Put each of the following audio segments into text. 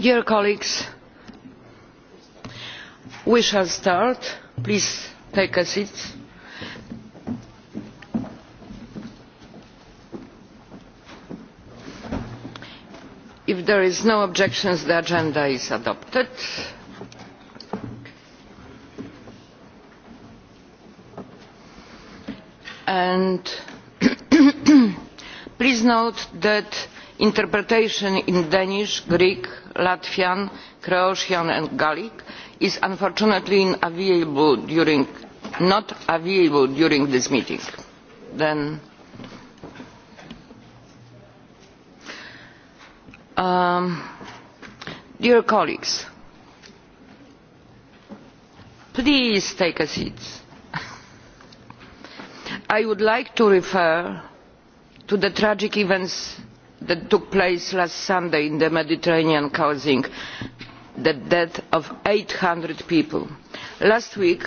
Dear colleagues, we shall start. Please take a seat. If there is no objection the agenda is adopted. And please note that Interpretation in Danish, Greek, Latvian, Croatian and Gallic is unfortunately unavailable during, not available during this meeting. Then Um, dear colleagues, please take a seat. I would like to refer to the tragic events that took place last Sunday in the Mediterranean causing the death of eight hundred people. Last week,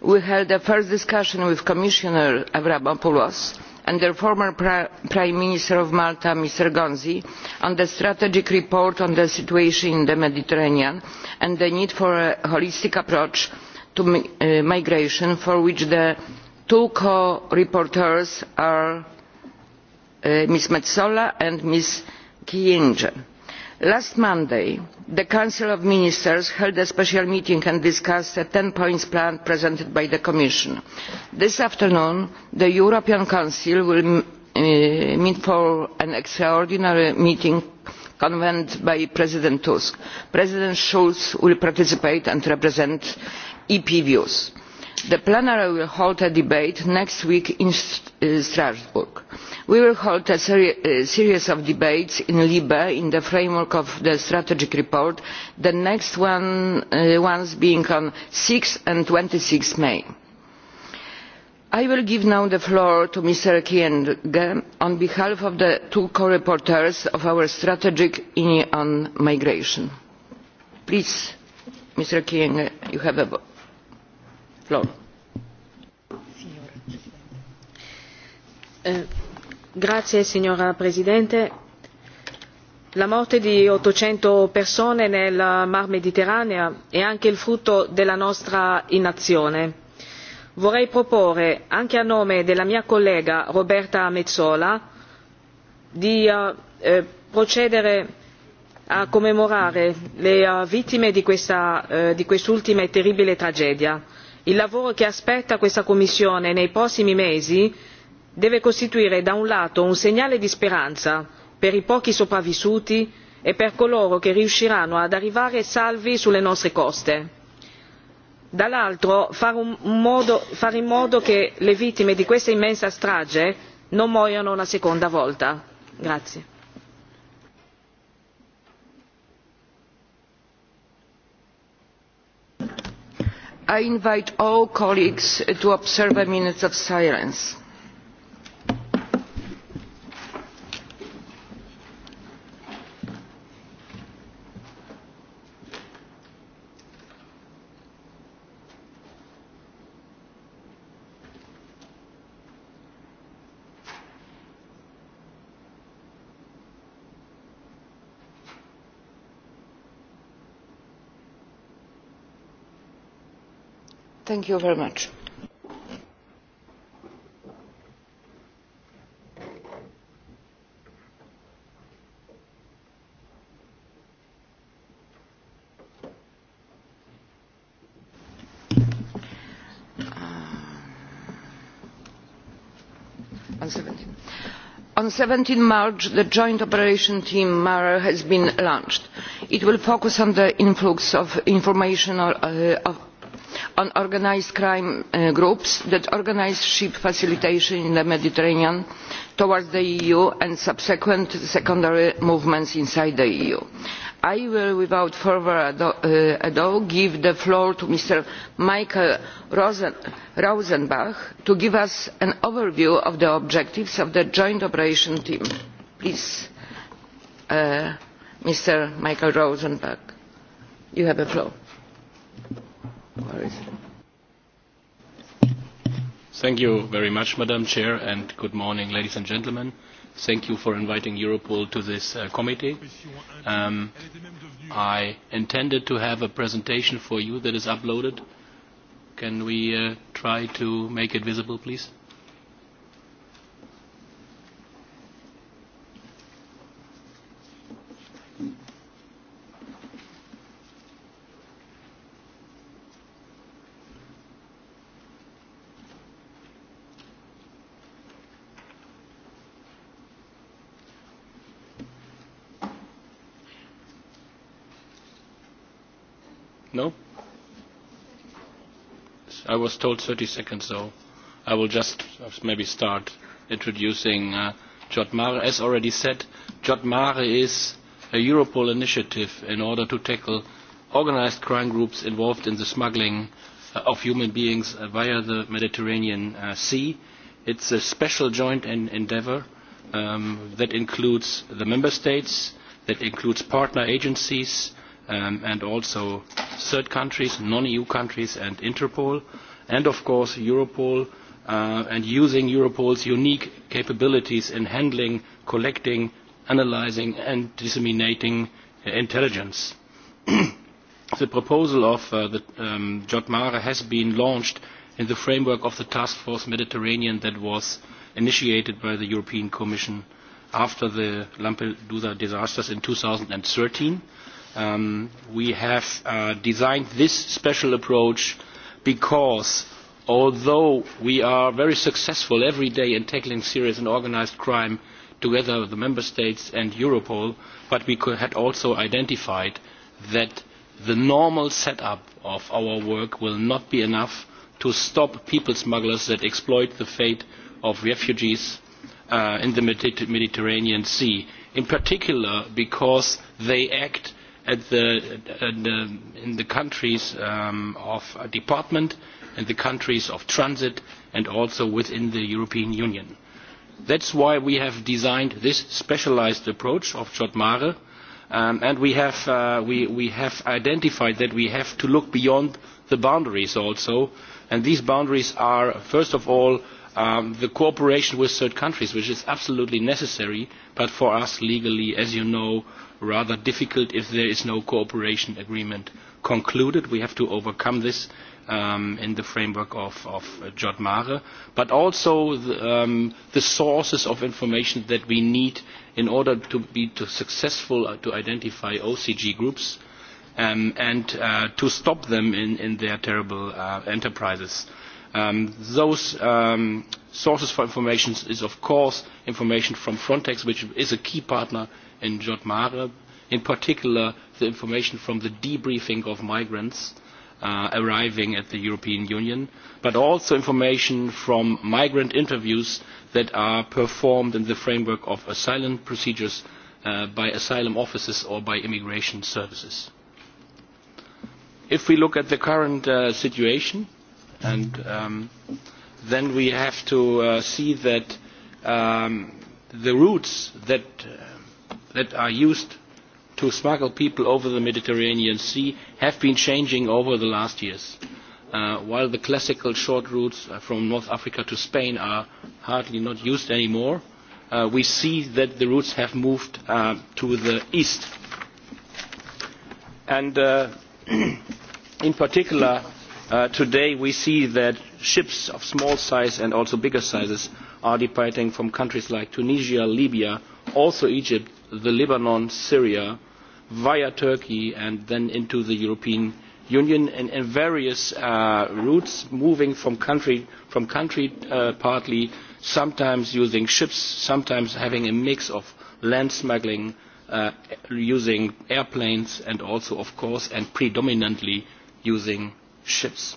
we held a first discussion with Commissioner Avramopoulos and the former Prime Minister of Malta, Mr. Gonzi, on the strategic report on the situation in the Mediterranean and the need for a holistic approach to eh, migration, for which the two co-reporters are Eh, ms metsola and ms kyenge. last monday the council of ministers held a special meeting and discussed a ten point plan presented by the commission. this afternoon the european council will mm, eh, meet for an extraordinary meeting convened by president tusk. president schulz will participate and represent ep views the plenary will hold a debate next week in uh, strasbourg. we will hold a uh, series of debates in libe in the framework of the strategic report the next uh, ones being on six and twenty six may. i will give now the floor to mr kyenge on behalf of the two co rapporteurs of our strategic on migration. please mr kyenge you have Eh, grazie signora Presidente. La morte di 800 persone nel Mar Mediterraneo è anche il frutto della nostra inazione. Vorrei proporre, anche a nome della mia collega Roberta Mezzola, di eh, eh procedere a commemorare le uh, vittime di, questa, uh, di quest'ultima e terribile tragedia il lavoro che aspetta questa commissione nei prossimi mesi deve costituire da un lato un segnale di speranza per i pochi sopravvissuti e per coloro che riusciranno ad arrivare salvi sulle nostre coste dall'altro fare, in modo che le vittime di questa immensa strage non muoiano una seconda volta. Grazie. I invite all colleagues to observe a minute of silence. Thank you very much. Uh, on 17. March, the Joint Operation Team MARA has been launched. It will focus on the influx of information uh, of on organised crime uh, groups that organise ship facilitation in the Mediterranean towards the EU and subsequent secondary movements inside the EU. I will, without further ado, uh, ado give the floor to Mr. Michael Rosen Rosenbach to give us an overview of the objectives of the Joint Operation Team. Please, uh, Mr. Michael Rosenbach, you have the floor. Thank you very much, Madam Chair, and good morning, ladies and gentlemen. Thank you for inviting Europol to this uh, committee. Um, I intended to have a presentation for you that is uploaded. Can we uh, try to make it visible, please? No? I was told 30 seconds, so I will just uh, maybe start introducing uh, Jotmare. As already said, Jotmare is a Europol initiative in order to tackle organized crime groups involved in the smuggling uh, of human beings uh, via the Mediterranean uh, Sea. It's a special joint en endeavor um, that includes the member states, that includes partner agencies, um, and also third countries, non-EU countries and Interpol, and of course Europol, uh, and using Europol's unique capabilities in handling, collecting, analyzing and disseminating uh, intelligence. the proposal of uh, the um, Jotmara has been launched in the framework of the Task Force Mediterranean that was initiated by the European Commission after the Lampedusa disasters in 2013. Um, we have uh, designed this special approach because although we are very successful every day in tackling serious and organized crime together with the member states and Europol, but we could, had also identified that the normal setup of our work will not be enough to stop people smugglers that exploit the fate of refugees uh, in the Mediterranean Sea, in particular because they act at the, at the, in the countries um, of department in the countries of transit and also within the European Union. That's why we have designed this specialized approach of Jotmare, um, and we have, uh, we, we have identified that we have to look beyond the boundaries also, and these boundaries are, first of all, um, the cooperation with third countries, which is absolutely necessary, but for us legally, as you know, rather difficult if there is no cooperation agreement concluded. We have to overcome this um, in the framework of, of uh, Jodmare, but also the, um, the sources of information that we need in order to be to successful uh, to identify OCG groups um, and uh, to stop them in, in their terrible uh, enterprises. Um, those um, sources for information is, of course, information from Frontex, which is a key partner in Maghreb, in particular the information from the debriefing of migrants uh, arriving at the European Union, but also information from migrant interviews that are performed in the framework of asylum procedures uh, by asylum offices or by immigration services. If we look at the current uh, situation, and um, then we have to uh, see that um, the routes that that are used to smuggle people over the Mediterranean Sea have been changing over the last years. Uh, while the classical short routes uh, from North Africa to Spain are hardly not used anymore, uh, we see that the routes have moved uh, to the east. And uh, in particular, uh, today we see that ships of small size and also bigger sizes are departing from countries like Tunisia, Libya, also Egypt, the Lebanon, Syria, via Turkey and then into the European Union and, in various uh, routes moving from country, from country uh, partly, sometimes using ships, sometimes having a mix of land smuggling, uh, using airplanes and also, of course, and predominantly using ships.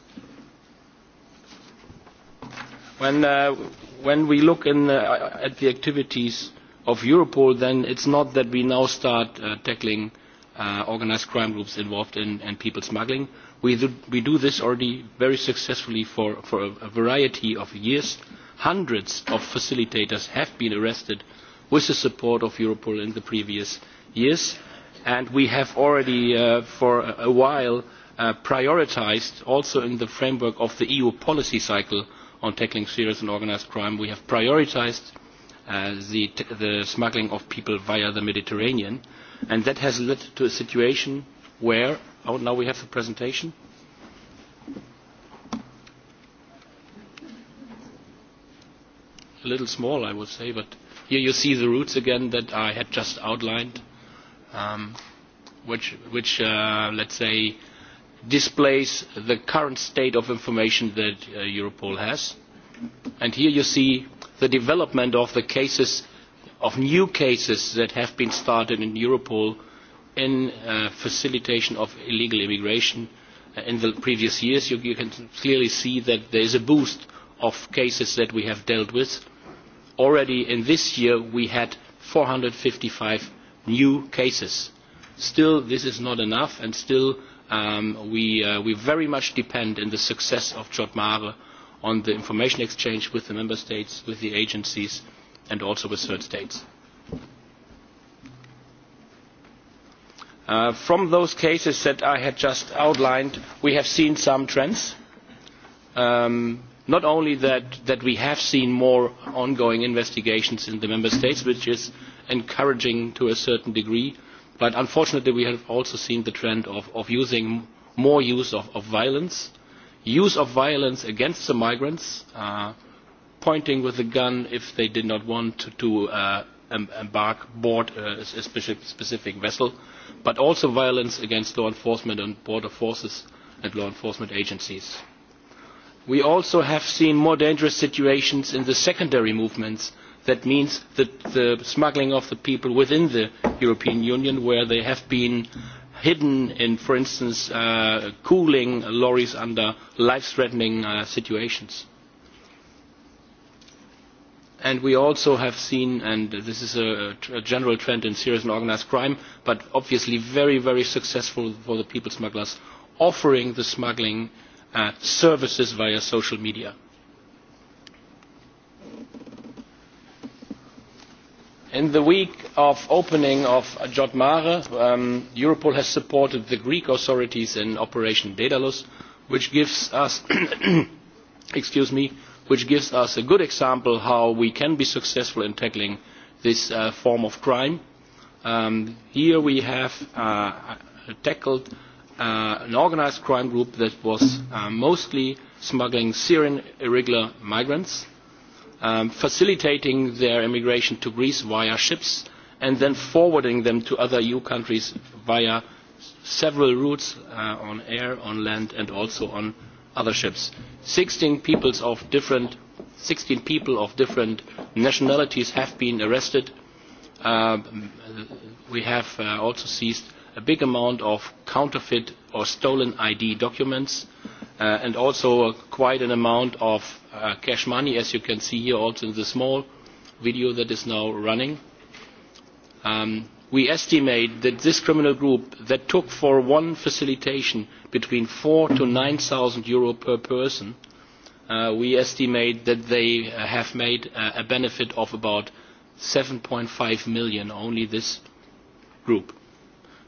When, uh, when we look in, uh, at the activities of Europol, then it's not that we now start uh, tackling uh, organized crime groups involved in, in people smuggling. We do, we do this already very successfully for, for a, a variety of years. Hundreds of facilitators have been arrested with the support of Europol in the previous years. And we have already uh, for a while uh, prioritized, also in the framework of the EU policy cycle on tackling serious and organized crime, we have prioritized uh, the, t the smuggling of people via the Mediterranean. And that has led to a situation where, oh, now we have the presentation. A little small, I would say, but here you see the routes again that I had just outlined, um, which, which uh, let's say, displays the current state of information that uh, Europol has. And here you see the development of the cases, of new cases that have been started in Europol in uh, facilitation of illegal immigration uh, in the previous years. You, you can clearly see that there is a boost of cases that we have dealt with. Already in this year, we had 455 new cases. Still, this is not enough, and still um, we, uh, we very much depend on the success of Jotmare on the information exchange with the member states, with the agencies, and also with third states. Uh, from those cases that I had just outlined, we have seen some trends. Um, not only that, that we have seen more ongoing investigations in the member states, which is encouraging to a certain degree, but unfortunately we have also seen the trend of, of using more use of, of violence use of violence against the migrants, uh, pointing with a gun if they did not want to, to uh, embark board a specific vessel, but also violence against law enforcement and border forces and law enforcement agencies. We also have seen more dangerous situations in the secondary movements. That means that the smuggling of the people within the European Union where they have been hidden in, for instance, uh, cooling lorries under life-threatening uh, situations. And we also have seen, and this is a, a general trend in serious and organized crime, but obviously very, very successful for the people smugglers, offering the smuggling uh, services via social media. In the week of opening of Jotmare, um, Europol has supported the Greek authorities in Operation Daedalus, which gives us, excuse me, which gives us a good example how we can be successful in tackling this uh, form of crime. Um, here we have uh, tackled uh, an organized crime group that was uh, mostly smuggling Syrian irregular migrants um, facilitating their immigration to Greece via ships and then forwarding them to other EU countries via several routes uh, on air, on land and also on other ships. 16 peoples of different 16 people of different nationalities have been arrested. Uh, we have uh, also seized a big amount of counterfeit or stolen ID documents uh, and also uh, quite an amount of uh, cash money, as you can see here also in the small video that is now running. Um, we estimate that this criminal group that took for one facilitation between four to nine thousand euro per person, uh, we estimate that they uh, have made uh, a benefit of about 7.5 million, only this group.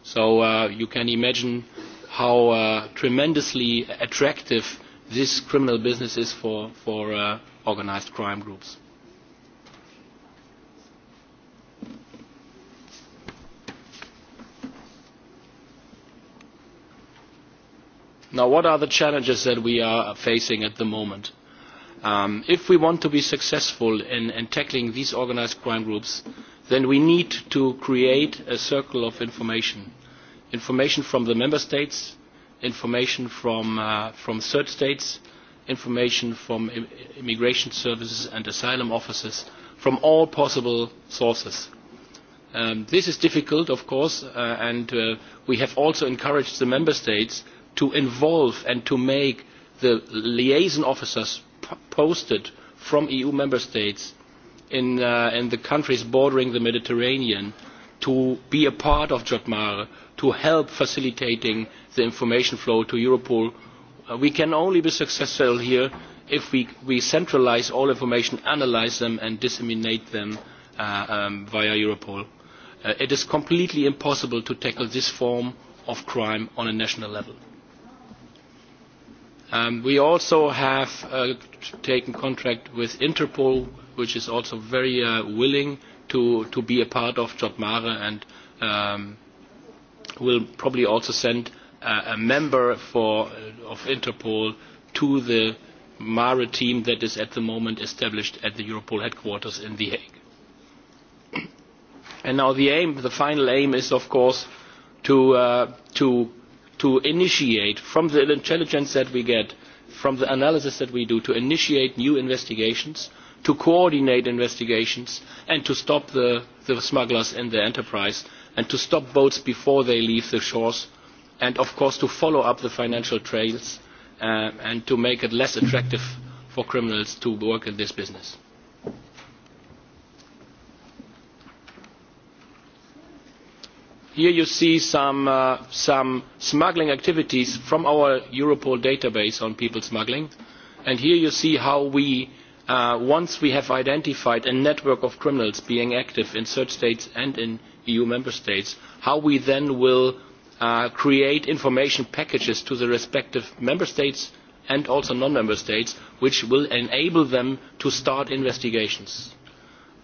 So uh, you can imagine how uh, tremendously attractive this criminal business is for, for uh, organized crime groups. Now, what are the challenges that we are facing at the moment? Um, if we want to be successful in, in tackling these organized crime groups, then we need to create a circle of information. Information from the member states, information from, uh, from third states, information from im immigration services and asylum officers from all possible sources. Um, this is difficult, of course, uh, and uh, we have also encouraged the member states to involve and to make the liaison officers posted from EU member states in, uh, in the countries bordering the Mediterranean to be a part of Jotmar, to help facilitating the information flow to Europol. Uh, we can only be successful here if we, we centralize all information, analyze them and disseminate them uh, um, via Europol. Uh, it is completely impossible to tackle this form of crime on a national level. Um, we also have uh, taken contract with Interpol, which is also very uh, willing to, to be a part of Jotmare and um, will probably also send uh, a member for, uh, of Interpol to the Mare team that is at the moment established at the Europol headquarters in The Hague. And now the aim, the final aim is of course to, uh, to, to initiate from the intelligence that we get, from the analysis that we do, to initiate new investigations to coordinate investigations and to stop the, the smugglers and their enterprise and to stop boats before they leave the shores and of course to follow up the financial trails uh, and to make it less attractive for criminals to work in this business. Here you see some, uh, some smuggling activities from our Europol database on people smuggling. And here you see how we Uh, once we have identified a network of criminals being active in third states and in EU member states, how we then will uh, create information packages to the respective member states and also non-member states, which will enable them to start investigations.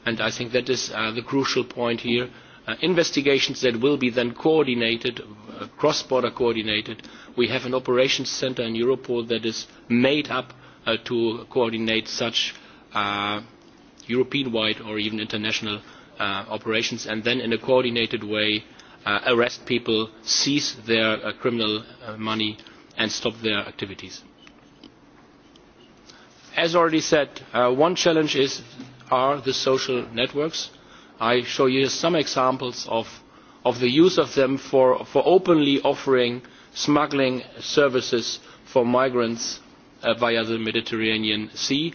And I think that is uh, the crucial point here. Uh, investigations that will be then coordinated, uh, cross-border coordinated. We have an operations center in Europol that is made up uh, to coordinate such uh, European-wide or even international uh, operations and then in a coordinated way uh, arrest people, seize their uh, criminal uh, money and stop their activities. As already said, uh, one challenge is, are the social networks. I show you some examples of, of the use of them for, for openly offering smuggling services for migrants uh, via the Mediterranean Sea.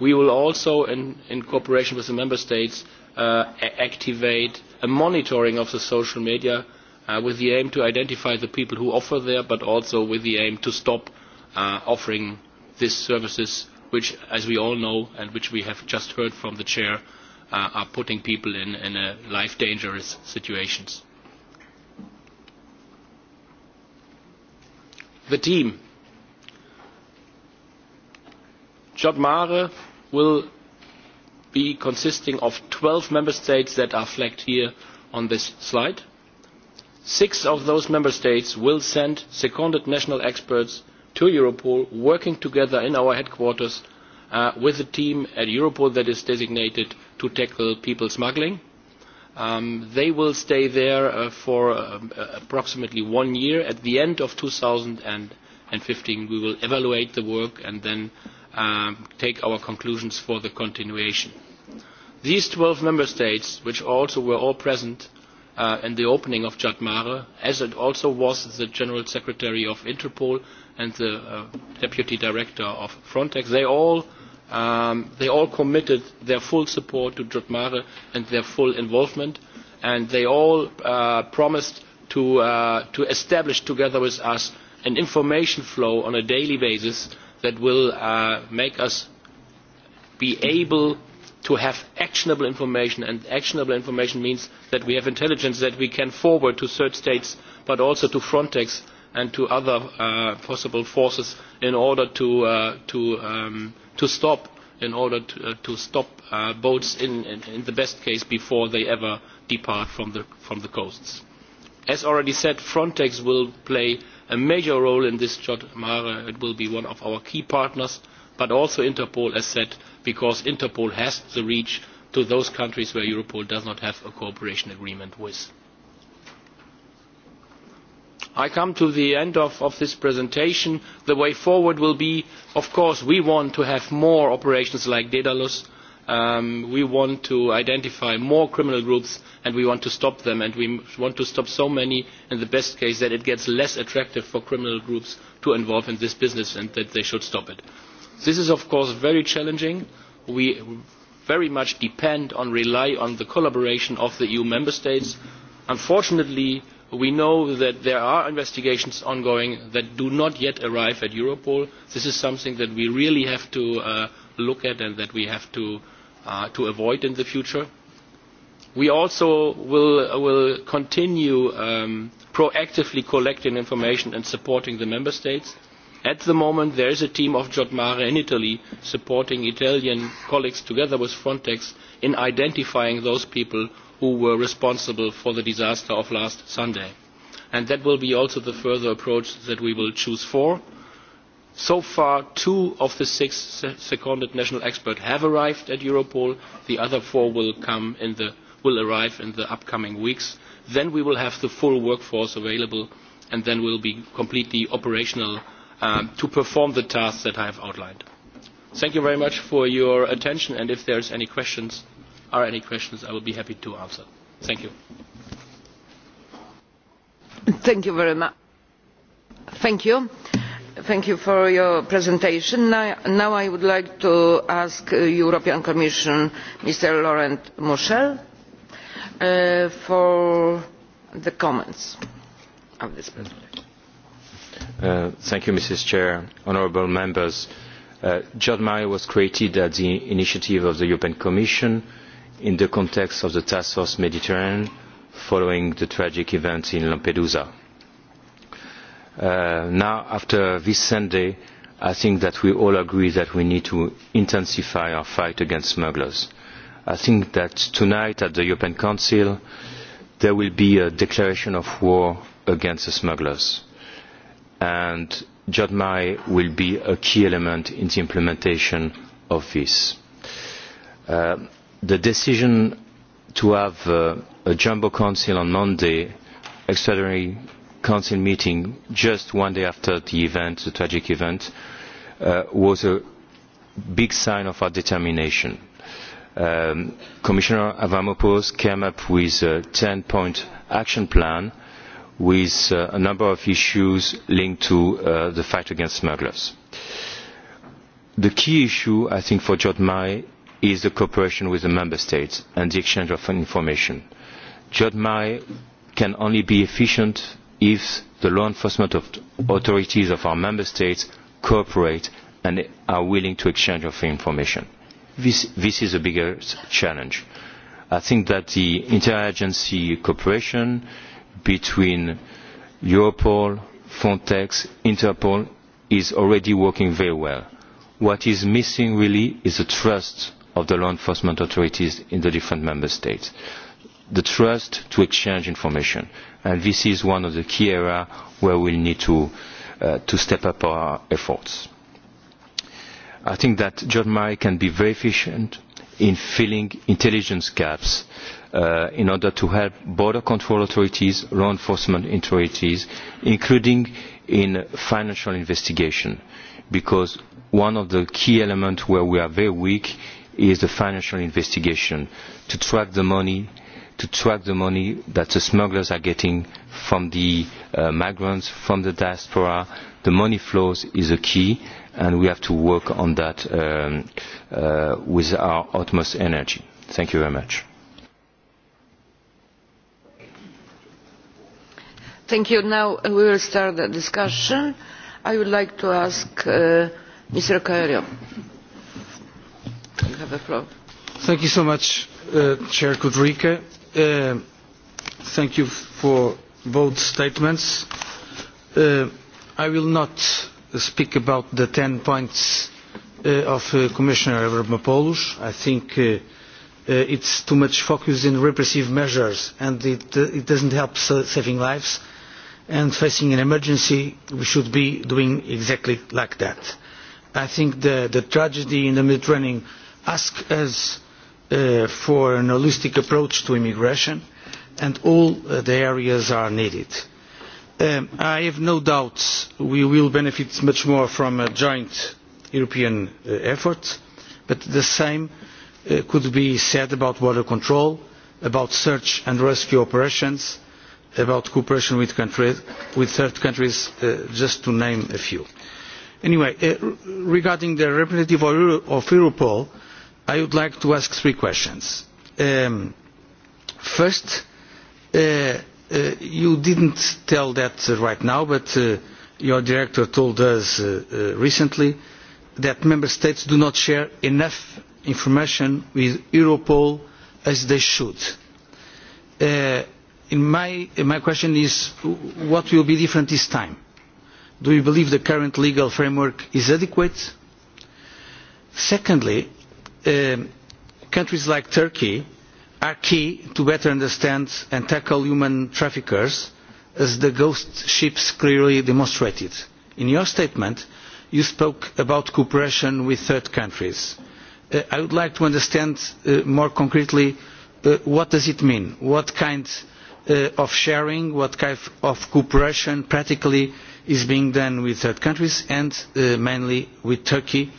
We will also, in, in cooperation with the Member States, uh, activate a monitoring of the social media uh, with the aim to identify the people who offer there, but also with the aim to stop uh, offering these services, which, as we all know, and which we have just heard from the chair, uh, are putting people in, in a life dangerous situations. The team Mare will be consisting of 12 member states that are flagged here on this slide. Six of those member states will send seconded national experts to Europol, working together in our headquarters uh, with a team at Europol that is designated to tackle people smuggling. Um, they will stay there uh, for um, uh, approximately one year. At the end of 2015, we will evaluate the work and then um, take our conclusions for the continuation. These 12 member states, which also were all present uh, in the opening of Jadmare, as it also was the General Secretary of Interpol and the uh, Deputy Director of Frontex, they all, um, they all committed their full support to Jatmara and their full involvement, and they all uh, promised to, uh, to establish together with us an information flow on a daily basis that will uh, make us be able to have actionable information and actionable information means that we have intelligence that we can forward to third states but also to Frontex and to other uh, possible forces in order to, uh, to, um, to stop in order to, uh, to stop uh, boats in, in, in the best case before they ever depart from the, from the coasts. As already said, Frontex will play a major role in this Jod Mara, It will be one of our key partners, but also Interpol, as said, because Interpol has the reach to those countries where Europol does not have a cooperation agreement with. I come to the end of, of this presentation. The way forward will be, of course, we want to have more operations like Daedalus um, we want to identify more criminal groups and we want to stop them and we want to stop so many in the best case that it gets less attractive for criminal groups to involve in this business and that they should stop it. This is of course very challenging. We very much depend on, rely on the collaboration of the EU member states. Unfortunately, we know that there are investigations ongoing that do not yet arrive at Europol. This is something that we really have to uh, look at and that we have to Uh, to avoid in the future. We also will, will continue um, proactively collecting information and supporting the member states. At the moment, there is a team of Jotmare in Italy supporting Italian colleagues together with Frontex in identifying those people who were responsible for the disaster of last Sunday. And that will be also the further approach that we will choose for. So far, two of the six seconded national experts have arrived at Europol. The other four will, come in the, will arrive in the upcoming weeks. Then we will have the full workforce available and then we'll be completely operational um, to perform the tasks that I have outlined. Thank you very much for your attention and if there's any questions, are any questions, I will be happy to answer. Thank you. Thank you very much. Thank you. Thank you for your presentation. Now, I would like to ask uh, European Commission Mr. Laurent Michel uh, for the comments of this presentation. Uh, thank you, Mrs. Chair, honourable members. Uh, JODMAI was created at the initiative of the European Commission in the context of the Task Force Mediterranean following the tragic events in Lampedusa. Uh, now, after this Sunday, I think that we all agree that we need to intensify our fight against smugglers. I think that tonight at the European Council, there will be a declaration of war against the smugglers. And JODMAI will be a key element in the implementation of this. Uh, the decision to have uh, a jumbo council on Monday, extraordinary Council meeting just one day after the event, the tragic event, uh, was a big sign of our determination. Um, Commissioner Avamopoulos came up with a 10-point action plan with uh, a number of issues linked to uh, the fight against smugglers. The key issue, I think, for JODMAI is the cooperation with the member states and the exchange of information. JODMAI can only be efficient if the law enforcement of authorities of our member states cooperate and are willing to exchange of information. This, this is a bigger challenge. I think that the interagency cooperation between Europol, Frontex, Interpol is already working very well. What is missing really is the trust of the law enforcement authorities in the different member states. The trust to exchange information and this is one of the key areas where we need to, uh, to step up our efforts. I think that John Murray can be very efficient in filling intelligence gaps uh, in order to help border control authorities, law enforcement authorities, including in financial investigation, because one of the key elements where we are very weak is the financial investigation, to track the money to track the money that the smugglers are getting from the uh, migrants, from the diaspora. The money flows is a key, and we have to work on that um, uh, with our utmost energy. Thank you very much. Thank you. Now uh, we will start the discussion. I would like to ask uh, Mr. Coelho. You have the floor. Thank you so much, uh, Chair Kudrike. Uh, thank you for both statements. Uh, I will not speak about the ten points uh, of uh, Commissioner Avramopoulos. I think uh, uh, it's too much focus in repressive measures and it, uh, it doesn't help saving lives. And facing an emergency, we should be doing exactly like that. I think the, the tragedy in the Mediterranean asks us uh, for an holistic approach to immigration, and all uh, the areas are needed. Um, I have no doubts we will benefit much more from a joint European uh, effort, but the same uh, could be said about border control, about search and rescue operations, about cooperation with, countries, with third countries, uh, just to name a few. Anyway, uh, regarding the representative of Europol, I would like to ask three questions. Um, first, uh, uh, you didn't tell that uh, right now, but uh, your director told us uh, uh, recently that member states do not share enough information with Europol as they should. Uh, in my, in my question is, what will be different this time? Do you believe the current legal framework is adequate? Secondly, Um, countries like Turkey are key to better understand and tackle human traffickers, as the ghost ships clearly demonstrated. In your statement, you spoke about cooperation with third countries. Uh, I would like to understand uh, more concretely uh, what does it mean? What kind uh, of sharing, what kind of cooperation practically is being done with third countries and uh, mainly with Turkey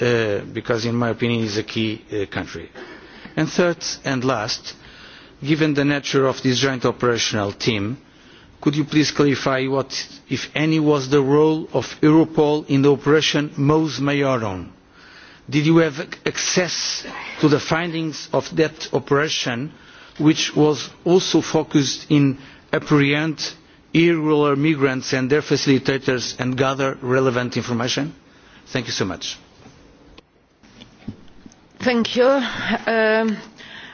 Uh, because in my opinion it is a key uh, country. And third and last, given the nature of this joint operational team, could you please clarify what, if any, was the role of Europol in the operation Mos Maiorum? Did you have access to the findings of that operation, which was also focused in apprehend irregular migrants and their facilitators and gather relevant information? Thank you so much. Thank you. Um,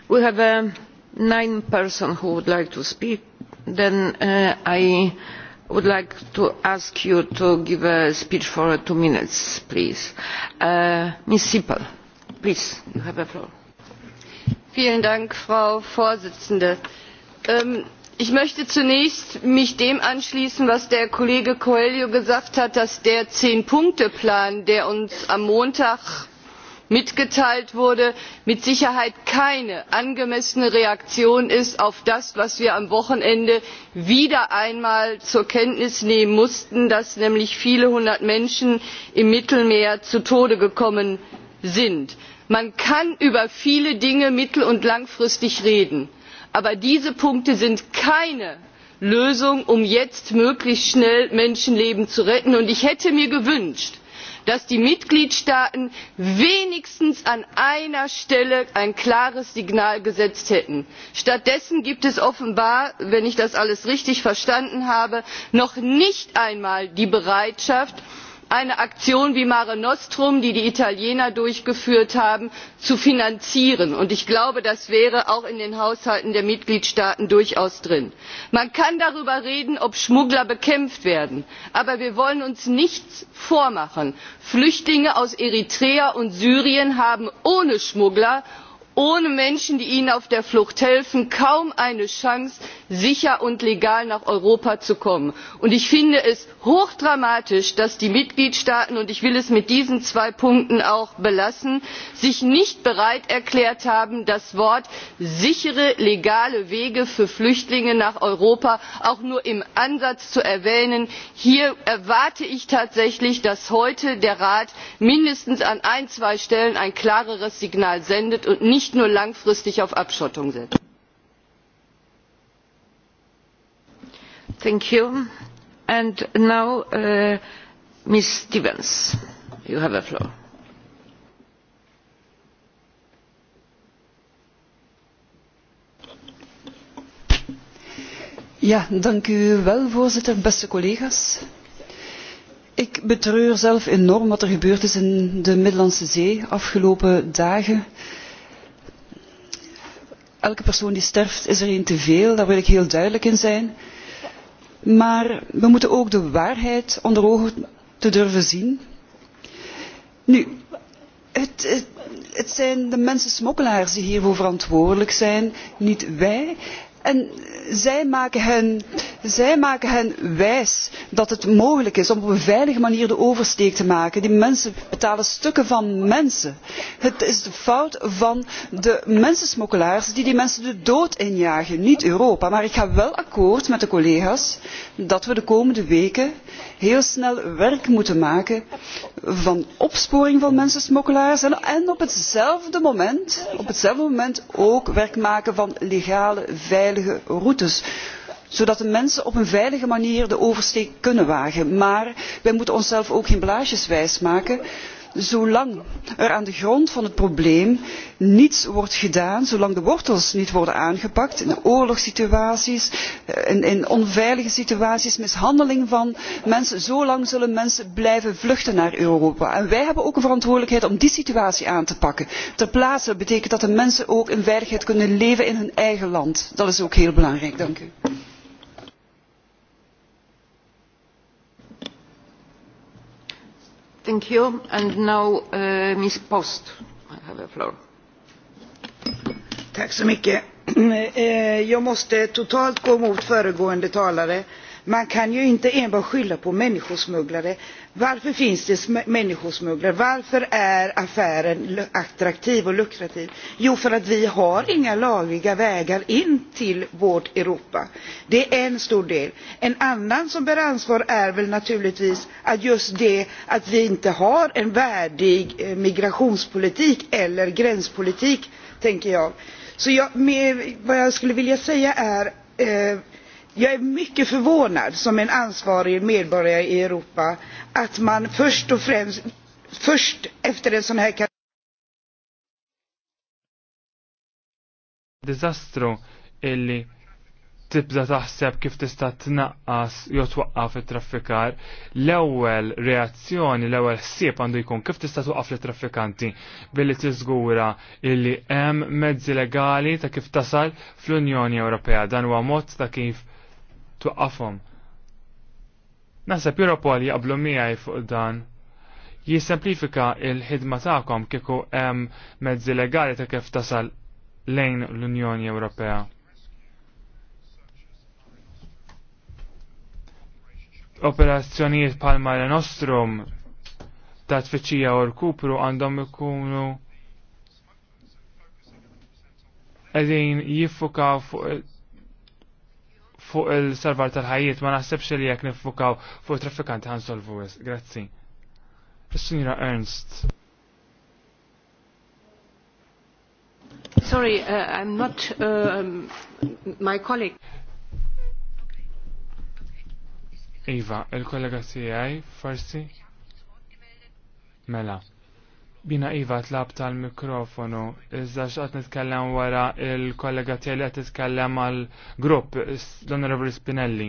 we have uh, nine person who would like to speak. Then uh, I would like to ask you to give a speech for two minutes, please. Uh, Ms. Sippel, please, you have the floor. Vielen Dank, Frau Vorsitzende. Ähm, ich möchte zunächst mich dem anschließen, was der Kollege Coelho gesagt hat, dass der Zehn-Punkte-Plan, der uns am Montag mitgeteilt wurde mit sicherheit keine angemessene reaktion ist auf das was wir am wochenende wieder einmal zur kenntnis nehmen mussten dass nämlich viele hundert menschen im mittelmeer zu tode gekommen sind. man kann über viele dinge mittel und langfristig reden aber diese punkte sind keine lösung um jetzt möglichst schnell menschenleben zu retten und ich hätte mir gewünscht dass die Mitgliedstaaten wenigstens an einer Stelle ein klares Signal gesetzt hätten. Stattdessen gibt es offenbar, wenn ich das alles richtig verstanden habe, noch nicht einmal die Bereitschaft, eine aktion wie mare nostrum die die italiener durchgeführt haben zu finanzieren und ich glaube das wäre auch in den haushalten der mitgliedstaaten durchaus drin. man kann darüber reden ob schmuggler bekämpft werden aber wir wollen uns nichts vormachen flüchtlinge aus eritrea und syrien haben ohne schmuggler ohne menschen die ihnen auf der flucht helfen kaum eine chance sicher und legal nach europa zu kommen. Und ich finde es hochdramatisch dass die mitgliedstaaten und ich will es mit diesen zwei punkten auch belassen sich nicht bereit erklärt haben das wort sichere legale wege für flüchtlinge nach europa auch nur im ansatz zu erwähnen. hier erwarte ich tatsächlich dass heute der rat mindestens an ein zwei stellen ein klareres signal sendet und nicht nur langfristig auf Abschottung setzen. Thank you. And now, uh, Ms. Stevens, you have the floor. Ja, dank u wel, voorzitter, beste collega's. Ik betreur zelf enorm wat er gebeurd is in de Middellandse Zee afgelopen dagen elke persoon die sterft is er een te veel, daar wil ik heel duidelijk in zijn. Maar we moeten ook de waarheid onder ogen te durven zien. Nu, het, het, het zijn de mensen smokkelaars die hiervoor verantwoordelijk zijn, niet wij. En zij maken hen Zij maken hen wijs dat het mogelijk is om op een veilige manier de oversteek te maken. Die mensen betalen stukken van mensen. Het is de fout van de mensensmokkelaars die die mensen de dood injagen, niet Europa. Maar ik ga wel akkoord met de collega's dat we de komende weken heel snel werk moeten maken van opsporing van mensensmokkelaars en, op hetzelfde moment, op hetzelfde moment ook werk maken van legale, veilige routes zodat de mensen op een veilige manier de oversteek kunnen wagen. maar wij moeten onszelf ook geen blaasjes wijsmaken zolang er aan de grond van het probleem niets wordt gedaan zolang de wortels niet worden aangepakt in oorlogssituaties eh, in, in onveilige situaties mishandeling van mensen zolang zullen mensen blijven vluchten naar europa. en wij hebben ook een verantwoordelijkheid om die situatie aan te pakken. ter plaatse betekent dat de mensen ook in veiligheid kunnen leven in hun eigen land. dat is ook heel belangrijk. dank u. Thank you. And now uh, Ms. Post, I have the floor. Tack så mycket. Eh, jag måste totalt gå emot föregående talare. Man kan ju inte enbart skylla på människosmugglare. Varför finns det människosmugglare? Varför är affären attraktiv och lukrativ? Jo, för att vi har inga lagliga vägar in till vårt Europa. Det är en stor del. En annan som bär ansvar är väl naturligtvis att just det att vi inte har en värdig eh, migrationspolitik eller gränspolitik, tänker jag. Så jag, med, vad jag skulle vilja säga är eh, Jag är mycket förvånad som en ansvarig medborgare i Europa att man först och främst först efter en sån här Disastro illi tibda taħseb kif tista' tnaqqas jew twaqqaf it-traffikar, l-ewwel reazzjoni, l-ewwel ħsieb għandu jkun kif tista' twaqqaf lit traffikanti billi tiżgura illi hemm mezzi legali ta' kif tasal fl-Unjoni Ewropea. Dan huwa mod ta' kif twaqqafhom. Naħseb Europol jaqblu miegħi fuq dan jisemplifika il-ħidma tagħkom kieku hemm mezzi legali ta' kif tasal lejn l-Unjoni Ewropea. Operazzjonijiet bħal Mare Nostrum ta' tfittxija u rkupru għandhom ikunu qegħdin jiffukaw fuq fuq il-salvar tal-ħajiet ma naħsebx li jekk nifukaw fuq traffikanti solvu wis. Grazzi. Is-Sinjura Ernst. Sorry, uh, I'm not uh, um, my colleague. Iva, il-kollega CIA, farsi? Mela. Bina Iva tlab tal-mikrofonu, iżda xaqt nitkellem wara il-kollega tiegħi qed titkellem għal grupp l-Onorevoli Spinelli.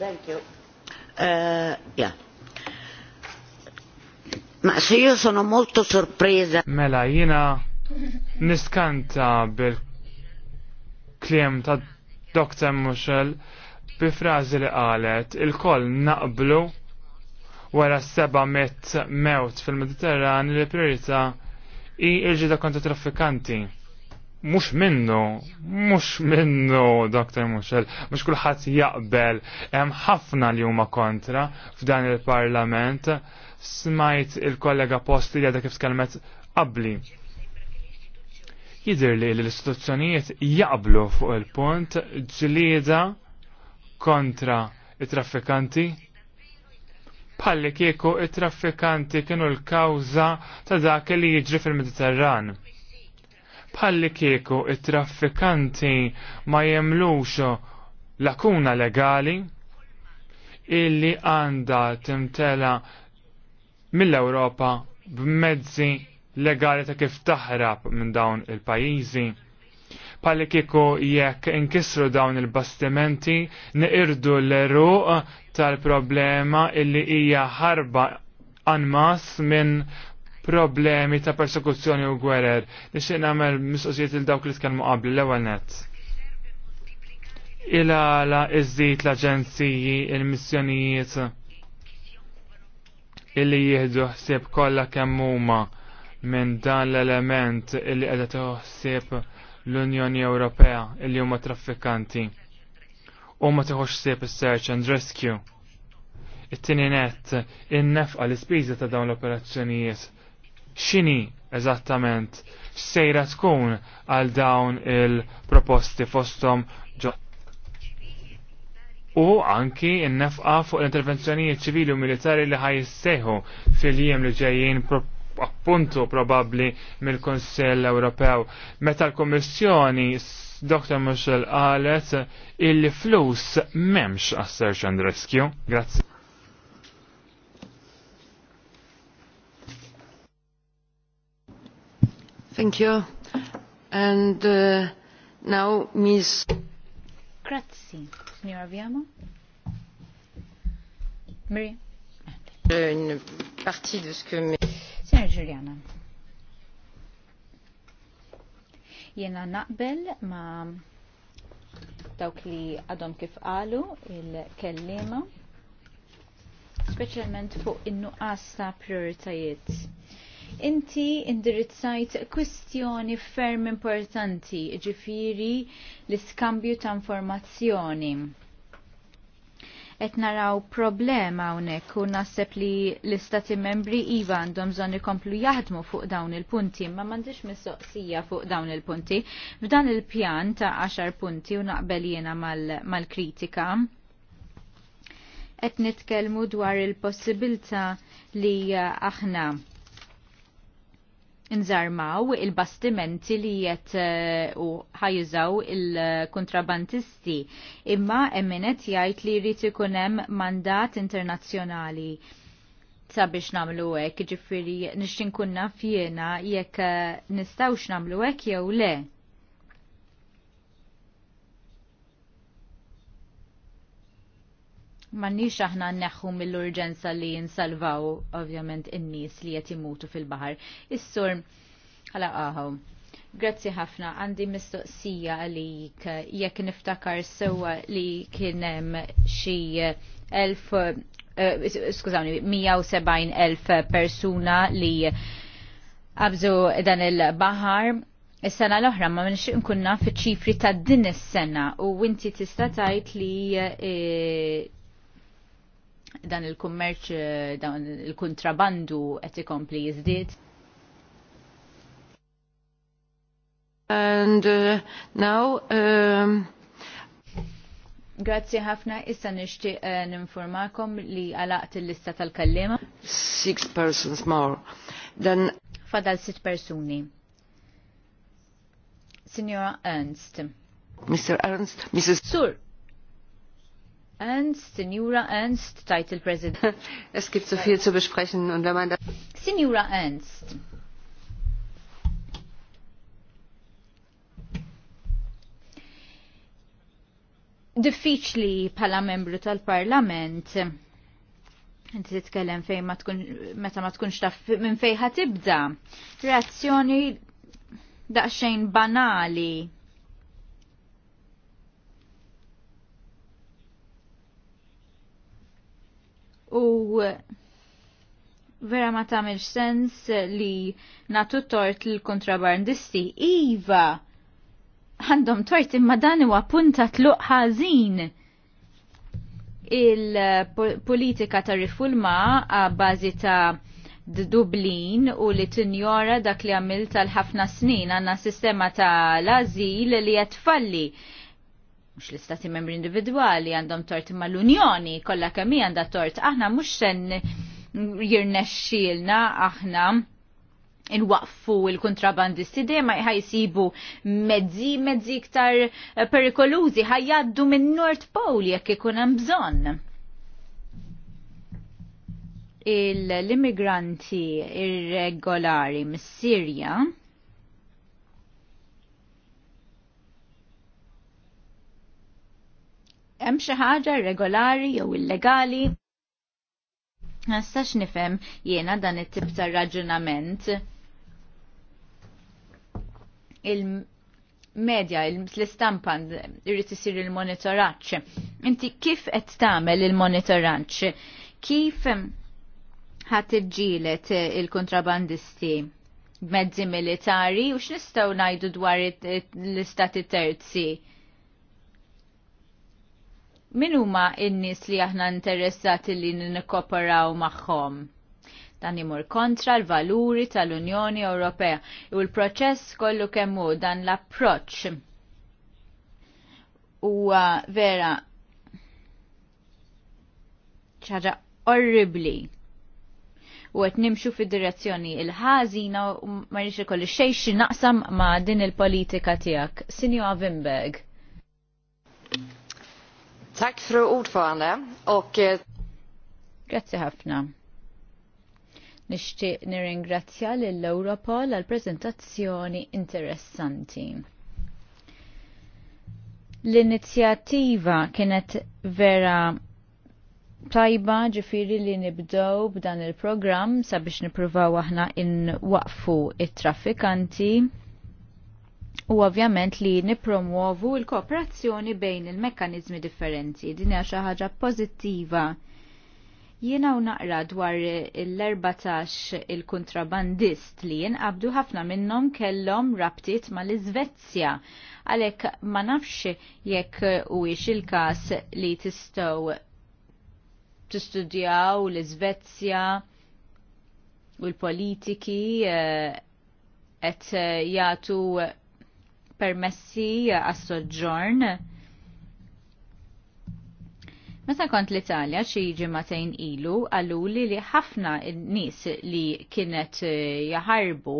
Thank you. Uh, eh, yeah. Ma se io sono molto sorpresa. Mela jina niskanta bil-kliem ta' Dr. Mushel bi frażi li qalet il-koll naqblu wara 700 mewt fil-Mediterran li priorita i il-ġida kontra traffikanti. Mux minnu, mux minnu, Dr. Muxel, mux kullħat jaqbel, hemm ħafna li huma kontra f'dan il-parlament, smajt il-kollega posti li għadha kif skalmet qabli jidir li l-istituzzjonijiet jaqblu fuq il-punt ġlieda kontra i-traffikanti bħalli kieku it-traffikanti kienu l-kawza ta' dak li jiġri fil-Mediterran. Bħalli kieku it-traffikanti ma jemlux lakuna legali illi għanda timtela mill-Europa b'mezzi legali ta' kif taħrab minn dawn il-pajizi. Palli kieku jekk inkisru dawn il-bastimenti, neqirdu l-eruq tal-problema illi hija ħarba anmas minn problemi ta' persekuzzjoni u gwerer. Nixtieq nagħmel mistoqsijiet il dawk li tkellmu qabli l-ewwel nett. Il-għala iżdid l-aġenziji il-missjonijiet illi jieħdu ħsieb kollha kemm huma minn dan l-element illi qiegħda toħsieb l-Unjoni Ewropea illi huma traffikanti u ma tiħux sib il-search and rescue. It-tini net, innefqa l-ispiża ta' dawn l-operazzjonijiet. Xini eżattament sejra tkun għal dawn il-proposti fostom ġo. U anki in fuq l-intervenzjonijiet ċivili u militari li ħaj jissejħu fil-jiem li ġejjin appuntu probabli mill-Konsell Ewropew. Meta l-Kommissjoni Dr. Michel qalet il-flus memx għas search and rescue. Grazie. Thank you. And uh, now Ms. Grazie, signora Viamo. Maria. Euh, une partie de ce que... Signora Giuliana. Jena naqbel ma dawk li għadhom kif qalu il-kellima speċjalment fuq in-nuqqas ta' prioritajiet. Inti indirizzajt kwistjoni ferm importanti, ġifiri l-iskambju ta' informazzjoni qed naraw problema hawnhekk u naħseb li l-istati membri iva għandhom bżonn ikomplu jaħdmu fuq dawn il-punti, ma m'għandix mistoqsija fuq dawn il-punti. F'dan il-pjan ta' 10 punti u naqbel jiena mal-kritika. Mal qed nitkellmu dwar il-possibilità li aħna nżarmaw il-bastimenti li jett eh, u ħajużaw il-kontrabantisti imma emminet jgħid li jrid ikun hemm mandat internazzjonali sabiex namlu hekk, ġifiri nishtin kunna fjena jekk eh, nistgħux namlu hekk jew le. Mannix aħna neħu mill-urġenza li jinsalvaw ovvjament in-nies li qed imutu fil-baħar. Is-sur ħala aħaw. Grazzi ħafna, għandi mistoqsija għalik jekk niftakar sewwa li kien hemm xi elf uh, skużawni, 170 elf persuna li qabżu dan il-baħar Is-sena l-oħra ma minx nkunna fi ċifri ta' din is-sena u inti tista' tgħid li eh, dan il-kummerċ, eh, dan il-kontrabandu qed ikompli jiżdied. And uh, now um... Grazzi ħafna, issa nixtieq uh, ninformakom li għalaqt il-lista tal-kallima. Six persons more. Then... Fadal sitt persuni. Signora Ernst. Mr. Ernst, Mrs. Sur, Ernst, Signora Ernst, title president Es gibt so viel zu besprechen und wenn man da... Signora Ernst. Diffiċli pala membru tal-Parlament inti titkellem fej ma tkun meta ma tkunx taf minn fejn ħatibda. Reazzjoni daqsxejn banali u vera ma tamilx sens li natu tort l-kontrabandisti. Iva, għandhom tort imma dan huwa punta tluq ħażin il-politika ta' rifulma għabbażi ta' Dublin u li tinjora dak li għamil tal-ħafna snin għanna sistema ta' lażil li jatfalli. falli mux l-istati membri individuali għandhom tort ma l-Unjoni kollha kemm għandha tort. Aħna mhux sen jirnexxielna aħna il-waqfu il-kontrabandisti dejjem ħajsibu mezzi mezzi iktar eh, perikolużi ħajjaddu minn Nord Pole jekk ikun hemm bżonn. Il-immigranti irregolari mis-Sirja hemm xi ħaġa regolari jew illegali. Nistax nifhem jiena dan it-tip ta' raġunament. Il-medja, l-istampa irrid isir il-monitoraġġ. Inti kif qed tagħmel il-monitoraġġ? Kif ħadd iġġielet il-kontrabandisti b'mezzi militari u x'nistgħu ngħidu dwar l-istati terzi? Min huma n-nies li aħna interessati li nikkoperaw magħhom? dan imur kontra l-valuri tal-Unjoni Ewropea u l-proċess kollu kemmu dan l-approċ u vera ċaġa orribli u għet nimxu fi direzzjoni il-ħazina u marriċ ikolli xejn naqsam ma' din il-politika tijak. Sinjo Avinberg. Tack fru ordförande och eh, Grazie ħafna. Nixtieq nirringrazzja lill Europol għal preżentazzjoni interessanti. L-inizjattiva kienet vera tajba ġifiri li nibdow b'dan il-programm sabiex nipruvaw aħna in waqfu it-traffikanti u ovvjament li nipromuovu l-kooperazzjoni bejn il-mekkanizmi differenti. Din hija xi ħaġa pożittiva. Jiena u naqra dwar l-14 il-kontrabandist li jinqabdu ħafna minnhom kellhom rabtiet mal-Iżvezzja. Għalhekk ma nafx jekk huwiex il-każ li tistgħu tistudjaw l-Iżvezzja u l-politiki qed eh, jagħtu permessi għas-soġġorn. Meta kont l-Italja xi ġimagħtejn ilu għaluli li ħafna n nies li kienet eh, jaħarbu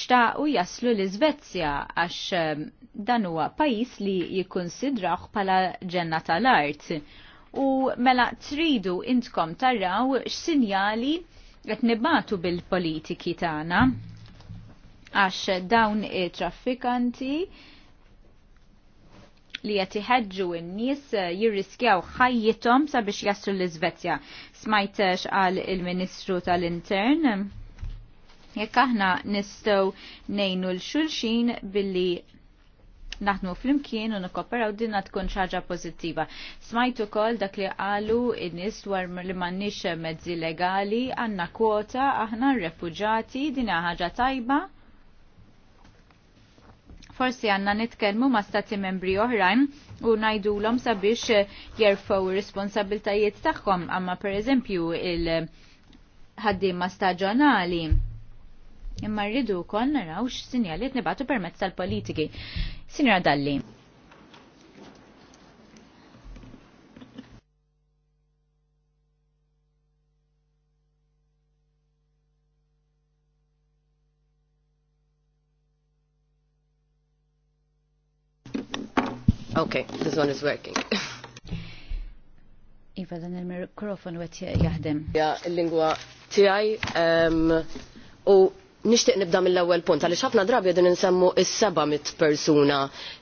xtaqu jaslu l iżvezja għax eh, dan huwa pajis li jikkonsidraħ pala ġenna tal-art. U mela tridu intkom taraw x'sinjali qed nibatu bil-politiki tagħna għax dawn traffikanti li qed iħeġġu n-nies eh, jirriskjaw ħajjithom sabiex jaslu l-Iżvezja. Smajt għal il-Ministru tal-Intern. Jekk aħna nistgħu ngħinu l xulxin billi naħdmu flimkien u nikkoperaw dinna tkun ħaġa pożittiva. Smajt ukoll dak li qalu n-nies dwar li m'għandniex mezzi legali għandna kwota aħna r refuġati din ħaġa tajba forsi għanna nitkelmu ma' stati membri oħrajn u l-om sabiex eh, jerfgħu responsabiltajiet tagħhom, per pereżempju il-ħaddiema staġjonali imma rridu kon naraw sinjaliet nibatu permezz tal-politiki. Sinjora Dalli. Okay, this one is working. Iva, dan il-mikrofon għet jahdem. Ja, il-lingwa tijaj u nishtiq nibda mill-ewwel punt għaliex ħafna drabi għedin insemmu is-seba' mit persuna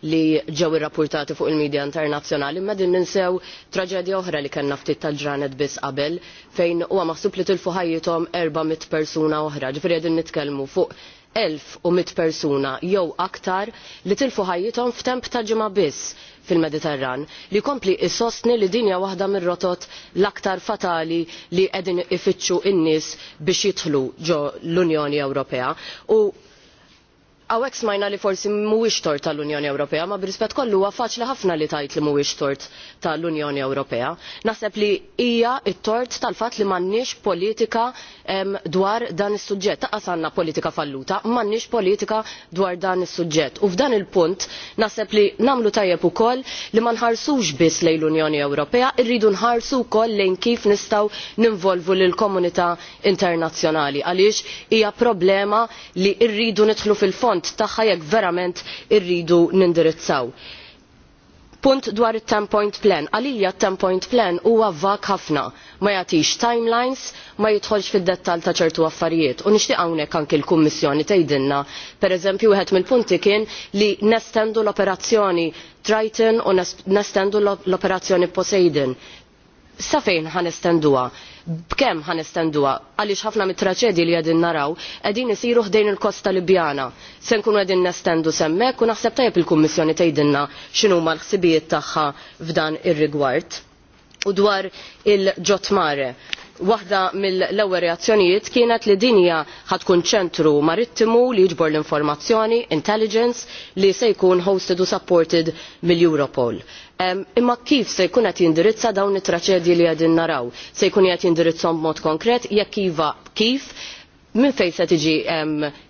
li ġew irrappurtati fuq il-medja internazzjonali ma din ninsew traġedja oħra li kellna ftit tal-ġranet biss qabel fejn huwa maħsub li tilfu ħajjithom erba' mit persuna oħra. ġifri qegħdin nitkellmu fuq 1100 persuna jew aktar li tilfu ħajjithom f'temp ta' ġimgħa biss fil-Mediterran li jkompli jsostni li din hija waħda mir-rotot l-aktar fatali li qegħdin ifittxu n-nies biex jidħlu ġo l-Unjoni Ewropea Għawek smajna li forsi mhuwiex tort tal-Unjoni Ewropea, ma birispett kollu huwa faċli ħafna li tajt li mhuwiex tort tal-Unjoni Ewropea. Naħseb li hija t-tort tal-fatt li m'għandniex politika dwar dan is-suġġett. Ta' għandna politika falluta, m'għandniex politika dwar dan is-suġġett. U f'dan il-punt naħseb li nagħmlu tajjeb ukoll li ma nħarsux biss lejn l-Unjoni Ewropea, irridu nħarsu wkoll lejn kif nistgħu ninvolvu lil komunità internazzjonali għaliex hija problema li rridu nidħlu fil-fond il-fond tagħha jekk verament irridu nindirizzaw. Punt dwar it ten point plan. Għalija ten point plan huwa vak ħafna. Ma jagħtix timelines, ma jidħolx fid-dettall ta' ċertu affarijiet. U nixtieq hawnhekk anke l-Kummissjoni tgħidilna. Pereżempju wieħed mill-punti kien li nestendu l-operazzjoni Triton u nestendu l-operazzjoni Poseidon. Safejn fejn ħanestenduha b'kemm ħanestenduha għaliex ħafna mit-traċedji li qegħdin naraw qegħdin isiru ħdejn il-kosta Libjana. Se nkunu qegħdin nestendu semmek u naħseb tajjeb il-Kummissjoni tgħidilna x'inhuma l-ħsibijiet tagħha f'dan ir-rigward. U dwar il-ġotmare, waħda mill-ewwel reazzjonijiet kienet li din hija ħatkun ċentru marittimu li jiġbor l-informazzjoni, intelligence, li se jkun hosted u supported mill-Europol imma kif se jkun qed jindirizza dawn it-traċedji li qegħdin naraw? Se jkun qed jindirizzhom b'mod konkret jekk iva kif minn fejn se tiġi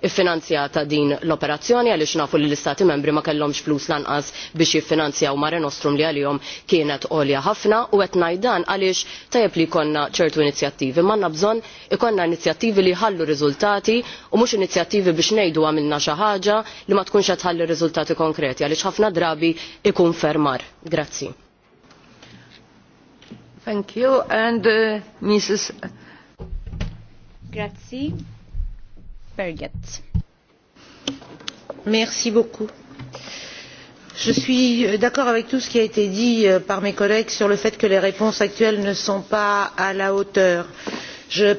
iffinanzjata din l-operazzjoni għaliex nafu li l-istati membri ma kellhomx flus lanqas biex jiffinanzjaw Mare Nostrum li għalihom kienet għolja ħafna u qed ngħid dan għaliex tajjeb li jkollna ċertu inizjattivi Manna bżonn ikollna inizjattivi li jħallu riżultati u mhux inizjattivi biex ngħidu għamilna xi ħaġa li ma tkunx qed ħalli riżultati konkreti għaliex ħafna drabi ikun fermar. Grazzi. Thank you and uh, Mrs. Grazie. Berget. Merci beaucoup. Je suis euh, d'accord avec tout ce qui a été dit euh, par mes collègues sur le fait que les réponses actuelles ne sont pas à la hauteur. Je...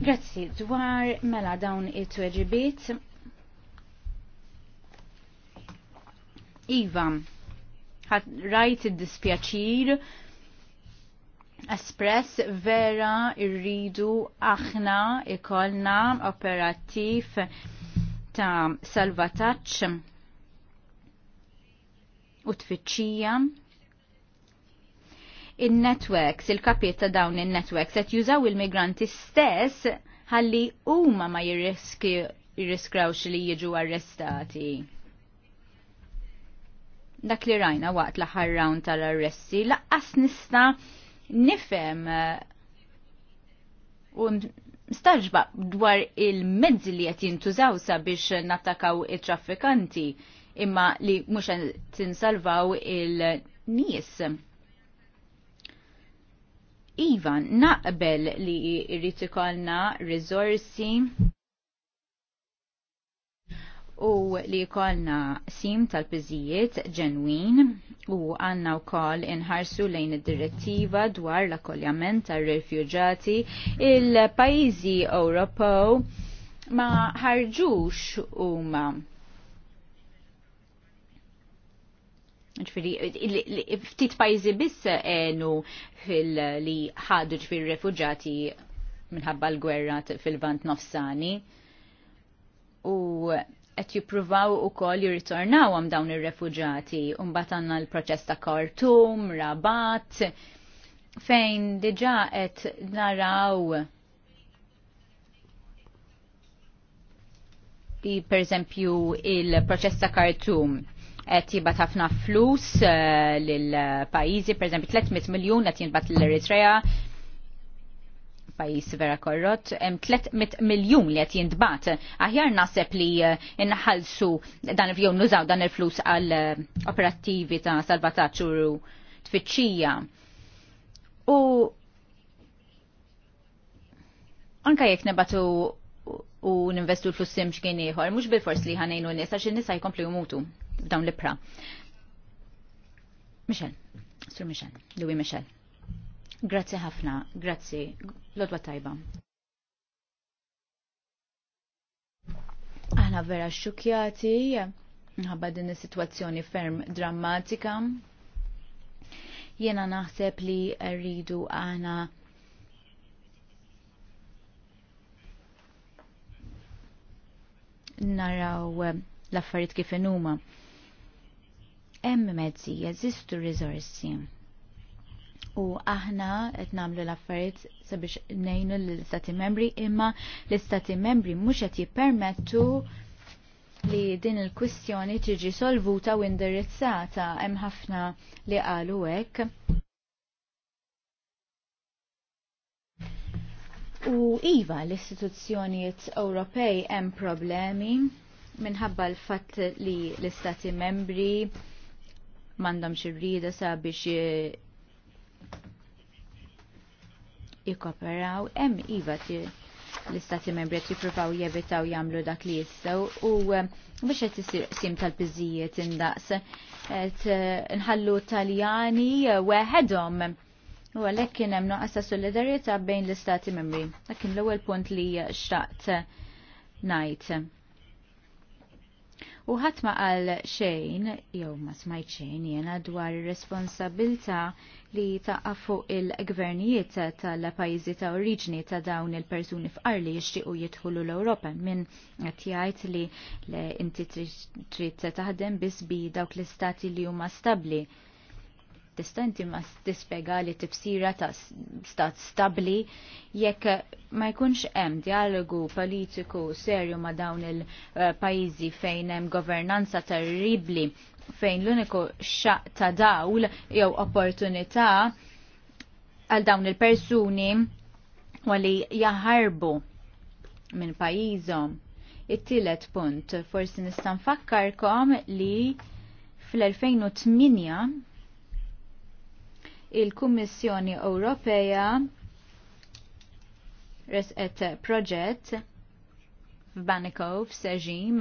Grazie, dwar mela dawn it-tweġibiet. Iva, rajt id-dispjaċir espress vera irridu aħna ikollna operattiv ta' salvataċ u tfittxija il-networks, il-kapiet ta' dawn il-networks, għet jużaw il-migranti stess ħalli huma ma jirriskrawx li jiġu arrestati. Dak li rajna waqt l-ħar tal-arresti, laqqas nista' nifhem uh, u staġba dwar il-mezzi li qed jintużaw sabiex nattakaw it-traffikanti imma li mhux tinsalvaw il-nies. Ivan, naqbel li irrid ikollna u li kolna sim tal-piżijiet ġenwin u għanna u kol inħarsu lejn id-direttiva dwar l-akkoljament tal-refugġati il-pajizi Ewropew ma ħarġux u ma ftit pajzi biss enu fil-li ħadu ġfir refugġati minħabba l-gwerra fil-vant nofsani u qed jippruvaw ukoll jirritornaw għam dawn ir-refuġati mbagħad għandna l-proċess ta' Khartoum, Rabat, fejn diġà qed naraw li pereżempju il-proċess ta' Khartoum qed jibgħat ħafna flus uh, eh, lil pajjiżi, pereżempju 300 miljun qed jinbagħt l-Eritrea, pajis vera korrot, hemm 300 miljun li qed jindbat. Aħjar naħseb li eh, inħalsu dan il-jew nużaw dan il-flus għal eh, operattivi ta' salvataġġ u tfittxija. U anka jekk nebatu u ninvestu l flus simx ieħor, mhux bil-fors li ħanejnu n-nies xin in-nisa jkompli jmutu f'dawn l pra Michel, Sur Michel, Louis Michel. Grazzi ħafna, grazie. Lodwa tajba. Aħna vera xukjati, ħabba din is-sitwazzjoni ferm drammatika. Jena naħseb li rridu aħna naraw l-affarijiet kif inhuma. Hemm mezzi jeżistu riżorsi. U aħna qed nagħmlu l-affarijiet sabiex ngħinu l-Istati Membri imma l-Istati Membri mhux qed jippermettu li din il-kwistjoni tiġi solvuta u indirizzata hemm ħafna li qalu hekk. U iva l-istituzzjonijiet Ewropej hemm problemi minħabba l-fatt li l-Istati Membri m'għandhomx xirrida sabiex jikoperaw hemm iva l-istati membri qed jippruvaw jevitaw jagħmlu dak li jistgħu u biex eh, qed isir sim tal-biżijiet indaqs qed eh, nħallu Taljani eh, weħedhom. U għalhekk kien hemm noqas ta' solidarjetà bejn l-istati membri. Dak kien l-ewwel punt li xtaqt ngħid. U ħadd ma qal xejn, jew ma smajt xejn jiena dwar ir-responsabilità li taqqa' fuq il-gvernijiet tal-pajjiżi ta' oriġni ta' dawn il-persuni f'qar li jixtiequ jidħulu l-Ewropa minn qed jgħid li inti trid taħdem biss bi dawk l-istati li huma stabbli tista' inti ma tispjega li tifsira ta' stat stabbli jekk ma jkunx hemm dialogu politiku serju ma' dawn il-pajjiżi eh, fejn hemm governanza terribli fejn l-uniku xaq ta' dawl jew opportunità għal dawn il-persuni għalli jaħarbu minn pajizom. It-tielet punt, forsi nista' nfakkarkom li fl-2008 il-Kummissjoni Ewropea resqet proġett f'Baniko f'Seġim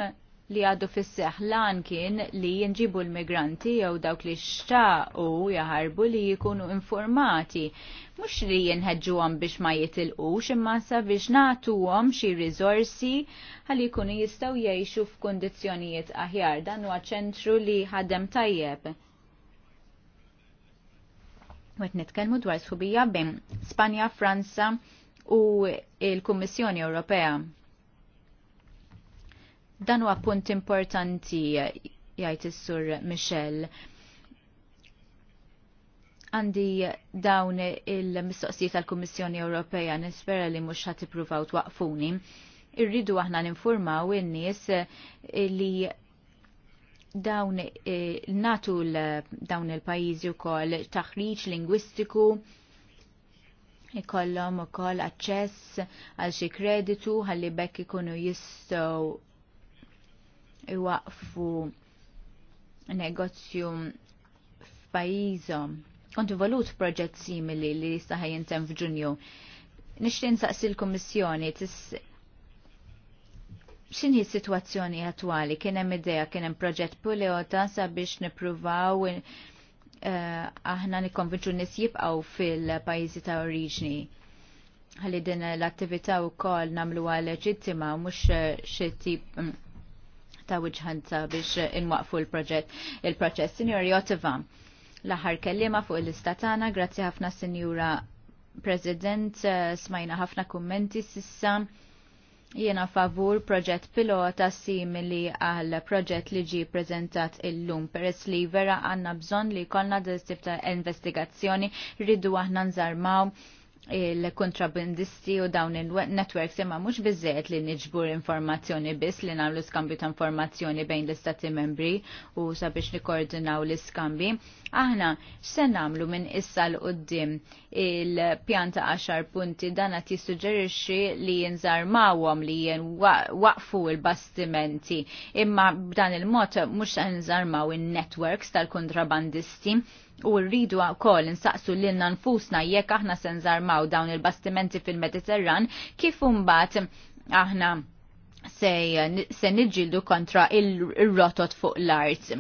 li għadu fis-seħ lan kien li jinġibu l-migranti jew dawk li xtaqu jaħarbu li jkunu informati, mhux li jinħeġġuhom biex ma jitilqux imma sabiex nagħtuhom xi riżorsi ħalli jkunu jistgħu jgħixu f'kundizzjonijiet aħjar dan huwa ċentru li ħadem tajjeb Għet nitkellmu dwar sħubija bejn Spanja, Franza u il-Kummissjoni Ewropea. Dan huwa punt importanti jgħid is-Sur Michel għandi dawn il-mistoqsijiet tal-Kummissjoni Ewropea nispera li mhux ħad tippruvaw twaqfuni. Irridu aħna ninformaw in-nies li dawn eh, natu dawn il-pajizi u koll taħriċ lingwistiku ikollhom ukoll aċċess għal xi kreditu ħalli bekk ikunu jistgħu iwaqfu negozju f'pajjiżhom. Kont involut proġett simili li jista' jintem f'Ġunju. Nishtin nsaqsi l-Kummissjoni x'inhi s-sitwazzjoni attwali? Kien hemm idea kien hemm proġett puleota sabiex nippruvaw uh, aħna nikkonvinċu nies fil-pajjiżi ta' oriġni ħalli din l-attività wkoll nagħmluha leġittima għal mhux eh, xi xittib mm, ta' wiġħanta biex inwaqfu l-proġett il-proċess. Sinjor Jotiva, l-aħħar kellima fuq l-istatana, grazzi ħafna Signora President, eh, smajna ħafna kommenti sissa Jiena favur proġett pilota simili għal proġett li ġi prezentat illum peress li vera għanna bżon li konna d ta' investigazzjoni rridu aħna nżarmaw il-kontrabandisti u dawn il-networks imma mhux biżżejjed li nġbur informazzjoni biss li nagħmlu skambju ta' informazzjoni bejn l-istati membri u sabiex nikkoordinaw l skambi Aħna x'se nagħmlu minn issa l qudiem il-pjan ta' 10 punti dan qed jissuġġerixxi li jinżarmawhom li waqfu l-bastimenti imma b'dan il-mod mhux se nżarmaw in-networks tal-kontrabandisti U rridu wkoll insaqsu lilna nfusna jekk aħna se nżarmaw dawn il-bastimenti fil-Mediterran kif mbagħad aħna se niġġieldu kontra il-rotot fuq l-art.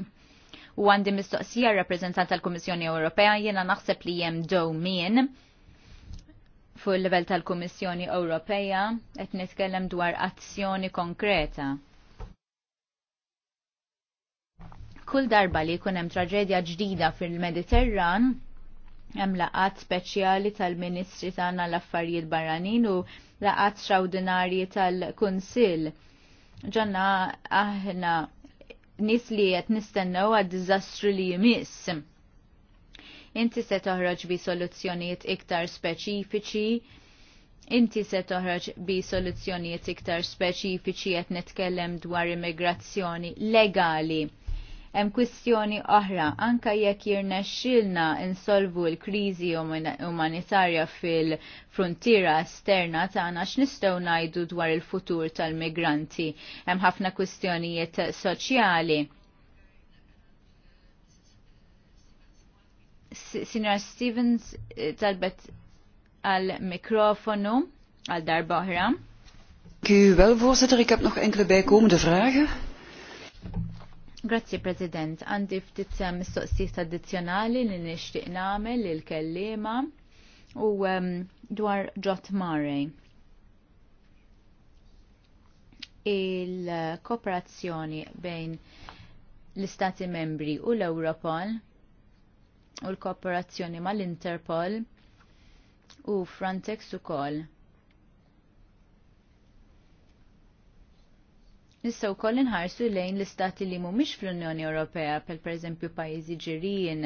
U għandi mistoqsija rappresentant tal-Kummissjoni Ewropea jiena naħseb li hemm dowmin fuq il-level tal-Kummissjoni Ewropea qed nitkellem dwar azzjoni konkreta kull darba li jkun hemm traġedja ġdida fil-Mediterran, hemm laqat speċjali tal-Ministri tagħna l-Affarijiet Barranin u laqat straordinarji tal-Kunsill. Ġanna aħna nis li qed nistennew għad-diżastru li jmiss. Inti se toħroġ bi soluzzjonijiet iktar speċifiċi, inti se toħroġ bi soluzzjonijiet iktar speċifiċi qed nitkellem dwar immigrazzjoni legali Hemm kwistjoni oħra anka jekk jirnexxilna insolvu l-kriżi umanitarja fil-frontiera esterna tagħna x'nistgħu ngħidu dwar il-futur tal-migranti. Hemm ħafna kwistjonijiet soċjali. Sinjor Stevens eh, talbet għal mikrofonu għal darba oħra. Dank u wel, voorzitter. Ik heb nog enkele bijkomende vragen. Grazzi President, għandi ftit eh, mistoqsijiet addizzjonali li nixtieq nagħmel lil kellima u ehm, dwar Jot Murray. Il-kooperazzjoni bejn l-Istati membri u l-Europol u l-kooperazzjoni mal-Interpol u Frontex ukoll Nistgħu wkoll inħarsu lejn l-istati li mhumiex fl-Unjoni Ewropea, pel pereżempju pajjiżi ġirien,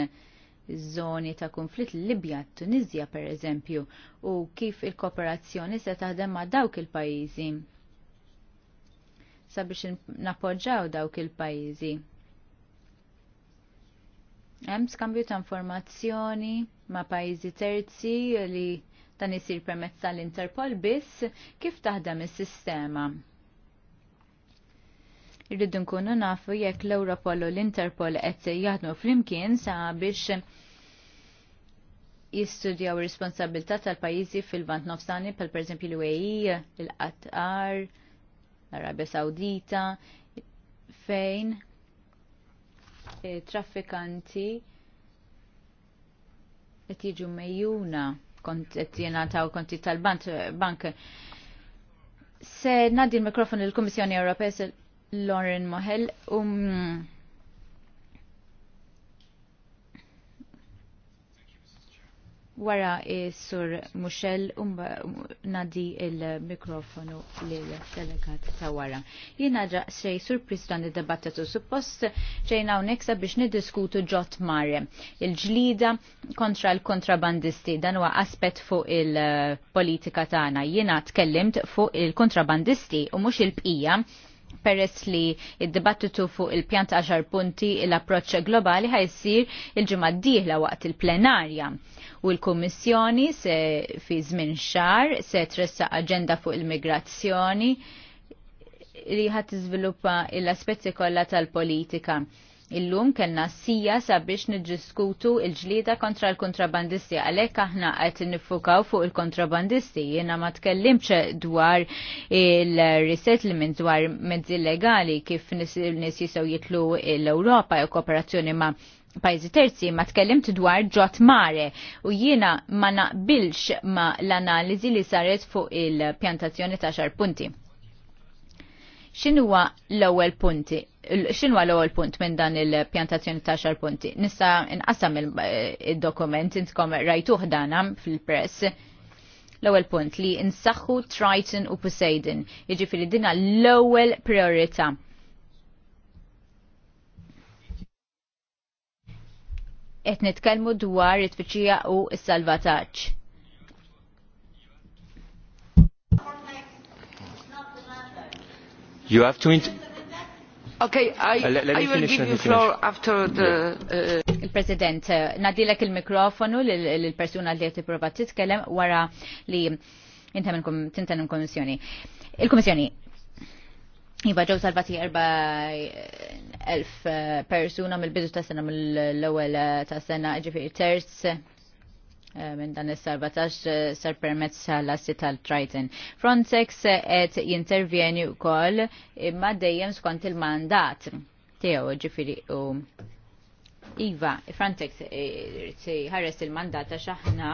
żoni ta' konflitt Libja, Tunizja pereżempju, u kif il-kooperazzjoni se taħdem ma' dawk il-pajjiżi sabiex napoġġaw dawk il-pajjiżi. Hemm skambju ta' informazzjoni ma' pajjiżi terzi li dan isir permezz tal-Interpol biss kif taħdem is-sistema. Irridu nkunu nafu jekk l-Europol u l-Interpol qed jaħdmu flimkien sabiex jistudjaw ir-responsabilità tal-pajjiżi fil-vant nofsani pal pereżempju l-UAE, il-Qatar, l-Arabja Sawdita, fejn traffikanti qed jiġu mejjuna kont qed jingħataw konti tal-bank bank se nadi l-mikrofon il-Kummissjoni Ewropea Lauren Mohel um wara sur Mushel um, um nadi il-mikrofonu l-delegat ta' wara. Jina ġaqsej Sur dan id-debattatu suppost ġejna uneksa biex nidiskutu ġot mare il-ġlida kontra l-kontrabandisti dan huwa aspet fuq il-politika tagħna. Jina tkellimt fuq il-kontrabandisti u mhux il-bqija peress li id-dibattitu fuq il-pjant 10 punti l-approċċ globali ħajsir il-ġimgħa d-dieħla waqt il-plenarja. U l-Kummissjoni se fi żmien xar se tressa aġenda fuq il-migrazzjoni li ħat tiżviluppa l-aspetti kollha tal-politika Illum kellna sija sabiex niddiskutu il-ġlieda kontra l-kontrabandisti għalhekk aħna qed nifukaw fuq il-kontrabandisti. Jiena ma tkellimx dwar il-resettlement dwar mezzi illegali kif nies jistgħu jitlu l-Ewropa jew kooperazzjoni ma' pajzi terzi ma tkellimt dwar ġot mare u jiena ma naqbilx ma l-analizi li saret fuq il-pjantazzjoni ta' xarpunti. X'inhuwa l-ewwel punti? X'inhuwa l-ewwel punt minn dan il-pjantazzjoni ta' xar punti? Nista' inqasam il-dokument intkom rajtuh dana fil-press l-ewwel punt li insaħħu Triton u Poseidon. Jiġifieri dina l-ewwel priorità. Qed nitkellmu dwar it-tfittxija u s-salvataġġ. You have to... Okay, I, uh, let, let I will finish, give you the floor finish. after the... Yeah. Uh... Il-President, uh, nadilek il-mikrofonu l-persuna li t-prova titkellem wara li tintan il-Komissjoni. Il-Komissjoni, Iva ġew salvati 4,000 uh, persuna mill-bidu ta' sena mill-ewwel uh, ta' sena ġifieri terz Eh, minn dan is-17 eh, sar permezz tal-assi tal-Triton. Frontex qed jintervjeni wkoll imma dejjem skont il-mandat tiegħu ġifieri u Iva, Frontex ħares il-mandat għax aħna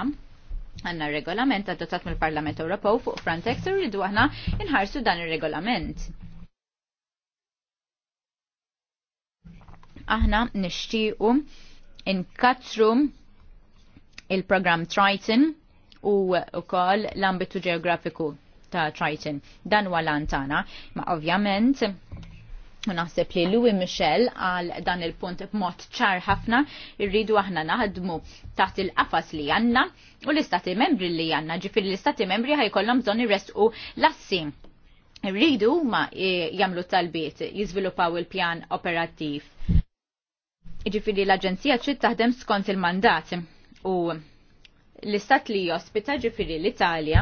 għanna regolament adottat mill-Parlament Ewropew fuq Frontex u rridu aħna inħarsu dan ir-regolament. Aħna nixtiequ inkatru il-programm Triton u wkoll l-ambitu ġeografiku ta' Triton. Dan huwa lantana, ma' ovvjament naħseb li Louis Michel għal dan il-punt b'mod ċar ħafna irridu aħna naħdmu taħt il-qafas li għanna u l-istati membri li għanna ġifir l-istati membri ħajkollhom bżonn irresqu lassi. Irridu ma e, jamlu talbiet jizvilupaw il-pjan operattiv. Ġifiri l-Aġenzija trid taħdem skont il-mandat u l-istat li jospita ġifiri l-Italja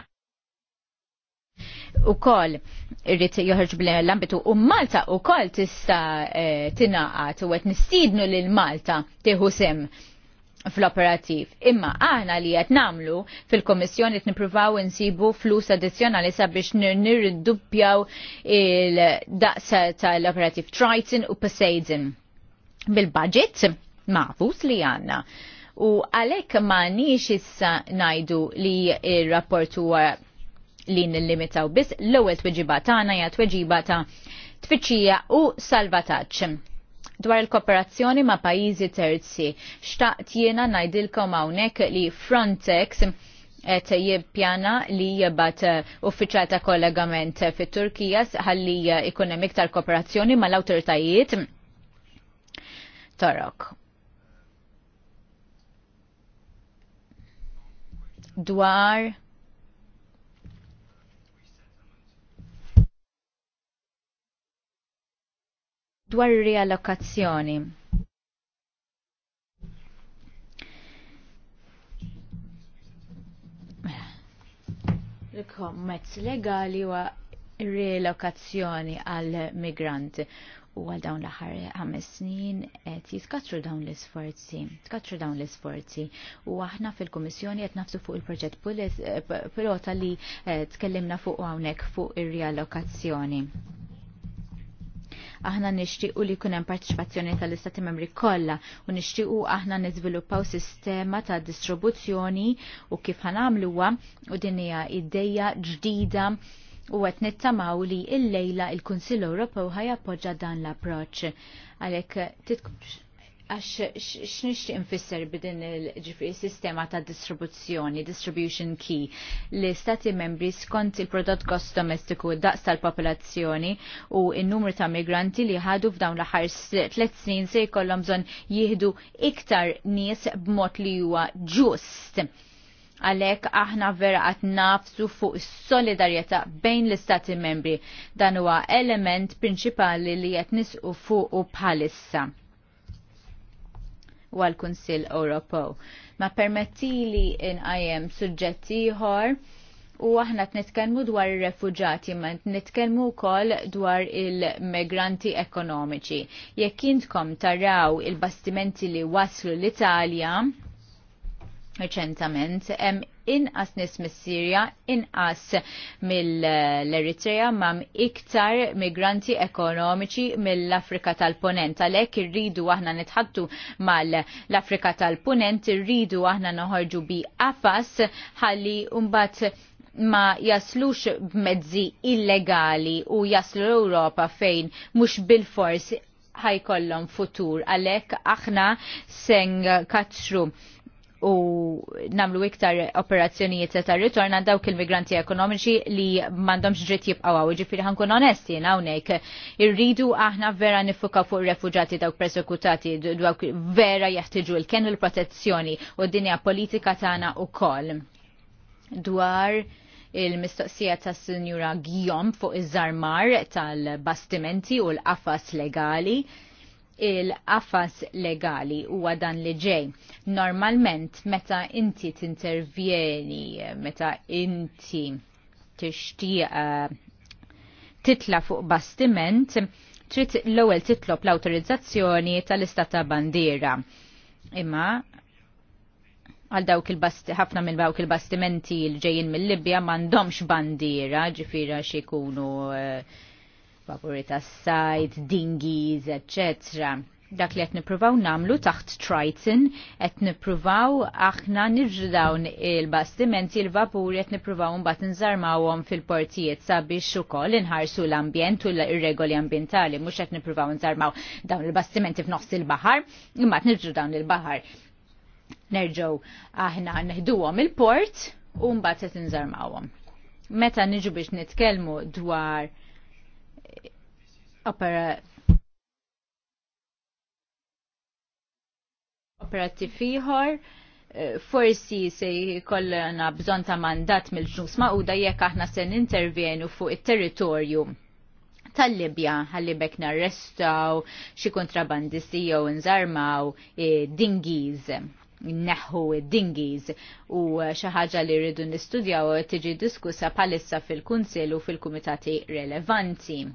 u kol irrit joħarġ l ambitu u Malta u kol tista eh, tinaqat u għet nistidnu l-Malta tiħu sem fl-operativ. Imma aħna li qed namlu fil-Komissjoni qed nippruvaw insibu flus addizzjonali sabiex nirriddubjaw il-daqsa tal-operativ Triton u Poseidon bil-budget mafus li għanna. U għalhekk nix issa ngħidu li r-rapport huwa li nillimitaw biss l-ewwel tweġiba tagħna hija tweġiba ta' tfittxija u salvataġġ dwar il-kooperazzjoni ma' pajjiżi terzi. Xtaqt jiena ngħidilkom hawnhekk li Frontex et jibpjana li jibbat uffiċjal ta' kollegament fit turkija għalli ikun hemm iktar kooperazzjoni mal-awtoritajiet Torok. dwar dwar riallokazzjoni. Il-kommezz legali wa rilokazzjoni għal migranti u għal dawn l-aħħar ħames snin qed jiskatru dawn l-isforzi, tkatru dawn l-isforzi u aħna fil-Kummissjoni qed nafsu fuq il-proġett eh, pilota li eh, tkellimna fuq hawnhekk fuq ir-riallokazzjoni. Aħna nixtiequ li kunem partiċipazzjoni tal-Istati Membri kollha u nixtiequ aħna niżviluppaw sistema ta' distribuzzjoni u kif ħanamluha u din hija ideja ġdida u għet nittamaw li il-lejla il-Kunsill Ewropew ħajappoġġa dan l-approċ. Għalek, għax x'nixtieq infisser b'din il-ġifri sistema ta' distribuzzjoni, distribution key, li stati membri skont il-prodott gost domestiku daqs tal-popolazzjoni u n-numru ta' migranti li ħadu f'dawn l-aħħar tliet snin se jkollhom bżonn jieħdu iktar nies b'mod li huwa ġust Għalek aħna vera għat nafsu fuq solidarieta bejn l-istati membri. Dan huwa element prinċipali li qed nisqu fuq u bħalissa u għal-Kunsil Ewropew. Ma li inqajem suġġetti ieħor u aħna t-nitkelmu dwar il-refugġati, ma t-nitkelmu kol dwar il-migranti ekonomiċi. Jekk intkom taraw il-bastimenti li waslu l-Italja, reċentament hemm inqas nies mis-Sirja, inqas mill-Eritrea mam iktar migranti ekonomiċi mill-Afrika tal-Ponent. Għalhekk irridu aħna nitħattu mal-Afrika tal-Ponent, irridu aħna noħorġu bi qafas ħalli mbagħad ma jaslux b'mezzi illegali u jaslu l-Europa fejn mhux bil-fors ħajkollhom futur għalhekk aħna seng katru u namlu iktar operazzjonijiet ta' ritorn għal dawk il-migranti ekonomiċi li m'għandhomx dritt jibqgħu għaw. Ġifir ħankun onesti hawnhekk. Irridu aħna vera nifuka fuq refuġati dawk persekutati dawk vera jeħtieġu l-kenu l-protezzjoni u d-dinja politika tagħna ukoll. Dwar il-mistoqsija ta' Sinjura Gjom fuq iż-żarmar tal-bastimenti u l-qafas legali il-qafas legali huwa dan li ġej. Normalment meta inti t-intervjeni, meta inti tixtieq eh, titla fuq bastiment, trid l-ewwel titlob l-awtorizzazzjoni tal-istat ta' bandiera. Imma għal dawk il-basti, ħafna minn dawk il-bastimenti l ġejjin mill-Libja m'għandhomx bandiera, ġifira xi jkunu uh, eh, vapuri sajt, sajd, dingis, etc. Dak li qed nippruvaw namlu taħt Triton, qed nippruvaw aħna nirġdawn dawn il-bastimenti il-vapuri qed nippruvaw mbagħad nżarmawom fil-portijiet sabiex ukoll inħarsu l-ambjent u l-irregoli ambjentali mhux qed nippruvaw nżarmaw dawn il-bastimenti f'nofs il-baħar, imma nirġdawn dawn il-baħar. Nerġgħu aħna neħduhom il-port u mbagħad se tinżarmawhom. Meta niġu biex nitkellmu dwar opera operattiv ieħor eh, forsi se jkollna bżon ta' mandat mill-ġnus u jekk aħna se nintervjenu fuq it-territorju tal-Libja ħalli narrestaw xi kontrabandisti jew nżarmaw eh, dingiz neħu dingiz u eh, xi ħaġa li rridu nistudjaw tiġi diskussa palissa fil-Kunsill u fil-kumitati relevanti.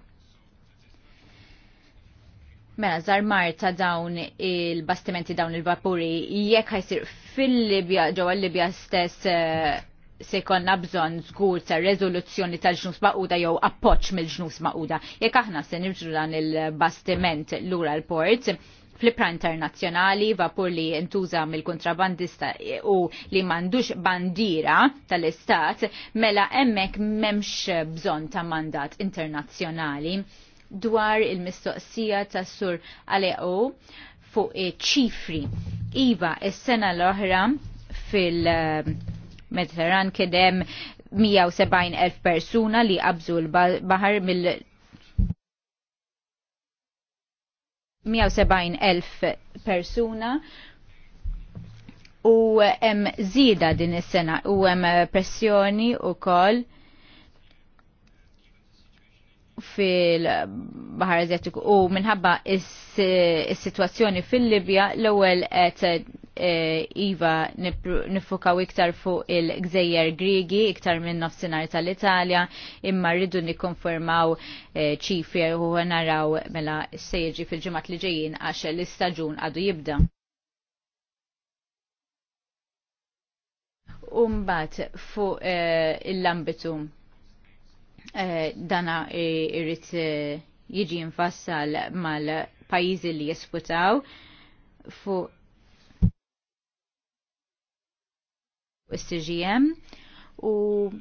Mela, zar ta' dawn il-bastimenti dawn il-vapuri, jekk ħajsir fil-Libja, ġewwa libja stess eh, se jkollna bżonn żgur ta' rezoluzzjoni tal-ġnus maquda jew appoġġ mill-ġnus maquda. Jekk aħna se nirġu dan il-bastiment lura l-port, fl-ipra internazzjonali, vapur li intuża mill-kontrabandista u li mandux bandira tal-istat, mela emmek memx bżonn ta' mandat internazzjonali dwar il-mistoqsija ta' sur Aleo fuq ċifri. Iva, is-sena l-oħra fil-Mediterran kedem 170.000 persuna li qabżu l-bahar mill- 170.000 persuna u hemm żieda din is-sena u hemm pressjoni wkoll fil-Bahar Azjatiku u minħabba is-sitwazzjoni fil-Libja l-ewwel qed eh, iva nifukaw iktar fuq il-gżejjer Griegi iktar minn nofsinhar tal-Italja imma rridu nikkonfermaw eh, ċifri u naraw mela sejġi fil-ġimgħat li ġejjin għax l-istaġun għadu jibda. Umbat fuq il eh, ambitu Eh, dana irrit eh, jiġi infassal mal-pajizi li jesputaw fuq s-CGM u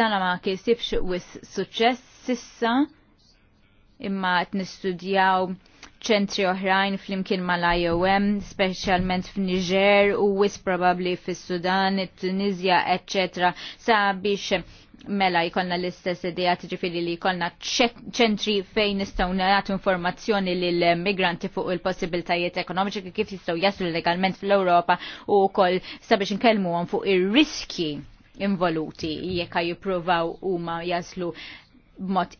dana ma kisibx s suċess sissa imma t-nistudjaw ċentri oħrajn flimkien mal-IOM, specialment f'Niger u wis probabli fis-Sudan, Tunizja, etc. sabiex mela jkollna l-istess idea tiġifieri li jkollna ċentri fejn nistgħu nagħtu informazzjoni lil migranti fuq il-possibiltajiet ekonomiċi kif jistgħu jaslu legalment fl-Ewropa u wkoll sabiex nkellmuhom fuq ir-riski involuti jekk jippruvaw huma jaslu b'mod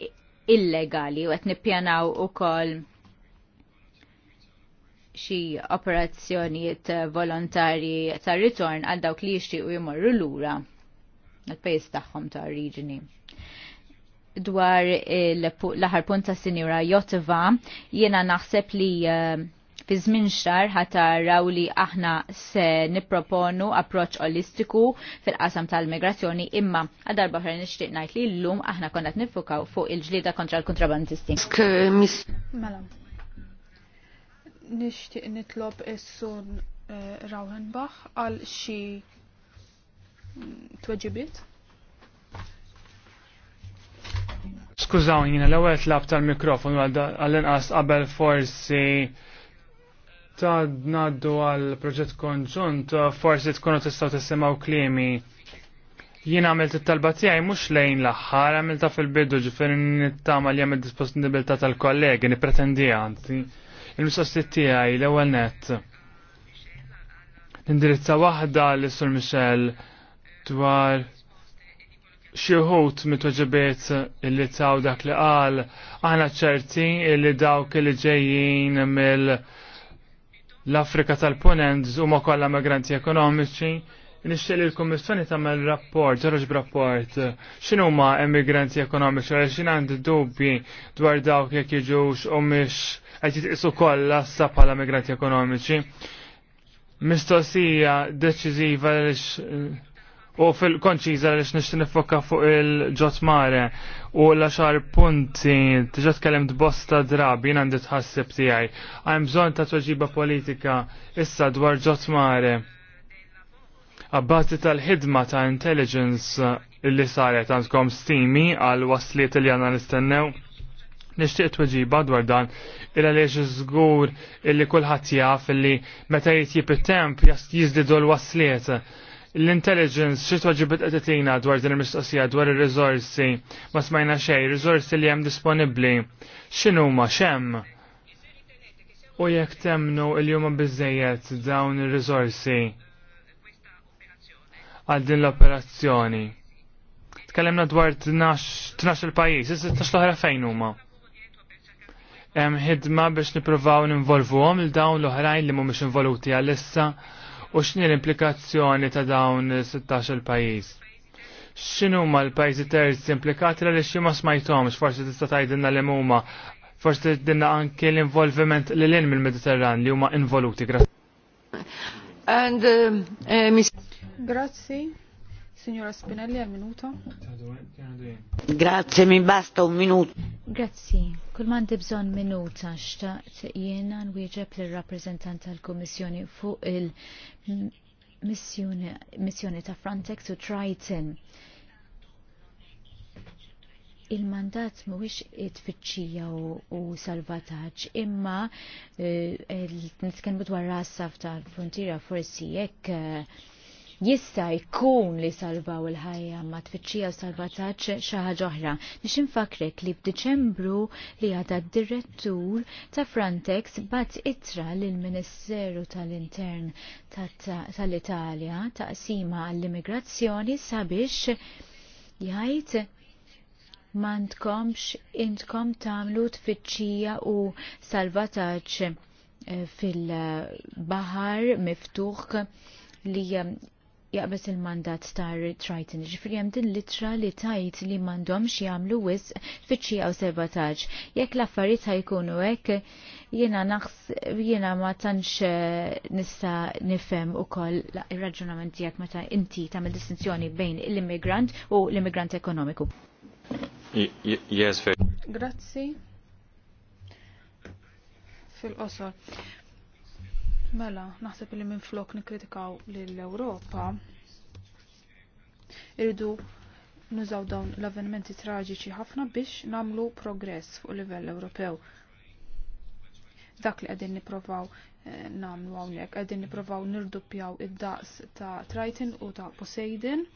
illegali u qed nippjanaw ukoll xi operazzjonijiet volontarji ta' ritorn għal dawk li jixtiequ jmorru lura għal-pajis tagħhom ta' oriġini. Dwar l-aħar punt ta' sinjura Jotva, jiena naħseb li eh, fi żmien xar ħataraw li aħna se nipproponu approċċ olistiku fil-qasam tal-migrazzjoni imma għal darba ħra nixtieq ngħid li llum aħna konna nifukaw fuq il-ġlieda kontra l-kontrabandisti. Mela nixtieq nitlob is-sun eh, Rauhenbach għal xi mm, tweġibiet. Skużawni, jina l-ewel tlab tal-mikrofon għal inqas qabel forsi ta' naddu għal proġett konġunt, forsi tkunu tistaw tisimaw klimi. Jien għamilt it-talba tiegħi mhux lejn l-aħħar, għamilta fil-bidu ġifieri nittama li għamil disponibilità tal-kollegi, nippretendi għanti. Il-mistoqsijiet tiegħi l-ewwel nett. Nindirizza waħda l sur Michel dwar xi mit toġibiet illi taw dak li qal aħna ċerti illi dawk li ġejjin mill l-Afrika tal punent huma kollha migranti ekonomiċi nixtieq il l-Kummissjoni tagħmel rapport, ġorġ b'rapport x'inhu huma emigranti ekonomiċi għal x'in għandi dubbi dwar dawk jekk jiġux u mhix qed jitqisu kollha sa bħala migranti ekonomiċi. Mistoqsija deċiżiva eh, u fil konċiza li nixtieq nifokka fuq il-ġot mare u l-għaxar punti diġà tkellimt bosta drabi jien għandi tħassib tiegħi. Hemm bżonn ta' tweġiba politika issa dwar ġot mare. Abbażi tal-ħidma ta' intelligence li saret għandkom stimi għal wasliet li għandna nistennew nixtieq tweġiba dwar dan illa għaliex żgur illi kulħadd jaf illi meta jitjib it-temp jiżdidu l-wasliet. L-intelligence xi tweġibet qed dwar din il-mistoqsija dwar ir-riżorsi ma smajna xejn, riżorsi li hemm disponibbli. X'inhuma x'hemm? U jekk temnu il-jum biżejjed dawn ir-riżorsi għal din l-operazzjoni. Tkellimna dwar 12 il-pajjiż, 16 l-oħra fejn huma hemm ħidma biex nippruvaw ninvolvuhom il dawn l-oħrajn li mhumiex involuti għalissa u x'ni l-implikazzjoni ta' dawn 16 pajjiż. X'inhu huma l-pajjiżi terzi implikati li xi ma smajthomx forsi tista' tgħidilna li huma forsi dinna anke l-involviment li lin mill-Mediterran li huma involuti. And, uh, uh, Grazzi. Signora Spinelli, al minuta. Grazie, mi basta un minuto. Grazzi. Kull man dibżon minuta xtaqt jiena nwieġeb l rappresentant tal komissjoni fuq il-missjoni ta' Frontex u Triton. Il-mandat mhuwiex it fitxija u salvataġġ, imma warra eh, dwar rassaf tal frontira forsi jekk eh, jista' jkun li salvaw il-ħajja ma tfittxija u salvataġġ xi ħaġa oħra. Nix infakrek li f'Diċembru li għadha d-direttur ta' Frontex bat itra lill ministeru tal-Intern tal-Italja ta' sima għall-immigrazzjoni sabiex jgħid mandkomx intkom tamlu tfittxija u salvataġġ eh, fil-bahar miftuħ li eh, jaqbes il-mandat star Triton. Ġifri jem din litra li tajt li m'għandhomx jagħmlu wis fiċċija u sebataġġ. Jekk l-affarijiet ħajkunu hekk, jiena naħs jena ma tantx eh, nista' nifhem ukoll ir-raġunament tiegħek meta inti tagħmel distinzjoni bejn l-immigrant u l-immigrant ekonomiku. Yes, Grazzi fil-qosor. Mela, naħseb li minn flok nikritikaw l-Europa, irridu nużaw dawn l-avvenimenti traġiċi ħafna biex namlu progress fuq livell Ewropew. Dak li għedin niprofaw eh, namlu għawnek, għedin niprofaw nirduppjaw id-daqs ta' Triton u ta' Poseidon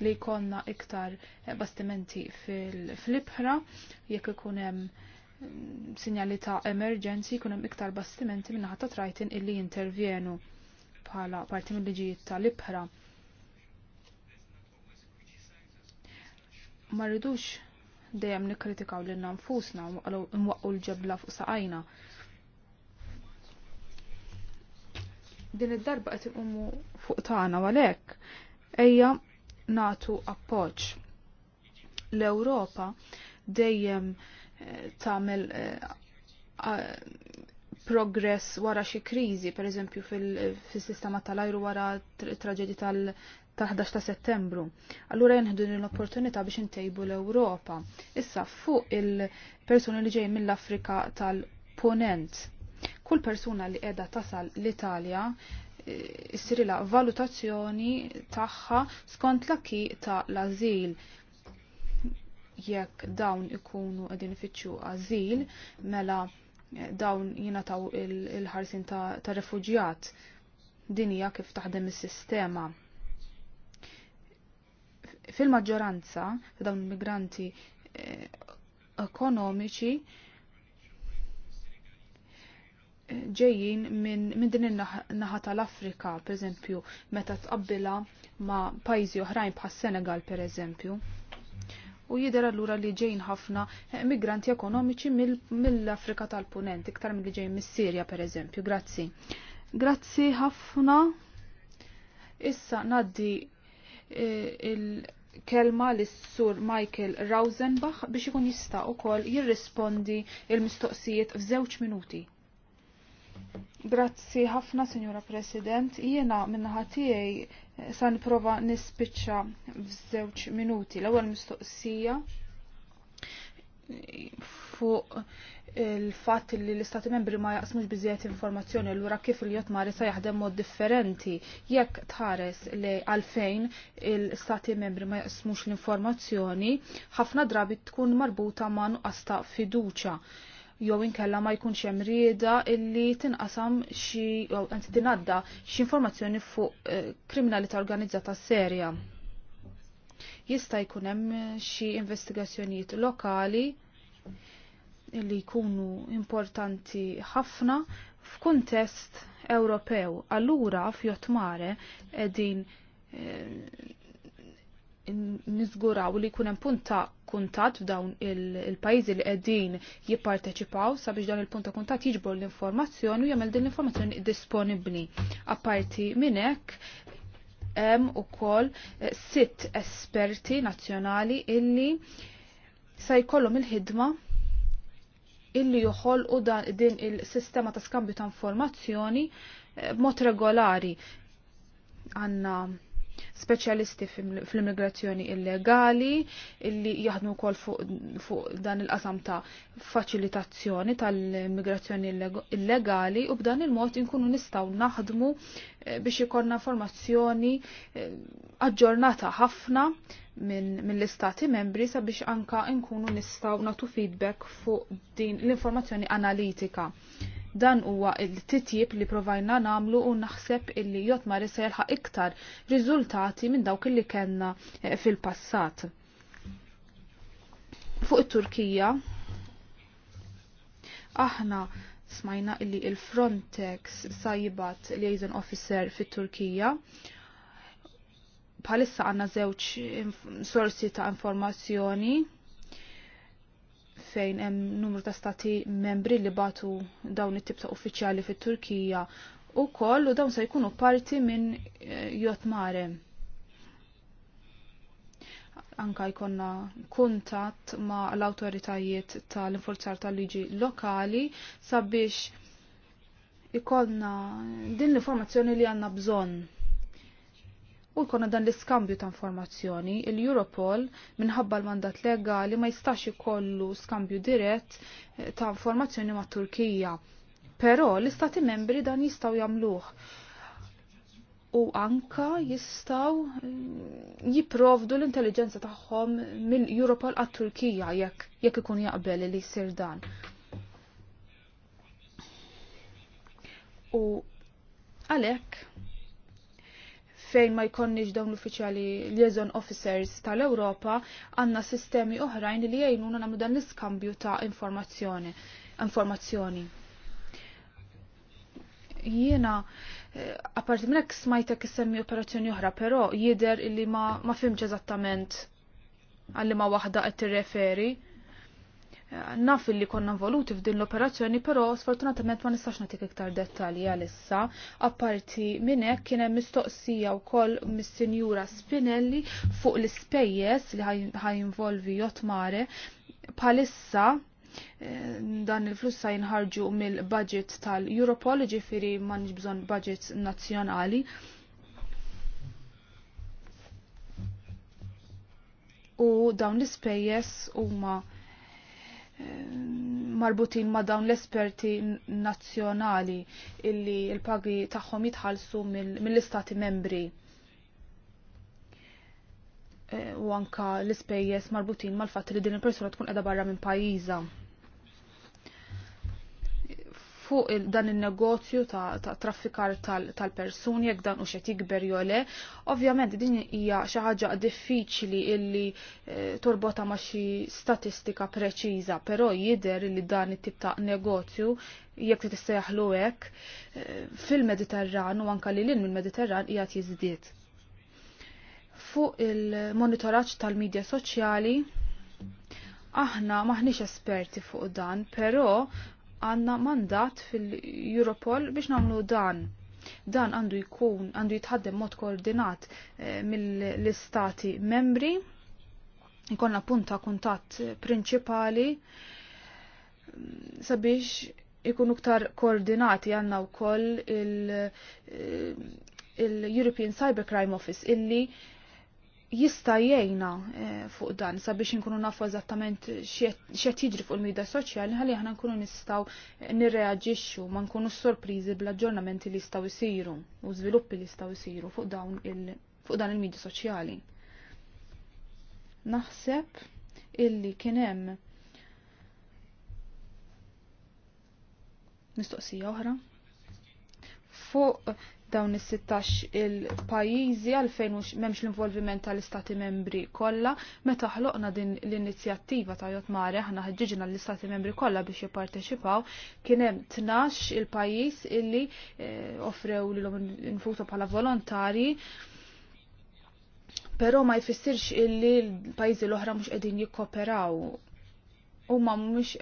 li konna iktar bastimenti fil-ibħra jekk ikunem hemm sinjali ta' emerġenzi jkun hemm iktar bastimenti minna ta' trajtin illi jintervjenu bħala parti mill-liġijiet tal-ibħra. Ma rridux dejjem nikkritikaw lil nfusna u l-ġebla fuq saqajna. Din id-darba qed inqumu fuq tagħna għalhekk ejja natu appoġġ. L-Ewropa dejjem tagħmel eh, progress wara xi kriżi, pereżempju fil-sistema tal-ajru wara traġedi tal- 11 ta' settembru. Allura jenħdu l-opportunità biex intejbu l-Ewropa. Issa fuq il-persuni li ġej mill-Afrika tal-Ponent. Kull persuna li qiegħda tasal l-Italja eh, issirila valutazzjoni tagħha skont l-akki ta' l-azil jekk dawn ikunu għedin fitxu għazil mela eh, dawn jinataw il-ħarsin ta', ta refugjat dinija kif taħdem is-sistema. Fil-maġġoranza ta' dawn il-migranti eh, ekonomiċi eh, ġejjin minn min din in-naħa tal-Afrika, pereżempju, meta tqabbila ma' pajjiżi oħrajn bħas Senegal pereżempju u jidher allura li ġejn ħafna migranti ekonomiċi mill-Afrika tal-Punent, iktar mill-li ġejn mis-Sirja pereżempju. Grazzi. Grazzi ħafna. Issa naddi eh, il-kelma l-sur Michael Rausenbach biex ikun jista' ukoll jirrispondi il-mistoqsijiet f'żewġ minuti. Grazzi ħafna, Signora President. Jiena minnaħa tiegħi eh, sa nipprova nispiċċa f'żewġ minuti. L-ewwel mistoqsija fuq il-fatt li l-Istati membri ma jaqsmux biżjed informazzjoni l kif il-jot mari sa jaħdem mod differenti jekk tħares li għalfejn l-Istati membri ma jaqsmux l-informazzjoni ħafna drabi tkun marbuta ma nuqqas ta' fiduċa jew inkella ma jkunx hemm rieda illi tinqasam xi jew anzi tingħadda xi informazzjoni fuq eh, kriminalità organizzata serja. Jista' jkun hemm xi investigazzjonijiet lokali illi jkunu importanti ħafna f'kuntest Ewropew. Allura f'Jotmare qegħdin eh, nizguraw li kunem punta kuntat f'dawn il-pajzi li qegħdin jipparteċipaw sabiex dan il-punta kuntat jiġbor l-informazzjoni u jagħmel din l-informazzjoni disponibbli. Apparti minn hekk hemm ukoll eh, sitt esperti nazzjonali illi sa jkollhom il-ħidma illi joħolqu din il-sistema ta' skambju ta' informazzjoni eh, b'mod regolari għandna speċjalisti fl-immigrazzjoni illegali illi jaħdmu wkoll fuq dan il-qasam ta' faċilitazzjoni tal-immigrazzjoni illegali u b'dan il-mod inkunu nistgħu naħdmu eh, biex ikonna formazzjoni eh, aġġornata ħafna mill-istati membri sabiex anka nkunu nistgħu nagħtu feedback fuq din l-informazzjoni analitika Dan huwa il-titjib li provajna namlu u naħseb illi jotmar se jelħaq iktar riżultati minn dawk illi kellna eh, fil-passat. Fuq it-Turkija, aħna smajna illi il-Frontex sajbat liaison officer fit-Turkija palissa għanna zewċ mm, sorsi ta' informazzjoni fejn hemm numru ta' stati membri li batu dawn it-tip ta' uffiċjali fit-Turkija u koll u dawn se jkunu parti minn eh, Mare. Anka jkonna kuntat ma' l-autoritajiet tal-infurzar tal-liġi lokali sabiex ikollna din l-informazzjoni li għanna bżonn u jkollna dan l-iskambju ta' informazzjoni, il-Europol minħabba l-mandat legali ma jistax ikollu skambju dirett eh, ta' informazzjoni ma' Turkija. Però l-istati membri dan jistaw jagħmluh. U anka jistaw mm, jiprovdu l-intelligenza tagħhom mill-Europol għat-Turkija jekk jekk ikun jaqbel li jsir dan. U għalhekk fejn ma jkonniġ dawn l-uffiċjali liaison officers tal-Ewropa għandna sistemi oħrajn li jgħinuna nagħmlu dan l-iskambju ta' informazzjoni. informazzjoni. Jiena eh, apparti minn hekk smajtek issemmi operazzjoni oħra, però jidher illi ma ma fimx eżattament għalli ma waħda qed tirreferi. referi naf li konna involuti f'din l-operazzjoni, però sfortunatament ma nistax natik iktar dettalji għalissa. Apparti minn hekk kien hemm mistoqsija wkoll mis-Sinjura Spinelli fuq l-ispejjeż li ħajinvolvi Jotmare bħalissa eh, dan il-flussa jinħarġu mill-budget tal-Europol, ġifiri manġ bżon budget nazjonali. U dawn l-spejjes huma marbutin ma' dawn l-esperti nazzjonali illi il-pagi tagħhom jitħallsu mill-istati membri. Eh, u anka l-ispejjeż marbutin mal-fatt li din il-persuna tkun qiegħda barra minn pajjiża fuq dan il-negozju ta', ta traffikar tal-persuni tal jekk dan u xe jikber jole. Ovvjament din hija xi ħaġa diffiċli illi e, torbota ma' xi statistika preċiża, però jidher li dan it-tip ta' negozju jekk tissejjaħlu hekk eh, fil-Mediterran u anke lil mill-Mediterran hija jiżdied. Fuq il-monitoraġġ tal-medja soċjali aħna maħniex esperti fuq dan, però għanna mandat fil-Europol biex namlu dan. Dan għandu jkun, għandu jitħaddem mod koordinat eh, mill-istati membri, jkonna punta kuntat prinċipali sabiex ikunu uktar koordinati għanna u koll eh, il-European il Cybercrime Office illi jista' jgħinna eh, fuq dan sabiex inkunu nafu eżattament x'qed jiġri fuq il-midja soċjali ħalli aħna nkunu nistgħu nirreaġixxu ma nkunu sorprizi bl-aġġornamenti li jistgħu jsiru u żviluppi li jistgħu jsiru fuq dawn il fuq dan il-midja soċjali. Naħseb illi kien hemm mistoqsija oħra fuq dawn is-16 il-pajjiżi għalfejn mhux m'hemmx l-involviment tal-istati membri kollha, meta ħloqna din l-inizjattiva ta' Jot Mare aħna ħġiġna l-istati membri kollha biex jipparteċipaw, kien hemm tnax il-pajjiż illi eh, offrew lilhom infuta bħala volontari. Però ma jfissirx illi l-pajjiżi l-oħra mhux qegħdin jikkoperaw. Huma mhux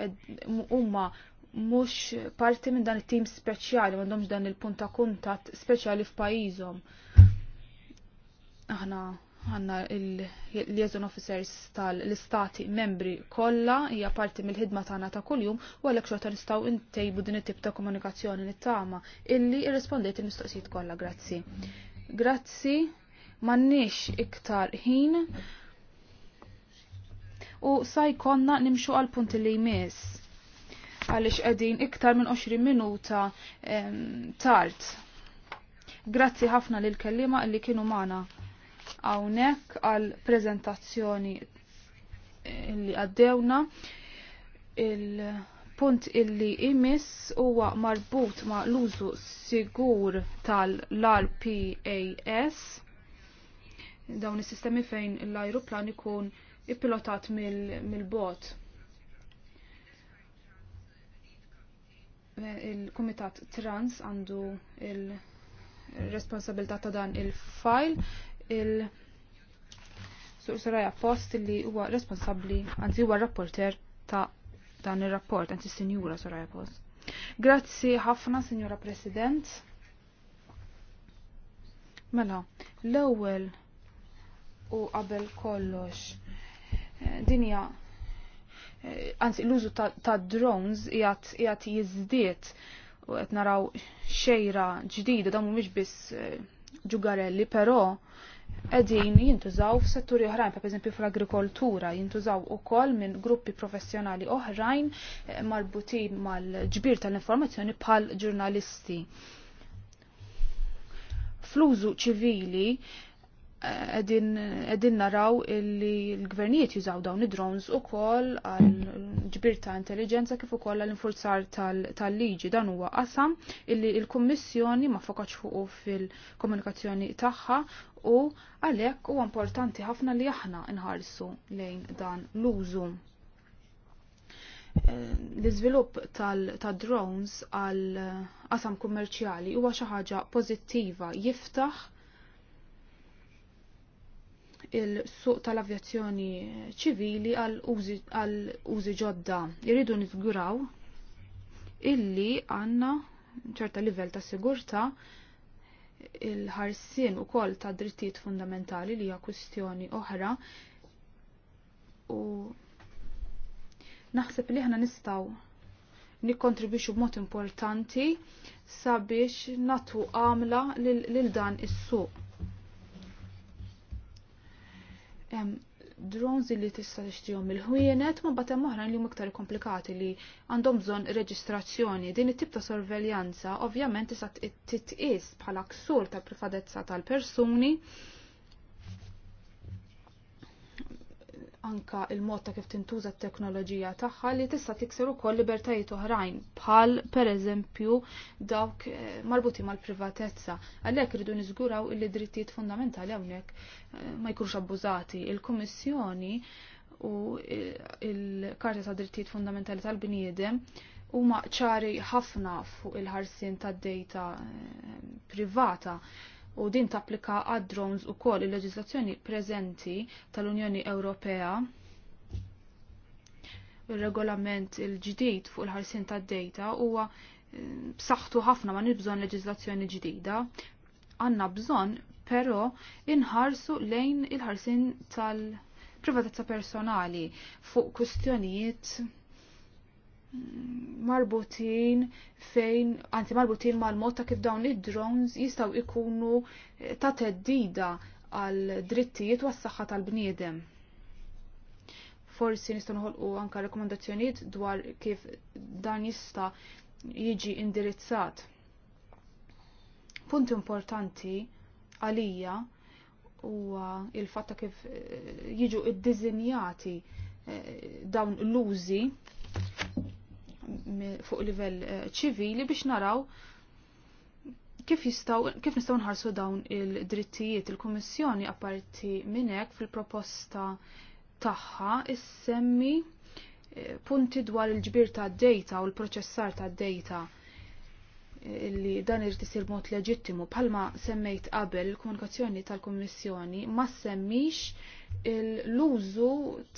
huma mhux parti minn dan it-tim speċjali, m'għandhomx dan il-punt ta' kuntatt speċjali f'pajjiżhom. Aħna għanna il-liaison officers tal-istati membri kolla hija parti mill-ħidma tagħna ta' kuljum u għalhekk xorta nistgħu intejbu din it-tip ta' komunikazzjoni nittama illi irrispondiet il-mistoqsijiet kollha grazzi. Grazzi m'għandniex iktar ħin u sa jkollna nimxu għal punti li jmiss għaliex qegħdin iktar minn 20 minuta tard. Grazzi ħafna lil kellima li kienu magħna hawnhekk għal prezentazzjoni eh, li għaddewna il-punt illi imis huwa marbut ma' l-użu sigur tal-RPAS dawn is-sistemi fejn l ajruplan ikun ippilotat mill-bot. Mil il-Kumitat Trans għandu il-responsabilità ta' dan il-file il Sur Post li huwa responsabbli anzi huwa rapporter ta' dan ir-rapport, anzi Sinjura Suraja Post. Grazzi ħafna, Sinjura President. Mela, l-ewwel u qabel kollox. Eh, dinja Eh, anzi l-użu ta' drones jgħat jizdiet u qed naraw xejra ġdida dawn mhumiex biss eh, ġugarelli, però qegħdin jintużaw f'setturi oħrajn, eżempju fl-agrikoltura, jintużaw ukoll minn gruppi professjonali oħrajn eh, marbutin mal-ġbir tal-informazzjoni bħal ġurnalisti. Flużu ċivili għedin naraw illi l-gvernijiet jużaw dawn id-drones u koll għal ġbir ta' intelligenza kif ukoll għal infurzar tal-liġi dan huwa qasam illi l-Kummissjoni ma fokax fuqu fil-komunikazzjoni tagħha u għalhekk huwa importanti ħafna li aħna nħarsu lejn dan l-użu. Eh, l-iżvilupp tal-drones għal qasam kummerċjali huwa xi ħaġa pożittiva jiftaħ il-suq tal-avjazzjoni ċivili għal użi ġodda. jiridu nifguraw illi għanna ċerta livell ta' sigurta il-ħarsin u kol ta' drittijiet fundamentali li hija kwistjoni oħra u naħseb li ħna nistaw nikkontribwixxu b'mod importanti sabiex natu għamla lil dan is-suq drones li tista' tixtrihom il-ħwienet ma bagħad hemm oħrajn li huma iktar komplikati li għandhom bżonn reġistrazzjoni. Din it-tip ta' sorveljanza ovvjament tista' titqis bħala ksur tal-privatezza tal-persuni. tal privatezza tal privatezza tal persuni anka il-mod ta' kif tintuża t-teknoloġija tagħha li tista' tikser ukoll libertajiet oħrajn bħal pereżempju dawk eh, marbuti mal-privatezza. Għalhekk irridu niżguraw li drittijiet fundamentali hawnhekk eh, ma jkunux abbużati. Il-Kummissjoni u eh, il-Karta ta' Drittijiet Fundamentali tal-Bniedem huma ċari ħafna fuq il-ħarsien tad-dejta privata u din tapplika għad-drones u koll il-leġislazzjoni preżenti tal-Unjoni Ewropea il-regolament il-ġdid fuq il-ħarsin tad data huwa eh, b'saħħtu ħafna ma nibżon leġislazzjoni ġdida. Għanna bżon però inħarsu lejn il-ħarsin tal-privatezza personali fuq kustjonijiet marbutin fejn, anzi marbutin mal-mod ta' kif dawn id-drones jistaw ikunu ta' teddida għal drittijiet was saħħa tal-bniedem. Forsi nistgħu noħolqu anka rekomendazzjonijiet dwar kif dan jista' jiġi indirizzat. Punt importanti għalija huwa il-fatt ta' kif eh, jiġu id-dizinjati eh, dawn l-użi fuq livell eh, ċivili biex naraw kif jistaw, kif nistaw nħarsu dawn il-drittijiet il-Kummissjoni apparti minnek fil-proposta tagħha issemmi eh, punti dwar il-ġbir ta' data u l-proċessar ta' data li dan irid isir mod leġittimu bħalma semmejt qabel komunikazzjoni tal-Kummissjoni ma semmix l-użu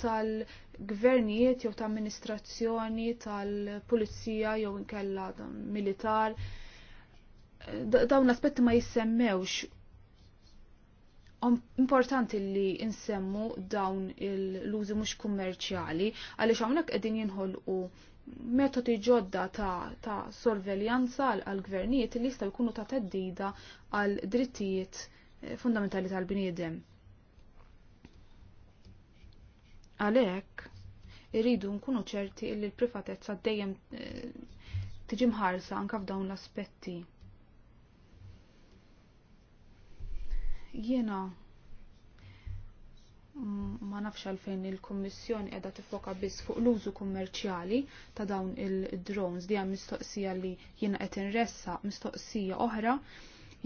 tal-gvernijiet jew tal amministrazzjoni tal-pulizija jew inkella militar dawn l-aspetti ma jissemmewx importanti li insemmu dawn l-użi mhux kummerċjali għaliex hawnhekk qegħdin jinħolqu metodi ġodda ta', ta sorveljanza għal-gvernijiet li jistaw jkunu ta' teddida għal drittijiet eh, fundamentali tal-bniedem. Għalek, irridu nkunu ċerti li l-privatezza dejjem eh, tiġi mħarsa anka f'dawn l-aspetti. Jiena ma nafx għalfejn il-Kommissjoni qiegħda tifoka biss fuq l-użu kummerċjali ta' dawn il-drones di mistoqsija li jiena qed inressa mistoqsija oħra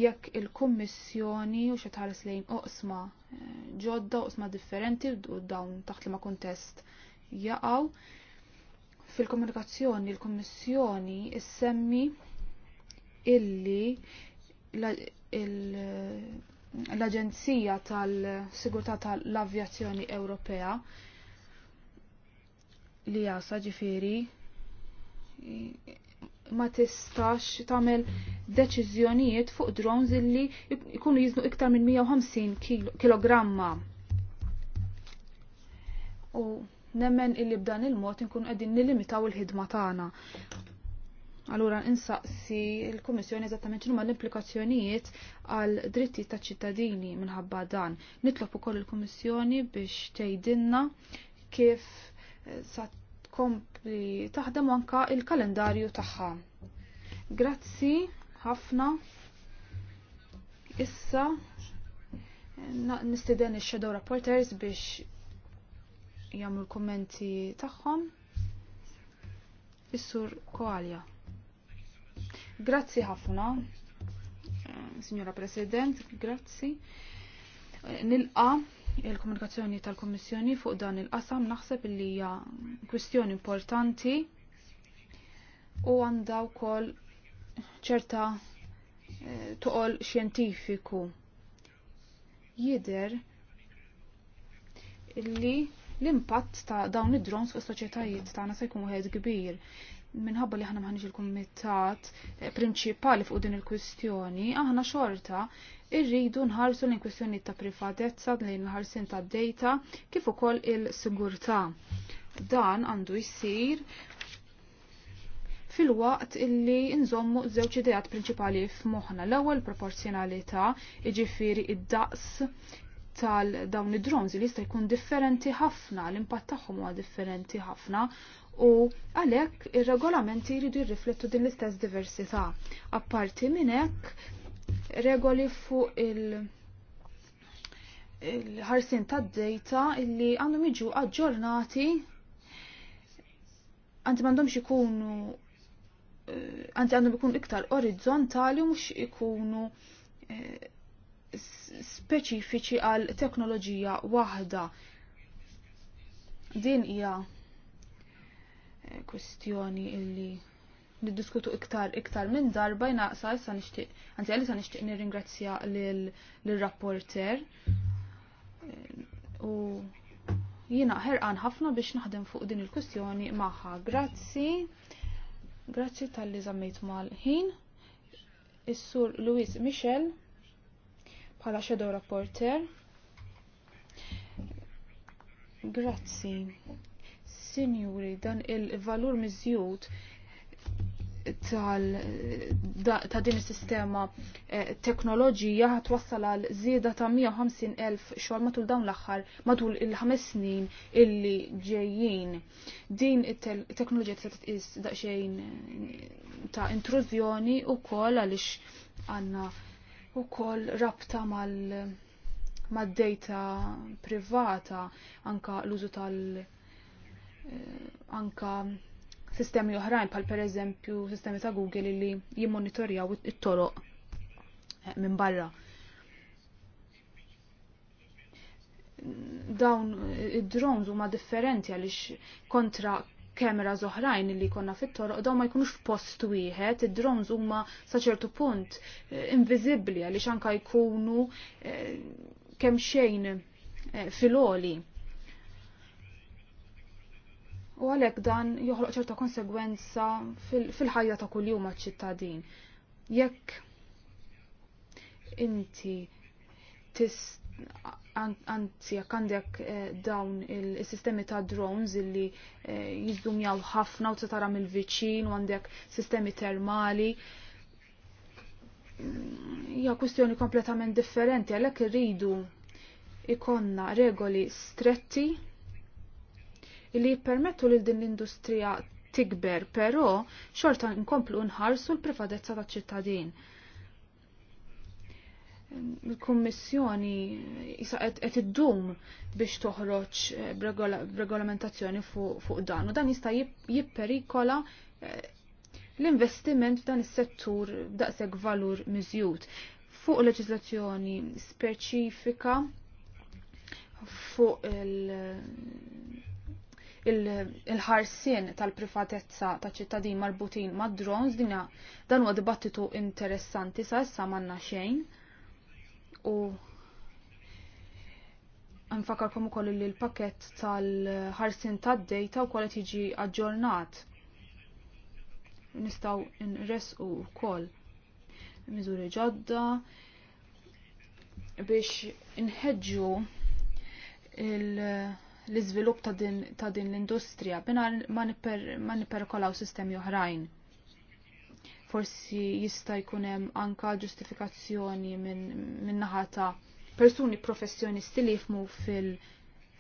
jekk il-Kummissjoni u xi tħares lejn oqsma eh, ġodda oqsma differenti u dawn taħt li ma kuntest jaqgħu. Fil-komunikazzjoni il-Kummissjoni issemmi illi il l-Aġenzija tal-Sigurtà tal-Avjazzjoni Ewropea li jasa ġifiri ma tistax tagħmel deċiżjonijiet fuq drones illi jkunu jiznu iktar minn 150 kg. U nemmen illi b'dan il-mod nkun qegħdin nilimitaw il-ħidma tagħna. Allura insaqsi l-Kummissjoni eżattament x'huma l-implikazzjonijiet għal dritti taċ ċittadini minħabba dan. Nitlob ukoll il-Kummissjoni biex tgħidilna kif eh, sa tkompli taħdem anka il-kalendarju tagħha. Grazzi ħafna. Issa nistiden ix-shadow reporters biex jagħmlu l-kummenti tagħhom. Is-sur Koalja. Grazzi ħafna, Signora President, grazzi. Nilqa il-komunikazzjoni tal-Kommissjoni fuq dan il-qasam naħseb li hija kwistjoni importanti u għandha wkoll ċerta eh, toqol xjentifiku. Jider li l-impatt ta' dawn id-drons fuq soċjetajiet tagħna se jkun wieħed kbir minħabba li ħana maħniġ il-kumitat eh, prinċipali fuq din il-kwistjoni, aħna xorta irridu nħarsu l kwistjoni ta' privatezza lejn l-ħarsin ta' data kif ukoll il-sigurtà. Dan għandu jsir fil-waqt illi nżommu żewġ ideat prinċipali f'moħħna. L-ewwel proporzjonalità, jiġifieri id-daqs tal dawn id-drones li jista' jkun differenti ħafna, l-impatt tagħhom huwa differenti ħafna u għalhekk ir-regolamenti jridu jirriflettu din l-istess diversità. Apparti minn hekk regoli fuq il- il-ħarsin tad data illi għandhom jiġu aġġornati għanti m'għandhomx ikunu eh, għanti għandhom ikunu iktar orizzontali u mhux ikunu eh, speċifiċi għal teknoloġija waħda. Din hija kwestjoni illi niddiskutu iktar iktar minn darba jnaqsa issa nixtieq anzi għalli sa nixtieq nirringrazzja lill-rapporter u jiena ħerqan ħafna biex naħdem fuq din il-kwestjoni magħha. Grazzi. Grazzi tal-li żammejt mal-ħin. Is-sur Luis Michel bħala shadow rapporter. Grazzi. Sinjuri, dan il-valur miżjud ta' din is-sistema eh, teknoloġija wassal għal zida ta' 150,000 xogħol matul dawn l-aħħar matul il-ħames snin illi ġejjin. Din it-teknoloġija ta' tqis daqsxejn eh, ta' intrużjoni wkoll għaliex għandna wkoll rabta mal mad-data privata anka l-użu tal- Eh, anka sistemi oħrajn bħal per eżempju sistemi ta' Google li jimmonitorjaw it-toroq eh, minn barra. Dawn eh, id-drones huma differenti għaliex kontra kamera oħrajn li konna fit-toroq dawn ma jkunux f'post wieħed, id-drones huma sa ċertu punt inviżibbli għaliex anka jkunu kemm xejn filoli. U għalhekk dan joħloq ċerta konsegwenza fil-ħajja fil ta' kuljum għaċ-ċittadin. Jekk inti tis anzi jekk għandek eh, dawn il-sistemi ta' drones illi eh, jizdumjaw ħafna u tara mill-viċin u għandek sistemi termali. Mm, ja kwestjoni kompletament differenti, għalhekk irridu ikonna regoli stretti li jippermettu lil din l-industrija tikber, però xorta nkomplu nħarsu l-privatezza ta' ċittadin. Il-Kummissjoni jisa qed iddum biex toħroġ eh, b'regolamentazzjoni fuq dan u dan jista' jipperikola eh, l-investiment f'dan is-settur daqshekk valur miżjud fuq leġislazzjoni speċifika fuq il il-ħarsien tal-privatezza ta' ċittadin marbutin ma' drones dinja dan huwa dibattitu interessanti sa' issa manna xejn u nfakarkom ukoll li l-pakett tal-ħarsien tad-dejta u qed jiġi aġġornat. Nistgħu nresqu wkoll miżuri ġodda biex inħedġu il- l-iżvilupp ta' din, din l-industrija bina ma niperkolaw sistemi oħrajn. Forsi jista' jkun hemm anka ġustifikazzjoni minn min naħa ta' persuni professjonisti li jifmu fil-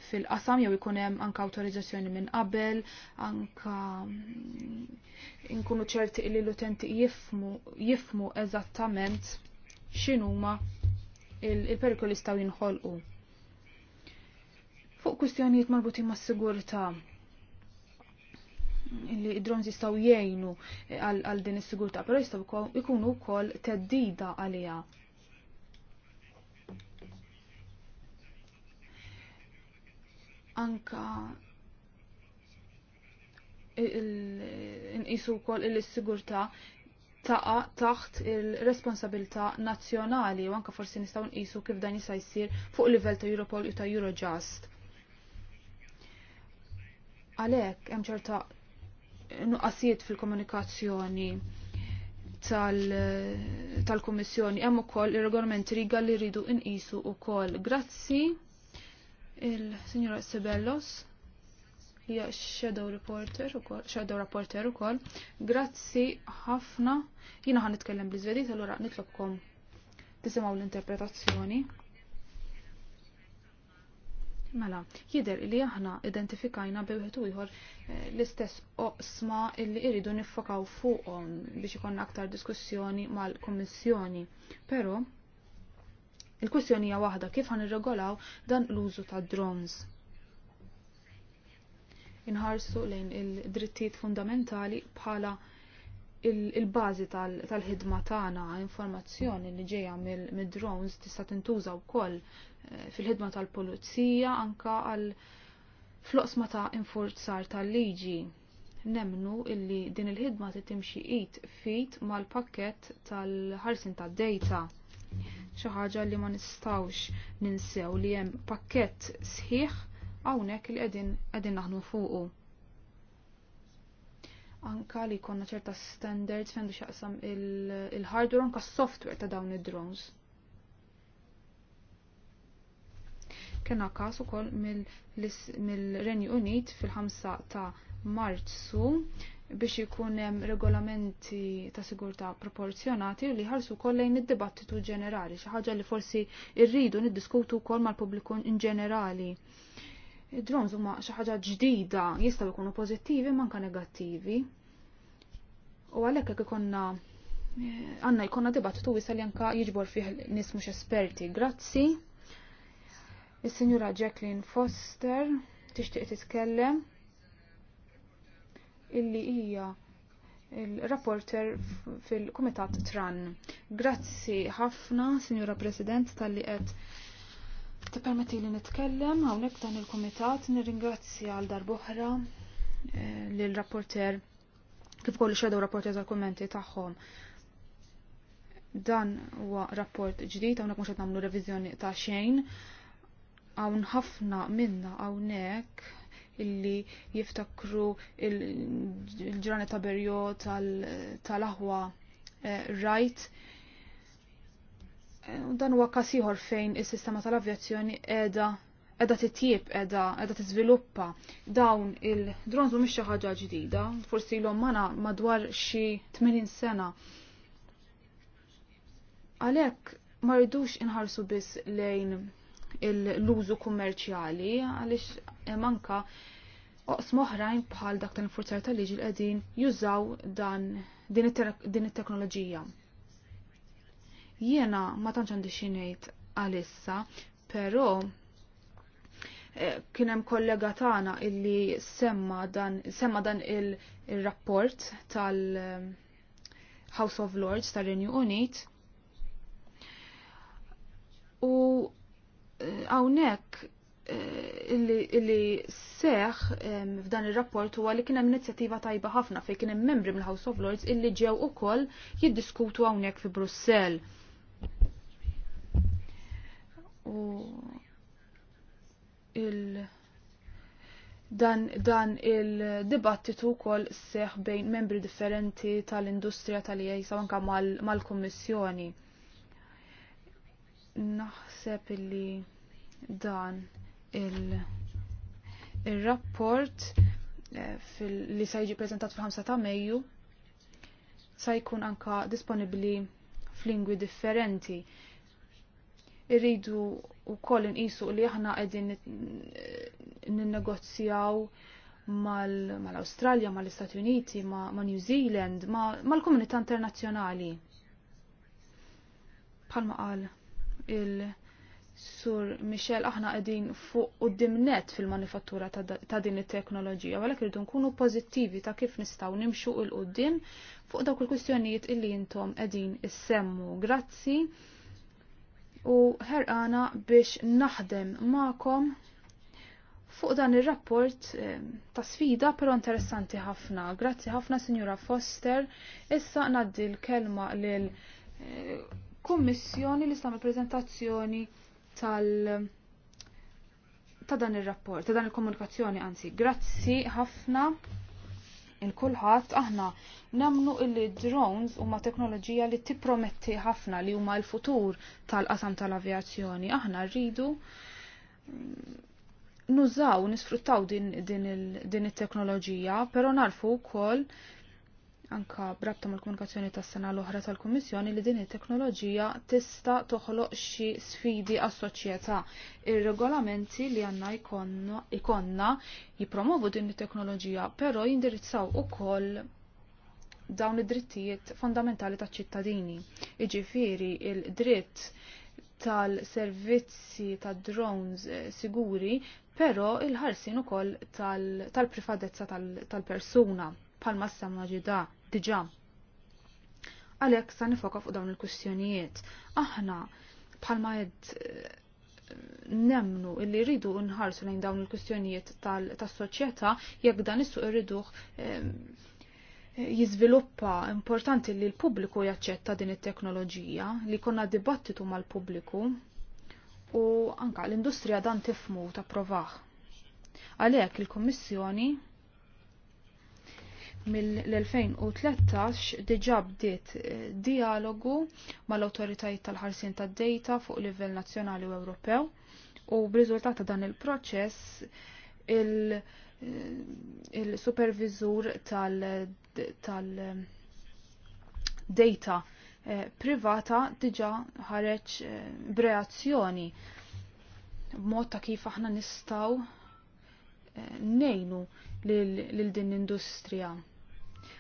fil-qasam jew ikun hemm anke awtorizzazzjoni minn qabel, anka mm, nkunu ċerti li l-utenti jifmu, jifmu eżattament x'inhuma il-perikoli jistgħu jinħolqu fuq kwistjonijiet marbutin ma' sigurta li id drons jistaw jgħinu għal din is-sigurta, però jistaw ikunu wkoll teddida għaliha. Anka nqisu wkoll il-sigurta taqa taħt il-responsabilità nazzjonali u anka forsi nistgħu nqisu kif dan jista' jsir fuq livell ta' Europol u ta' Eurojust Għalhekk hemm ċerta nuqqasijiet fil-komunikazzjoni tal-Kummissjoni hemm ukoll ir-regolament riga li rridu inqisu wkoll. Grazzi il-Sinjora Sebellos hija shadow reporter ukoll, shadow reporter ukoll. Grazzi ħafna. Jiena ħan nitkellem bl iżvedit allura nitlobkom tisimgħu l-interpretazzjoni. Mela, jider li aħna identifikajna bewħet ieħor eh, l-istess oqsma li iridu nifokaw fuqhom biex ikonna aktar diskussjoni mal-Kommissjoni. Però il-kwestjoni hija waħda kif ħan irregolaw dan l-użu ta' drones. Inħarsu lejn il-drittijiet fundamentali bħala il-bazi tal-ħidma tagħna informazzjoni li ġejja mid-drones tista' tintuża wkoll eh, fil-ħidma tal-pulizija anka għal floqsma ta' infurzar tal-liġi. Nemnu illi din il-ħidma titimxi it fit mal-pakket tal-ħarsin tad-dejta. Xi ħaġa li ma nistawx ninsew li hemm pakkett sħiħ hawnhekk li qegħdin naħnu fuqu anka li konna ċerta standards fendu xaqsam il-hardware il anka software ta' dawn id-drones. Kena kasu ukoll mill-Renju mil Unit fil-5 ta' Marzu biex ikun hemm regolamenti ta' sigurtà proporzjonati li ħarsu wkoll lejn id-dibattitu ġenerali, xi ħaġa li forsi rridu niddiskutu wkoll mal-pubbliku in ġenerali. Id-drones huma xi ħaġa ġdida jistgħu jkunu pożittivi manka negattivi. U għalhekk jekk ikonna eh, għandna jkollna dibattitu wisal anke jiġbor fih nies mhux esperti. Grazzi. Is-Sinjura Jacqueline Foster tixtieq titkellem illi hija il-rapporter fil-Kumitat Tran. Grazzi ħafna, Sinjura President, tal-li qed tippermetti li nitkellem hawnhekk dan il-kumitat nirringrazzja għal darb'oħra eh, lil rapporter kif kollu ix-shadow rapporter tal-kummenti tagħhom. Dan huwa rapport ġdid hawnhekk mhux qed nagħmlu reviżjoni ta' xejn. Hawn ħafna minna hawnhekk illi jiftakru il-ġrani ta' berjo tal-aħwa eh, right dan huwa każ ieħor fejn is-sistema tal-avjazzjoni qiegħda edha titjib, edha, qiegħda tiżviluppa dawn il-drones u xi ħaġa ġdida, forsi l mana madwar xi 80 sena. Għalek ma rridux inħarsu biss lejn l-użu kummerċjali għaliex manka oqs oħrajn bħal dak tal-infurzar tal-liġi l-qegħdin jużaw dan din it-teknoloġija. Jiena ma tantx għandi xi ngħid għalissa, però eh, kien hemm kollega tagħna illi semma dan semma dan il-rapport il tal eh, House of Lords tal-Renew Unit. U eh, hawnhekk illi, illi seħ f'dan ir-rapport huwa li kien hemm inizjattiva tajba ħafna fejn kien hemm membri mill-House of Lords illi ġew ukoll jiddiskutu hawnhekk fi Brussell u il dan, dan il-dibattitu kol seħ bejn membri differenti tal-industrija tal jaj sawanka mal-kommissjoni. Mal Naħseb illi dan il- il-rapport eh, li sajġi jiġi prezentat fil-5 ta' Mejju sajkun jkun anka disponibli f'lingwi differenti irridu wkoll inqisu li aħna qegħdin ninnegozjaw mal-Awstralja, mal-Istati Uniti, ma' New Zealand, mal-komunità internazzjonali. Bħalma qal il-Sur Michel aħna qegħdin fuq u net fil-manifattura ta' din it-teknoloġija, għalhekk irridu nkunu pożittivi ta' kif nistgħu nimxu il qudiem fuq dawk il-kwistjonijiet illi intom qegħdin issemmu. Grazzi u ħerqana biex naħdem ma'kom fuq dan ir-rapport eh, ta' sfida però interessanti ħafna. Grazzi ħafna Sinjura Foster. Issa ngħaddi l-kelma lil eh, kummissjoni li sama prezentazzjoni tal- ta' dan ir-rapport, ta' dan il-komunikazzjoni anzi. Grazzi ħafna. Il kulħadd aħna namnu illi drones huma teknoloġija li tipprometti ħafna li huma l-futur tal-qasam tal-avjazzjoni. Aħna rridu mm, nużaw, nisfruttaw din, din it-teknoloġija, pero narfu wkoll anka brabta mal-komunikazzjoni tas sena l-oħra tal-Kummissjoni li din it-teknoloġija tista toħloq xi sfidi għas-soċjetà. Ir-regolamenti li għandna ikonna jipromovu din it-teknoloġija, però jindirizzaw ukoll dawn id-drittijiet fondamentali taċ-ċittadini. Iġifieri il-dritt tal-servizzi tad drones eh, siguri, però il-ħarsin ukoll tal-privatezza tal-persuna. Tal palma s-samma diġa. Għalek sa nifoka fuq dawn il-kustjonijiet. Aħna bħalma jed eh, nemnu illi rridu nħarsu lejn dawn il-kustjonijiet tas-soċjetà jekk dan issu irriduh eh, eh, jizviluppa importanti li l-pubbliku jaċċetta din it-teknoloġija li konna dibattitu mal-pubbliku u anka l-industrija dan tifmu ta' provaħ. Għalhekk il-Kommissjoni mill-2013 diġà bdiet eh, dialogu mal-autoritajiet tal-ħarsien tad-dejta fuq livell nazzjonali u Ewropew u b'riżultat ta' dan il-proċess il-supervizur eh, tal-data eh, privata diġa' ħareġ breazzjoni b'mod ta' kif aħna nistgħu nejnu lil din l-industrija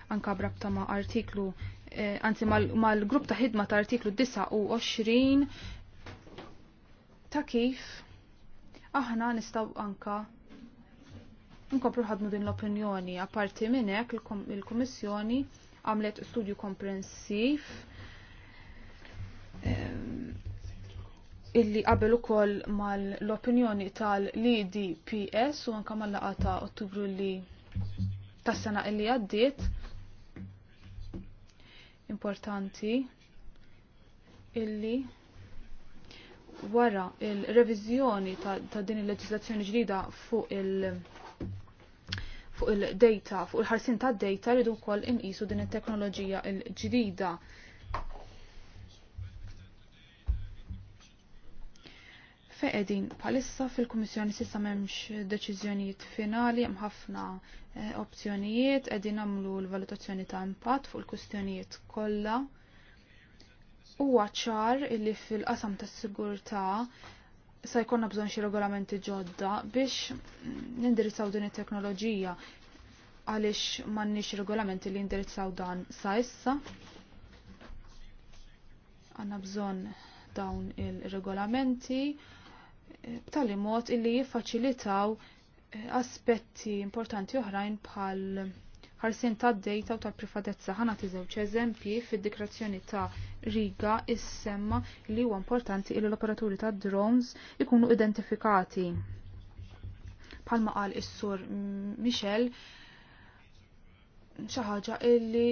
anka brabta ma' artiklu eh, anzi mal-grupp ta' ħidma ta' artiklu 29 ta' kif aħna nistaw anka nkopru ħadmu din l-opinjoni. Apparti minn hekk il-Kummissjoni għamlet studju komprensiv eh, illi qabel ukoll mal-opinjoni tal-LDPS u anka mal-laqa ta' Ottubru li tas-sena illi għaddiet importanti illi wara il-reviżjoni ta', ta din il-leġislazzjoni ġdida fuq il- fuq il-data, fuq il-ħarsin ta' data rridu wkoll inqisu din it-teknoloġija l ġdida feqedin palissa fil-Kummissjoni sissa memx deċiżjonijiet finali hemm ħafna eh, opzjonijiet qegħdin nagħmlu l-valutazzjoni ta' impatt fuq il-kustjonijiet kollha. Huwa ċar illi fil-qasam tas-sigurtà sa jkollna bżonn xi regolamenti ġodda biex nindirizzaw din it-teknoloġija għaliex m'għandniex regolamenti li indirizzaw dan sa issa. Għanna bżonn dawn il-regolamenti b'tali mod illi jiffaċilitaw eh, aspetti importanti oħrajn bħal ħarsin ta' data u tal-privatezza ħana tiżewċ eżempji fid-dikrazzjoni ta' Riga is-semma li huwa importanti illi l-operaturi ta' drones ikunu identifikati. Palma qal is-sur Michel xi ħaġa illi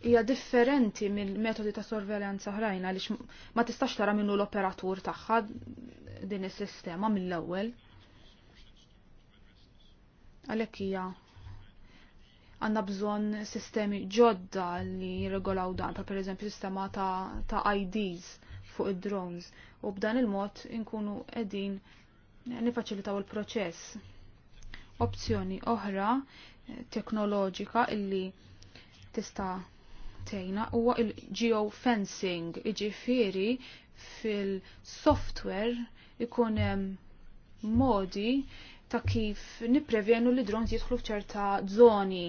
hija differenti mill-metodi ta' sorveljanza oħrajn għaliex ma tistax tara minnu l-operatur tagħha din is-sistema mill-ewwel. Għalhekk hija għandna bżonn sistemi ġodda li jirregolaw dan, ta' pereżempju sistema ta', ta IDs fuq id-drones u b'dan il-mod inkunu qegħdin nifaċilitaw il-proċess. Opzjoni oħra teknoloġika illi tista' tejna huwa il-geofencing, iġifieri fil-software ikun modi ta' kif niprevjenu li drones jidħlu f'ċerta zoni,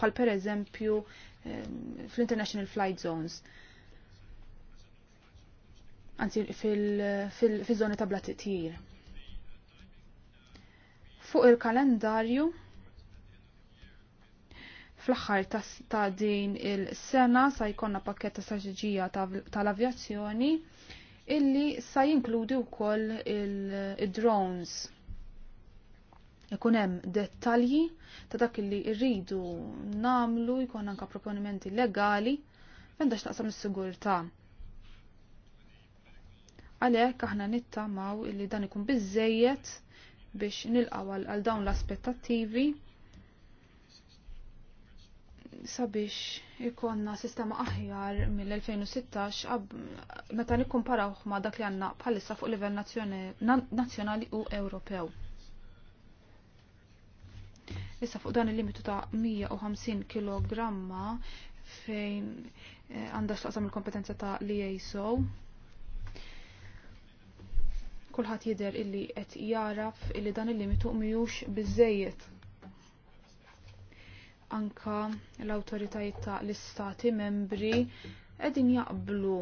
pal per eżempju fl-International Flight Zones. Anzi, fil-zoni ta' bla Fuq il-kalendarju, fl-axħar ta' din il-sena sa' jkonna pakket ta' strategija tal-avjazzjoni illi sa' jinkludi wkoll il-drones. Ikun hemm dettalji ta' dak illi rridu namlu jkun anka proponimenti legali m'għandax taqsam is-sigurtà. Għalhekk aħna nittamaw illi dan ikun biżejjed biex nilqaw għal dawn l-aspettattivi sabiex ikonna sistema aħjar mill-2016 meta nikkumparawh ma' dak li għandna bħalissa fuq livell nazzjonali u Ewropew. Issa fuq dan il-limitu ta' 150 kg fejn eh, għandha x'taqsam il-kompetenza ta' li jgħisow e kulħadd jidher illi qed jaraf illi dan il-limitu mhijiex biżejjed anka l-autoritajiet ta' l-istati membri edin jaqblu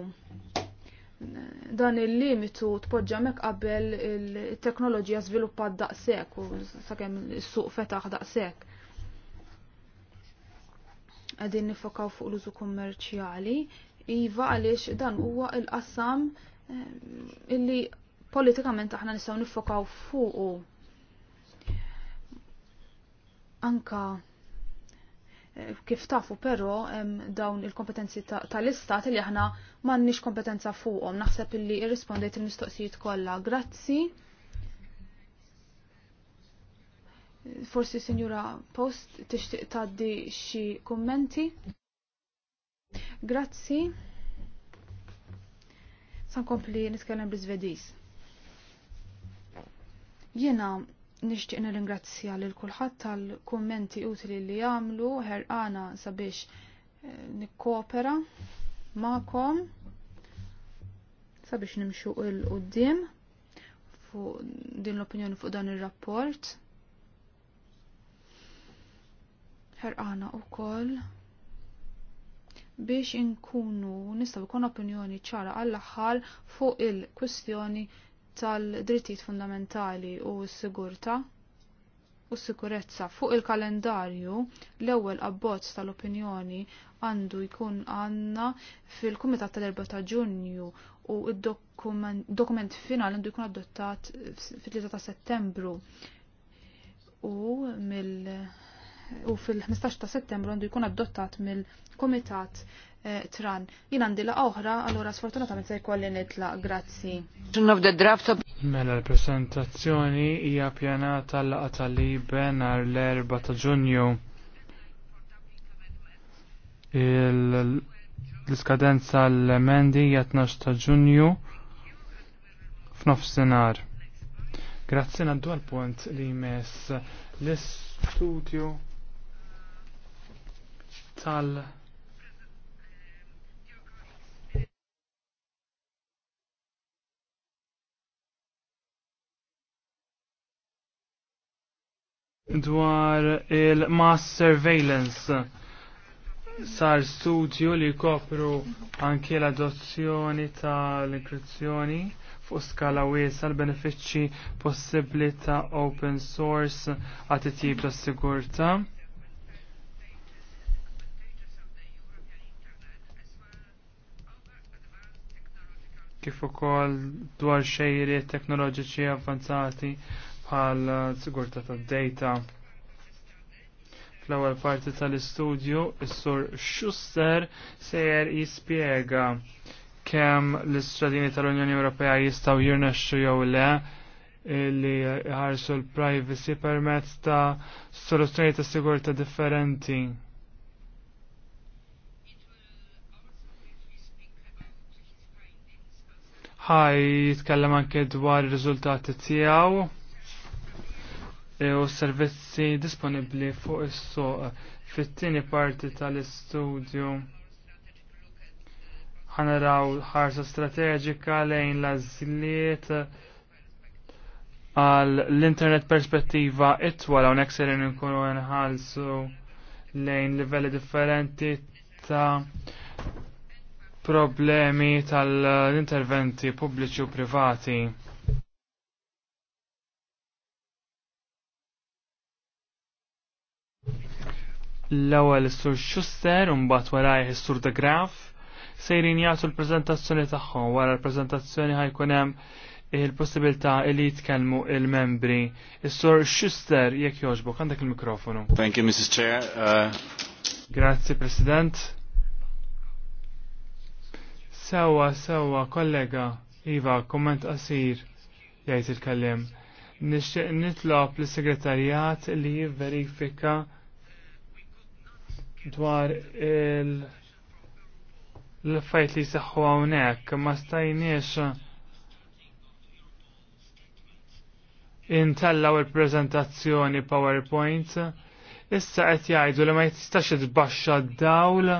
dan il-limitu tpoġġa mek qabel il-teknoloġija żviluppat daqshekk u sakemm is-suq fetaħ daqshekk. Qegħdin nifokaw fuq l-użu kummerċjali, iva għaliex dan huwa il-qassam eh, illi politikament aħna nistgħu nifokaw fuq Anka kif tafu però hemm dawn il-kompetenzi tal-istat li aħna m'għandniex kompetenza fuqhom. Naħseb illi irrispondejt il-mistoqsijiet kollha. Grazzi. Forsi Sinjura Post tixtieq tgħaddi xi kummenti. Grazzi. Sankompli nitkellem bl-Svediż. Jiena Nishtiq nir-ingrazzja lil kulħadd tal-kummenti utili li għamlu ħerqana sabiex eh, nikkopera ma'kom sabiex nimxu il-qoddim fuq din l-opinjoni fuq dan ir-rapport. Ħerqana wkoll biex inkunu nistgħu jkun opinjoni ċara għall-aħħar fuq il-kwistjoni tal-drittijiet fundamentali u s-sigurta u s-sikurezza fuq il-kalendarju l-ewwel abbozz tal-opinjoni għandu jkun għanna fil-Kumitat tal-4 ta' Ġunju u d dokument final għandu jkun adottat fil-3 ta' Settembru u mill u fil-15 ta' Settembru għandu jkun adottat mill-Kumitat Eh, tran. Jien għandi la oħra, allora sfortunatament se jkolli nitla, grazzi. Mela l-presentazzjoni hija pjanata l-laqa tal-liben l-4 ta' Ġunju. L-iskadenza l-emendi hija 12 ta' Ġunju f'nofsinhar. Grazzi għaddu għal-punt li mess l-istudju tal- dwar il-mass surveillance sar studju li kopru anke l-adozzjoni tal-inkrizzjoni fuq skala wiesa l-benefiċċji possibbli ta' open source għat tip ta' sigurta. kif ukoll dwar xejri teknoloġiċi avvanzati bħal sigurta tad-data. Fl-ewwel parti tal-istudju, is-sur Schuster sejjer jispjega kemm l-istradini tal-Unjoni Ewropea jistgħu jirnexxu jew le li ħarsu l-privacy permezz ta' soluzzjoni ta' sigurta differenti. ħaj jitkellem anke dwar ir-riżultati tiegħu. E, u servizzi disponibli fuq is-suq. Fit-tieni parti tal-istudju ħanaraw ħarsa strateġika lejn l-azliet għal l-internet perspettiva itwal hawnhekk ser nkunu nħallsu lejn livelli differenti ta' problemi tal-interventi pubbliċi u privati. l-ewwel is-Sur Schuster u mbagħad warajh is-Sur De Graf sejrin jagħtu l-preżentazzjoni tagħhom wara l-preżentazzjoni ħajkun hemm il-possibilità li jitkellmu il-membri. Is-Sur Schuster jekk jogħġbok għandek il-mikrofonu. Thank you, Mrs. Chair. Uh... Grazzi, President. Sewa, sewa, kollega, Iva, komment qasir, jgħid il-kellim. Nixtieq nitlob l-segretarjat li jivverifika dwar il- l-fajt li seħħu hawnhekk ma stajniex intellaw il-prezentazzjoni PowerPoint issa qed jgħidu li ma jistax tbaxxa d-dawl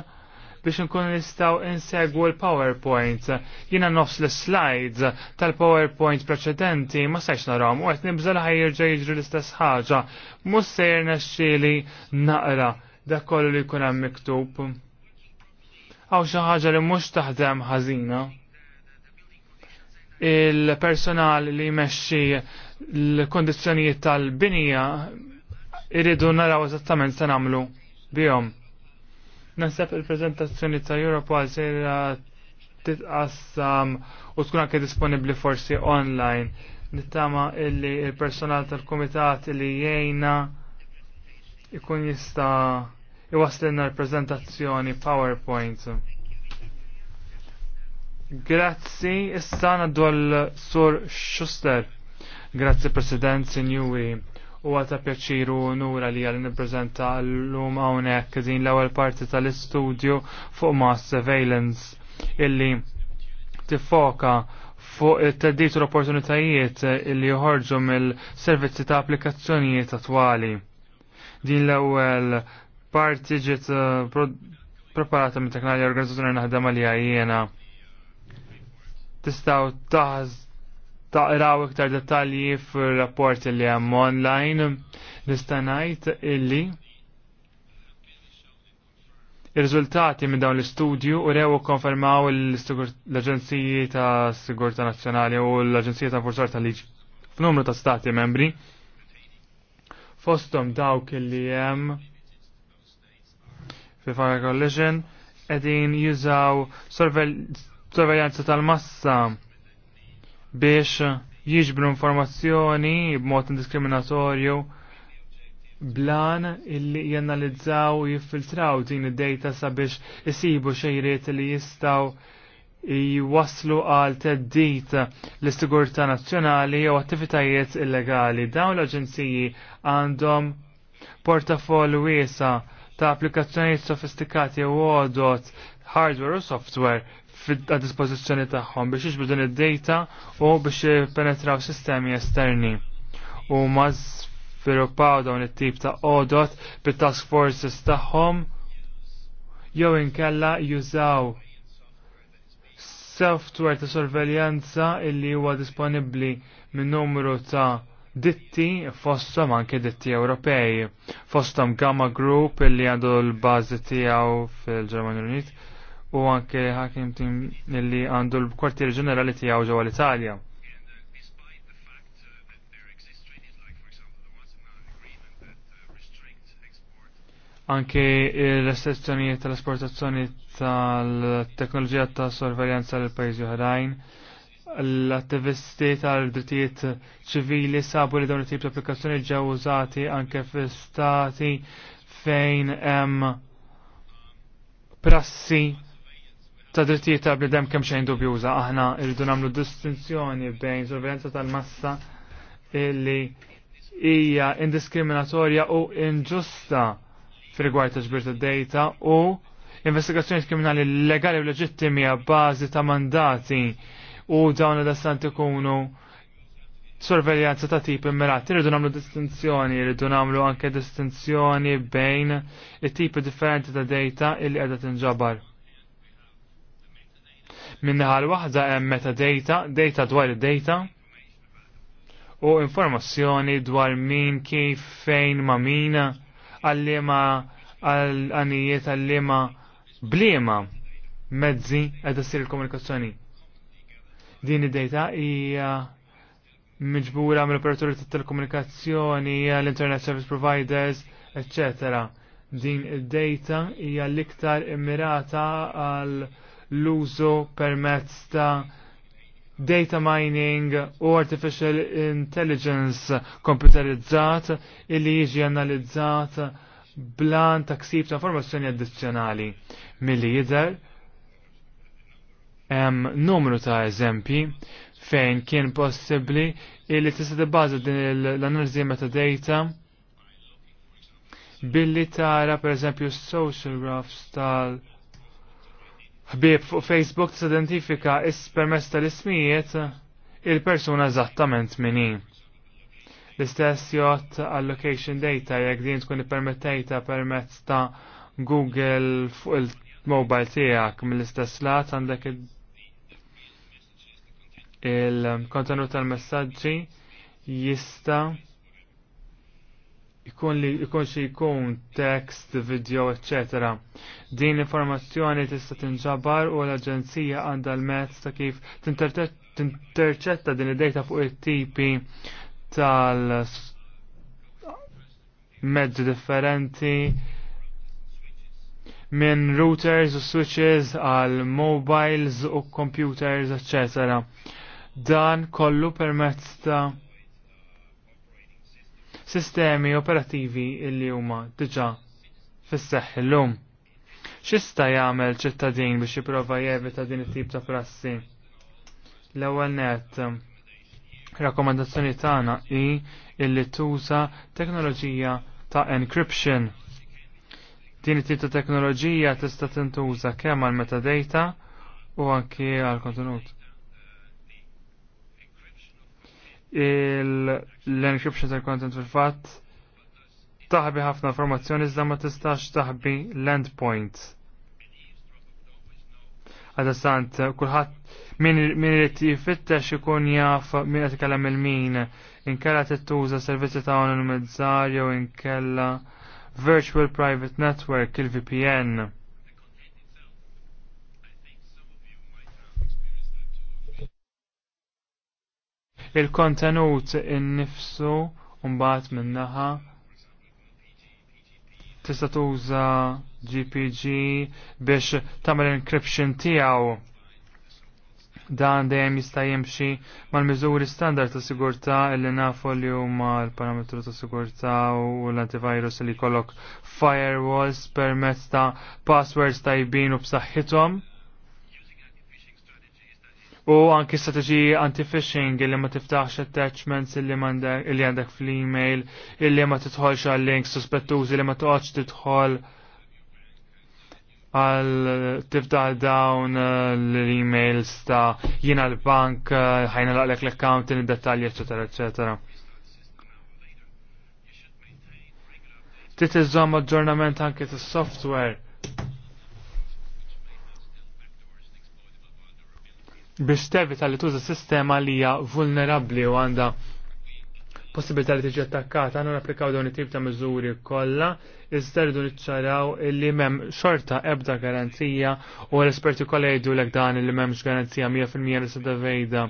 biex nkun nistgħu insegwu l-PowerPoint. Jiena nofs l-slides tal-PowerPoint preċedenti ma sajx narom u qed nibżel ħajjerġa' jiġri l-istess ħaġa. Mhux sejr nexxieli naqra dak kollu li jkun hemm miktub. Aw xi ħaġa li mhux taħdem ħażina. Il-personal li jmexxi l-kondizzjonijiet tal-binija irridu naraw eżattament se nagħmlu bihom. Naħseb il-preżentazzjoni ta' Europol sejra titqassam u tkun anke disponibbli forsi online. Nittama illi il-personal tal komitat li jgħina ikun jista' iwaslinna l-prezentazzjoni PowerPoint. Grazzi, issa għaddu għal-Sur Schuster. Grazzi President, Sinjuwi. U għata pjaċiru nura li għal niprezenta l-lum għawnek din l ewwel parti tal-istudju fuq mass surveillance illi tifoka fuq il-teddit l-opportunitajiet illi joħorġu mill-servizzi ta' applikazzjonijiet attwali. Din l-ewwel parti ġiet uh, preparata minn teknali organizzazzjoni naħdem għalija jiena. Tistgħu taħz taqraw iktar dettalji fir-rapport li hemm online nista' ngħid illi Ir-riżultati minn dawn l-istudju u rew konfermaw l-Aġenziji ta' Sigurta Nazzjonali u l-Aġenziji ta' Forzar tal-Liġi f'numru ta' stati membri fostom dawk illi jem fi Fire Coalition edin jużaw sorveljanza tal-massa biex jiġbru informazzjoni b'mod indiskriminatorju blan illi jannalizzaw u jiffiltraw din id-data sabiex isibu xejriet li jistaw jwaslu għal teddit l-istigurta nazzjonali u attivitajiet illegali. Dawn l-aġenziji għandhom portafol wiesa ta' applikazzjonijiet sofistikati u għodot hardware u software fid dispożizzjoni tagħhom biex din id-data u biex jippenetraw sistemi esterni. U ma sviluppaw dawn it-tip ta' għodot bit-task forces tagħhom jew inkella jużaw software ta' sorveljanza illi huwa disponibbli minn numru ta' ditti fostom anke ditti Ewropej. Fostom Gamma Group illi għandu l-bażi tiegħu fil-Ġermanja Unit u anke Hakim Team illi għandu l-kwartier ġenerali tiegħu ġewwa l-Italja. anke l-estezzjonijiet tal-esportazzjoni tal-teknoloġija ta' sorveljanza l pajjiżi oħrajn, l-attivisti tal-drittijiet ċivili sabu li dawn it-tip ta' applikazzjoni ġew użati anke fl-stati fejn hemm prassi ta' drittijiet ta' bnedem kemm xejn dubjuża aħna rridu nagħmlu distinzjoni bejn sorveljanza tal-massa illi hija indiskriminatorja u inġusta fil-rigward ta' ġbir ta' data u investigazzjoni kriminali legali u leġittimi bażi ta' mandati u dawn da' dastant ikunu sorveljanza ta' tip immirati Rridu namlu distinzjoni, rridu namlu anke distinzjoni bejn it-tipi differenti ta' data illi qiegħda tinġabar. Minnaħa l-waħda hemm metadata, data dwar id-data, u informazzjoni dwar min kif fejn ma' mina għallima għal-għanijiet għallima blima mezzi għad sir il-komunikazzjoni. Din id-dejta hija miġbura mill operaturi ta' telekomunikazzjoni, l-Internet Service Providers, etc. Din id-dejta hija l-iktar immirata għal l-użu permezz ta' data mining u artificial intelligence komputerizzat illi jiġi analizzat blan ta' ksib ta' informazzjoni addizzjonali. Milli jidher hemm numru ta' eżempji fejn kien possibbli illi tista' tibbaża l-analiżi metadata billi tara pereżempju social graphs tal- ħbieb fuq Facebook t-identifika is-permess tal-ismijiet il-persuna eżattament minni. L-istess jott allocation data jekk din tkun permettejta permezz ta' Google fuq il-mobile tiegħek mill-istess lat għandek il-kontenut tal-messaġġi jista' ikun li ikun xi jkun tekst, video, etc. Din l-informazzjoni tista' tinġabar u l-Aġenzija għandha l-mezz ta' kif tinterċetta din id-dejta fuq it-tipi tal mezzi differenti minn routers u switches għal mobiles u computers, etc. Dan kollu permezz ta' sistemi operativi illi huma diġa fis-seħħ illum. X'ista jagħmel ċittadin biex jipprova jevita din it-tip ta' prassi? L-ewwel net rakkomandazzjoni tagħna hi illi tuża teknoloġija ta' encryption. Din it-tip ta' teknoloġija tista' tintuża kemm għal metadata u anke għal kontenut. l-encryption tal-content fil-fat taħbi ħafna informazzjoni iżda ma tistax taħbi l-endpoint. Għadastant, kullħat min irrit jifittex ikun jaf min qed ikellem il-min, inkella tittuża servizzi ta' anonimizzar jew inkella Virtual Private Network, il-VPN. Il-kontenut innifsu mbagħad min-naħa tista' tuża GPG biex tagħmel encryption tiegħu dan dejjem jista' jimxi mal-miżuri standard ta' sigurtà li nafu li huma l-parametru ta' sigurtà u l-antivirus li jkollok firewalls permezz ta' passwords tajbin u b'saħħithom. U anki strategi anti-phishing illi ma tiftaħx attachments illi illi għandek fl-email, illi ma titħolx għal links suspettuż illi ma toqgħodx titħol għal tiftaħ dawn eh, l-emails ta' jina l-bank eh, ħajna laqlek l-account in-dettalji eċetera eċetera. Titizzom aġġornament anke tas-software biex tevita li tuża sistema li hija vulnerabbli u għandha possibilità li tiġi attakkata, għandhom napplikaw dawn it-tip ta' miżuri kollha, iżda rridu niċċaraw illi m'hemm xorta ebda garanzija u l-esperti kollha jgħidulek dan li m'hemmx garanzija 100% li se tevejda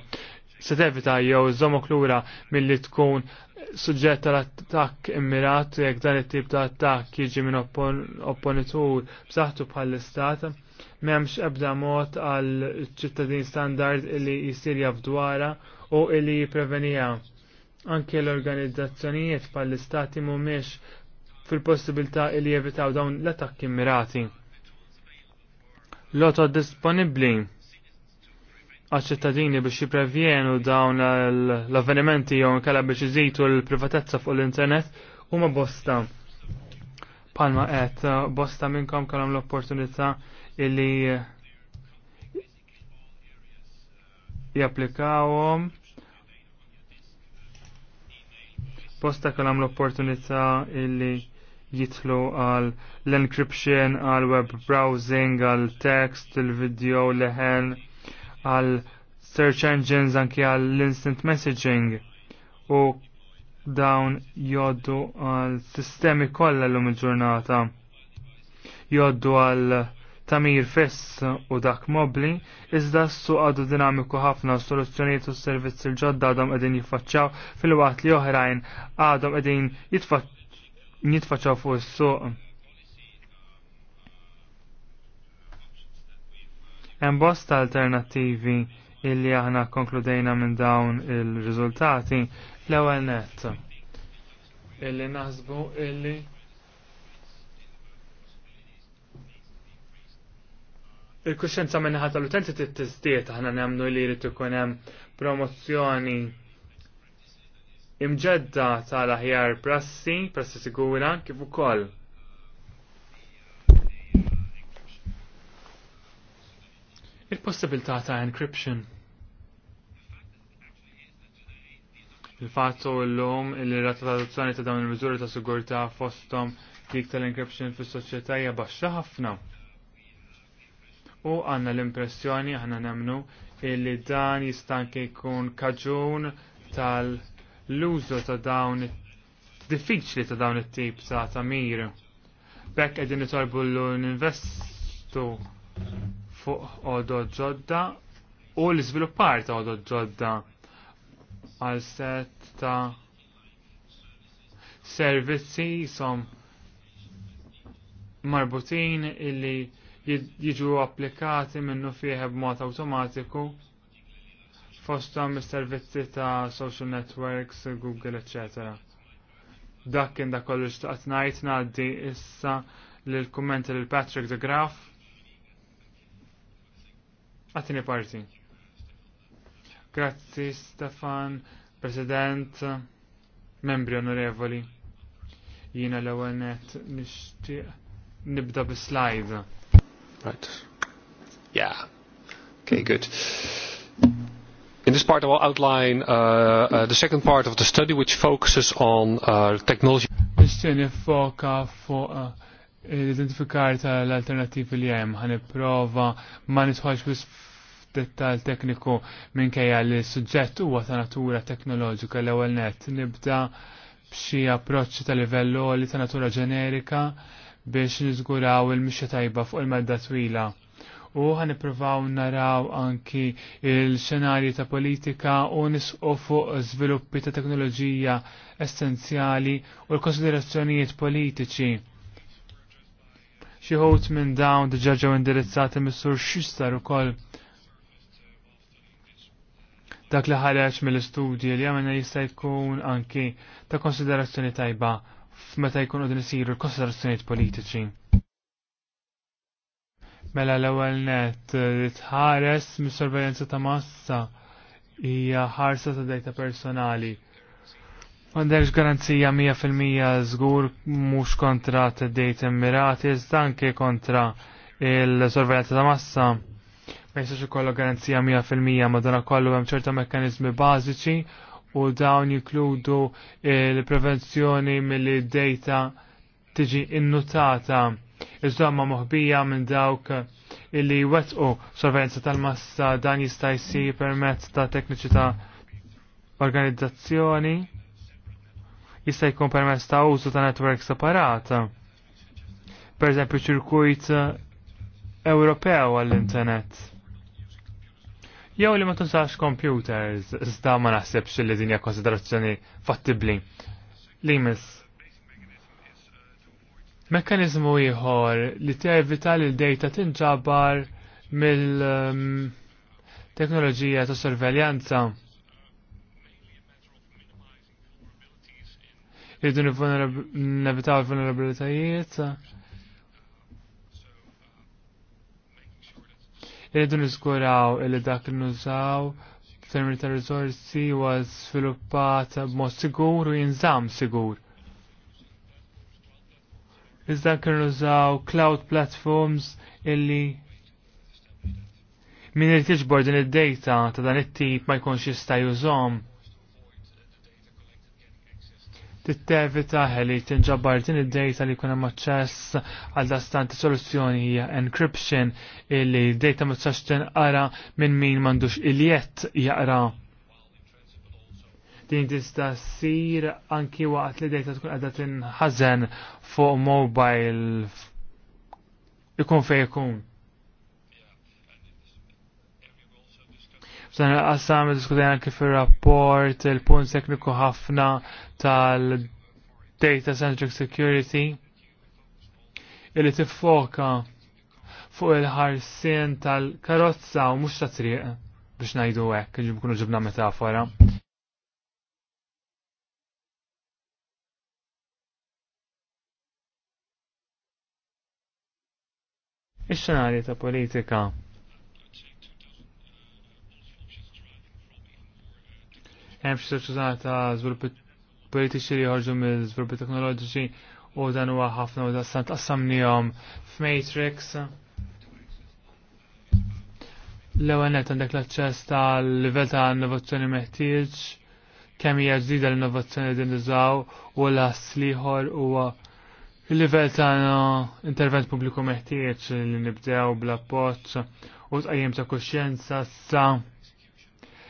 se tevita jew żomok lura milli tkun suġġett tal-attakk immirat jekk dan it-tip ta' attakk jiġi minn opponitur b'saħħtu bħall-istat memx ebda mod għal ċittadin standard illi jisir jafdwara u illi jiprevenija. Anke l-organizzazzjonijiet pal istati mumiex fil-possibilità illi jevitaw dawn l-attakki mirati. Loto disponibli għal ċittadini biex jiprevjenu dawn l-avvenimenti jew kalla biex jizitu l-privatezza fuq l-internet huma bosta. Palma qed bosta minnkom kellhom l-opportunità illi japplikawhom posta kalam l-opportunità illi jitlu għal l-encryption, għal web browsing, għal text, il-video, leħen, għal search engines, anki għal instant messaging u dawn joddu għal sistemi kollha l-lum il-ġurnata. Joddu għal tamir fess u dak mobli, iżda s għadu dinamiku ħafna soluzzjonijiet u servizz il-ġodda għadhom qegħdin jiffaċċaw fil-waqt li oħrajn għadhom qegħdin jitfaċċaw fuq is-suq. Hemm alternativi alternattivi illi aħna konkludejna minn dawn il-riżultati l-ewwel nett. Illi naħsbu illi il-kuxenza ħata tal-utenti t-tizdiet, ħana nemnu li rritu ikun hemm promozzjoni imġedda tal-aħjar prassi, prassi sigura, kif ukoll. Il-possibilità ta' encryption. Il-fattu l-lum il-rata ta' ta' dawn il-mizuri ta' sigurta' fostom dik tal-encryption fis soċieta hija baxxa ħafna u għanna l-impressjoni għanna nemnu illi dan jistanki jkun kaġun tal-lużu ta' dawn diffiċli ta' dawn it-tip ta' ta' mir. Bekk edin nitolbu l-investu fuq odod ġodda u l-izviluppar ta' odod ġodda għal set ta' servizzi som marbutin illi jiġu applikati minnu fieħ b'mod awtomatiku fostom is-servizzi ta' social networks, Google, etc. Dak kien da kollu xtaqt ngħid ngħaddi issa lil kummenti lil Patrick de Graf. Għatini parti. Grazzi Stefan, President, membri onorevoli. Jiena l-ewwel nishtiq nixtieq nibda bi slide Right. Yeah. Okay, good. In this part, I will outline uh, uh, the second part of the study, which focuses on uh, technology. Nixtieni foka fuq uh, identifikar tal-alternativi li hemm ħaniprova ma nidħolx biss dettal tekniku minkejja li suġġett huwa ta' natura teknoloġika l-ewwel net nibda b'xi approċċi ta' livell li ta' natura ġenerika biex niżguraw il-mixja tajba fuq il-medda twila. U ħanipruvaw naraw anki il-xenarji ta' politika u nisqu fuq żviluppi ta' teknoloġija essenzjali u l-konsiderazzjonijiet politiċi xieħut minn dawn diġaġaw indirizzati missur xistar u koll. Dak li ħareċ mill-istudji li għamena jista' jkun anki ta' konsiderazzjoni tajba f'meta jkunu din isiru l-konsiderazzjonijiet politiċi. Mela l-ewwel net eh, tħares mis-sorveljanza ta' massa hija ħarsa ta' dejta personali. M'għandekx garanzija 100% żgur mhux kontra t-dejt immirati, iżda anke kontra il-sorveljanza ta' massa. Ma jistax ikollu garanzija 100% madonna kollu hemm ċerta mekkaniżmi bażiċi u dawn jikludu il-prevenzjoni mill data tiġi innutata. Iżomma moħbija minn dawk illi wetqu sorvenza tal-massa dan jista' jsir permezz ta' tekniċi ta' organizzazzjoni jista' jkun permezz ta' użu ta' netwerk separata. Per eżempju Ewropew għall-internet jew li ma tużax computers, iżda ma naħsebx li din hija konsiderazzjoni fattibbli. Limis. Mekkaniżmu ieħor li tevita li l-data tinġabar mill-teknoloġija um, ta' sorveljanza. Jridu nevitaw il-vulnerabilitajiet Irridu niżguraw illi dak li nużaw termini ta' riżorsi huwa sviluppat b'mod sigur u jinżamm sigur. Iżda kienu nużaw cloud platforms illi min irid jiġbor din id-data ta' dan it-tip ma jkunx jista' jużhom tittevita li tinġabbar din id-data li kuna maċċess għal dastanti soluzzjoni hija encryption illi data ma tistax tinqara minn min m'għandux iljett jaqra. Din tista' ssir anki waqt li data tkun qiegħda tinħażen fuq mobile ikun fejn ikun. Sanna għassam diskutajna kif il rapport il-punt tekniku ħafna tal-Data Centric Security illi tiffoka fuq il-ħarsien tal-karozza u mhux ta' triq biex ngħidu hekk, nkunu ġibna metafora. Ix-xenarji ta' politika hemm xi soċjetà ta' żviluppi politiċi li jħorġu mill żviluppi teknoloġiċi u dan huwa ħafna u da stant f'Matrix. L-ewwel net għandek l-aċċess tal-livell ta' innovazzjoni meħtieġ kemm hija ġdida l-innovazzjoni din niżaw u l-ass liħor huwa il-livell ta' intervent pubbliku meħtieġ li nibdew bl-appoġġ u tqajjim ta' kuxjenza sa'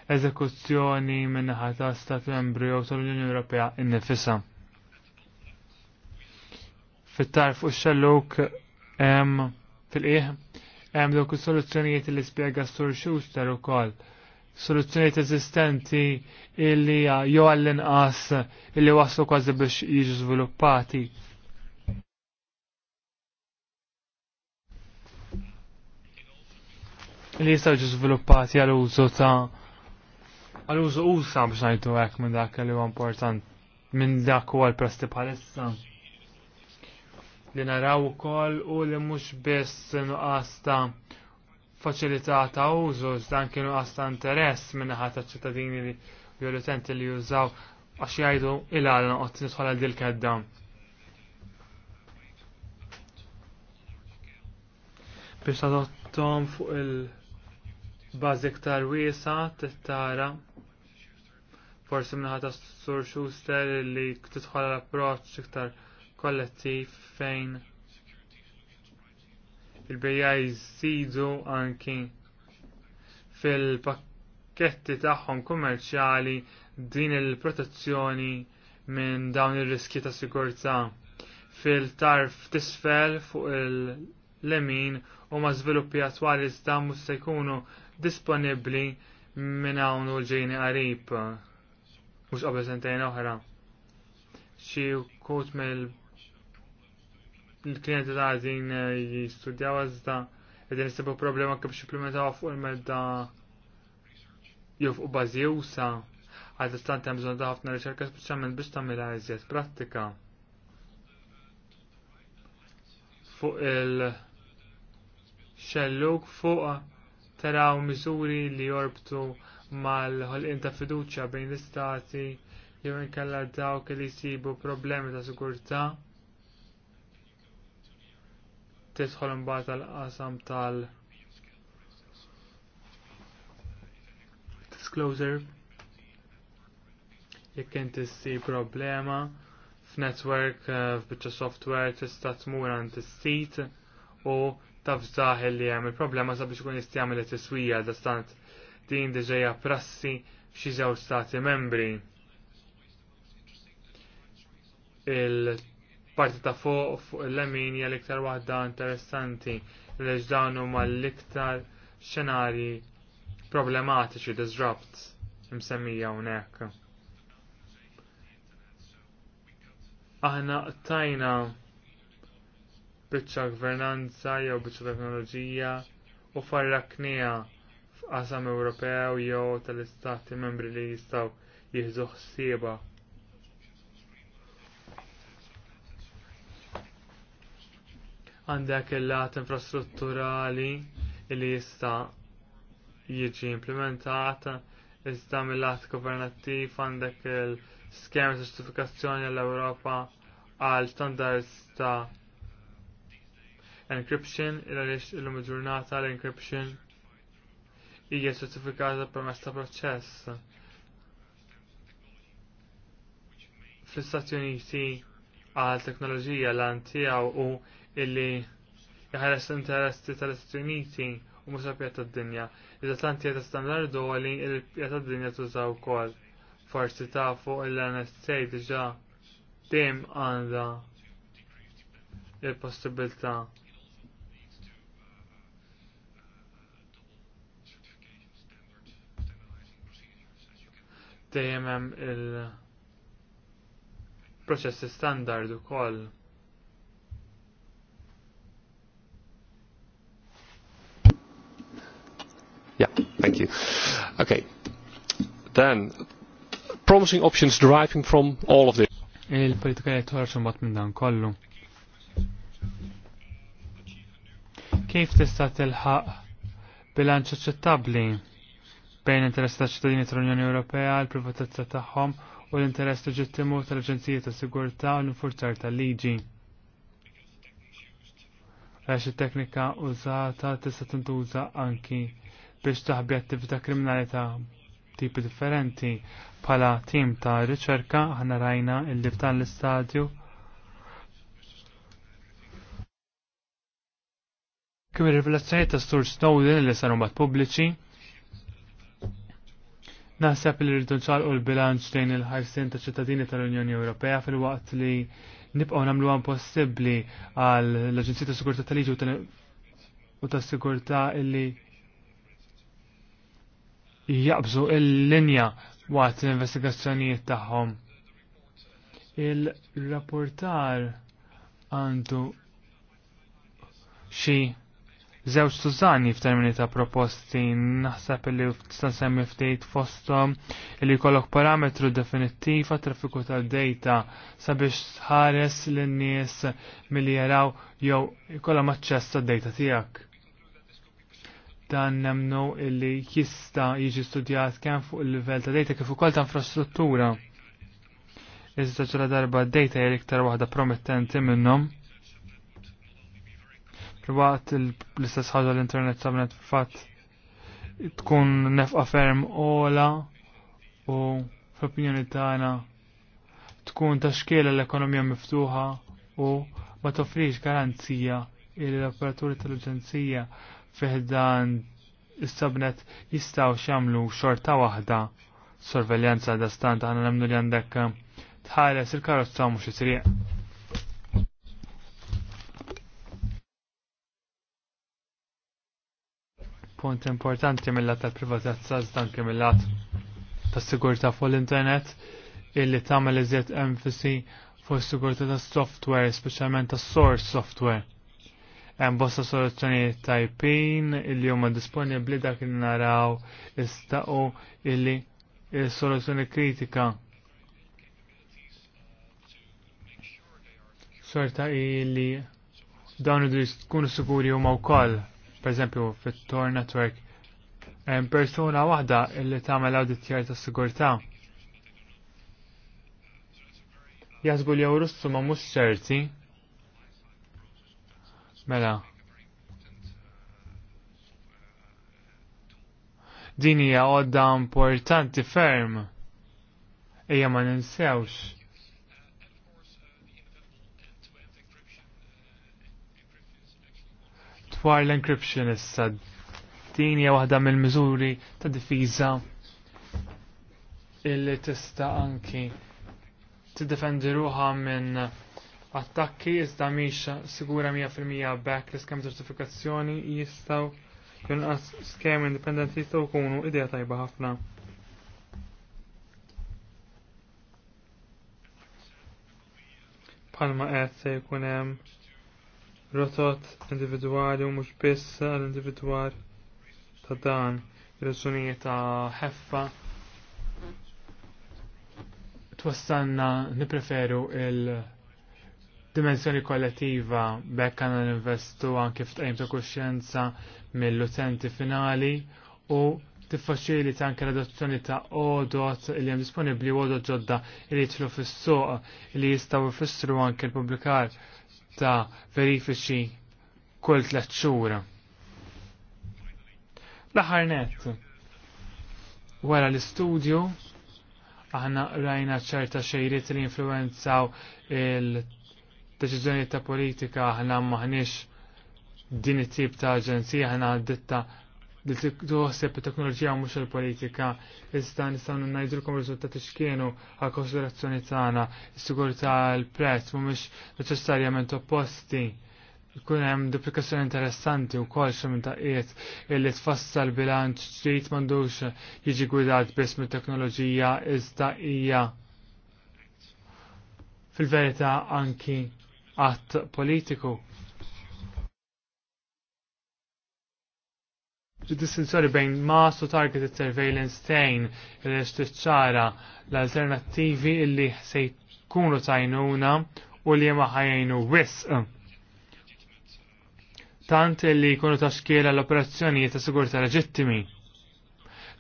eżekuzzjoni minn ta' Stati Membri u tal-Unjoni Ewropea innifisa. Fit-tarf u xellok hemm fil qiegħ hemm dawk is-soluzzjonijiet li spjega Sur Schuster ukoll soluzzjonijiet eżistenti illi jew għall-inqas illi waslu kważi biex jiġu żviluppati. li jistaw ġi żviluppati għal użu ta' għal-użu usa biex najtu għek minn dak li huwa important minn dak u għal presti bħalissa. Li naraw ukoll u li mhux biss nuqasta ta' faċilità ta' użu dan kienu għasta ta' interess minn ħata ċittadini li violutenti li jużaw għax jgħidu il-għal noqgħod nisħol għal dil-kedda. biex tadottom fuq il bazik tar wiesa tittara forsi minnaħat ta' Sur Schuster li tidħol l-approċ iktar kollettiv fejn il-bija jizzidu anki fil-pakketti tagħhom kummerċjali din il-protezzjoni minn dawn ir-riski ta' sikurtà. fil-tarf tisfel fuq il-lemin u ma' żviluppi attwali iżda mhux se jkunu disponibbli minn hawn u l-ġejni qarib mux qabel sentejn oħra. Xi wkut mill il-klienti ta' għazin eh, jistudjaw għazda għedin jisibu problema kif xiplimentaw fuq il-medda jufqu bazi bażi jusa għal istant hemm bżonn ta' ħafna riċerka speċjalment biex tagħmilha iżjed prattika. Fuq il xelluk fuq taraw miżuri li jorbtu mal-ħolqien ta' fiduċja bejn l-istati jew inkella dawk li jsibu problemi ta' sigurtà tidħol imbagħad tal-qasam tal disclosure jekk inti issi problema f'network eh, f'biċċa software tista' tmur għand is-sit u taf zaħ li hemm il-problema sabiex ikun jista' jagħmel it-tiswija da stant din diġejja prassi f'xi żewġ stati membri. Il-parti ta' fuq fuq il-lemin l-iktar waħda interessanti għaliex dawn huma l-iktar xenarji problematiċi disrupt msemmija hawnhekk. Aħna tajna biċċa gvernanza jew biċċa teknoloġija u farraknija f'qasam Ewropew jew tal-istati membri li jistgħu jieħdu ħsieba. Għandek il-lat infrastrutturali li jista' jiġi implementat, iżda mill-lat governattiv għandek il-skema certifikazzjoni għall ewropa għal standards ta' encryption il-għalix il-lum ġurnata l-encryption hija ċertifikata permezz ta' proċess. Fl-Istati Uniti għal teknoloġija l-għan tiegħu u illi jħares interessi tal-Istati Uniti u mhux pjata d-dinja. Iżda tant ta' standard li il-pjata d-dinja tużaw ukoll. Forsi ta' fuq il-NSA diġa dejjem għandha il possibilta dejjem hemm il process standard ukoll. Yeah, thank you. Okay. Then, promising options deriving from all of this. Il-politika elettorali xumbat minn dan kollu. Kif tista' tilħaq bilanċ aċċettabbli? bejn interess ta' ċittadini tal-Unjoni Ewropea, l-privatezza tagħhom u l-interess leġittimu tal-Aġenzija ta' Sigurtà u l-infurzar tal-liġi. Għax it-teknika użata tista' tintuża anki biex taħbi attività kriminali ta' tipi differenti. bħala tim ta' riċerka ħana rajna illi f'dan l-istadju Kemm ir-rivelazzjonijiet ta' Stur Snowden li saru mat pubbliċi Naħseb li rridu nċarqu l-bilanċ lejn il ħajsin ta' ċittadini tal-Unjoni Ewropea fil-waqt li nibqgħu nagħmlu għan possibbli għal l-Aġenzija ta' Sigurtà tal-Liġi u ta' Sigurtà illi jaqbżu il-linja waqt l-investigazzjonijiet tagħhom. Il-rapportar għandu xi żewġ tużani f'termini ta' proposti, naħseb li semmi ftit fostom li jkollok parametru definittiv għat traffiku tal-data sabiex tħares lin-nies milli jaraw jew jkollhom aċċess tad-data tiegħek. Dan nemnu illi jista' jiġi studjat kemm fuq il-livell ta' data kif ukoll ta' infrastruttura. Iżda ġara darba d-data jgħid iktar waħda promettenti minnhom Waqt l-istess ħaġa l-internet sabnet fil tkun nefqa ferm ola u f'opinjoni tagħna tkun ta' xkiela l-ekonomija miftuħa u ma toffriġ garanzija il l-operaturi tal ġenzija fiħdan is-sabnet jistaw xamlu xorta waħda sorveljanza da stant għana nemnu li għandek tħares il-karozza mux isriq. punt importanti mill-lat tal-privatezza zdanke mill-lat tas-sigurtà fuq l-internet illi tagħmel iżjed enfasi fuq is-sigurtà tas-software, speċjalment tas-source software. Hemm bosta soluzzjonijiet tajpin illi huma disponibbli dak li naraw istaqu illi il-soluzzjoni kritika sorta illi dawn id-dris tkunu sikuri huma wkoll pereżempju fit-Tor Network, hemm eh, persuna waħda li tagħmel awditjar ta' sigurtà. Jasbu li Russu ma mhux ċerti. Mela. Din hija għodda importanti ferm. Ejja ma ninsewx dwar l-encryption issa. Din hija waħda mill-miżuri ta' difiża illi tista' anki tiddefendi ruha minn attakki iżda mhix sigura 100% back l-iskem ġustifikazzjoni jistgħu jonqas skem indipendenti jistgħu jkunu idea tajba ħafna. Palma qed se jkun hemm rotot individwali u mhux biss l-individwal ta' dan raġunijiet ta' ħeffa twassanna nipreferu il- dimensjoni kollettiva bekk l-investu anki f'tajm ta' kuxjenza mill-utenti finali u tiffaċili ta' anke l-adozzjoni ta' odot li disponibli disponibbli odot ġodda li jitlu fis-suq li jistgħu jfissru anke l-pubblikar ta' verifiċi kull tlet xura. L-aħħar net. Wara l-istudju aħna rajna ċerta xejriet li influenzaw il deċiżjonijiet ta' politika aħna maħniex din it-tip ta' aġenzija aħna ditta' li tuħseb it-teknoloġija mhux il-politika, iżda nistgħu kom riżultati x'kienu għal konsiderazzjoni tagħna, s sigurta l-prezz mhumiex neċessarjament opposti. Kun hemm duplikazzjoni interessanti wkoll xi minn taqiet illi tfassal bilanċ ġdid m'għandux jiġi gwidat biss mit-teknoloġija iżda hija fil-verità anki att politiku distinzjoni bejn mass u targeted surveillance tejn il-rex l alternativi illi se jkunu tajnuna u li ma ħajajnu wis. Tant illi jkunu ta' l operazzjoni ta' sigurta leġittimi.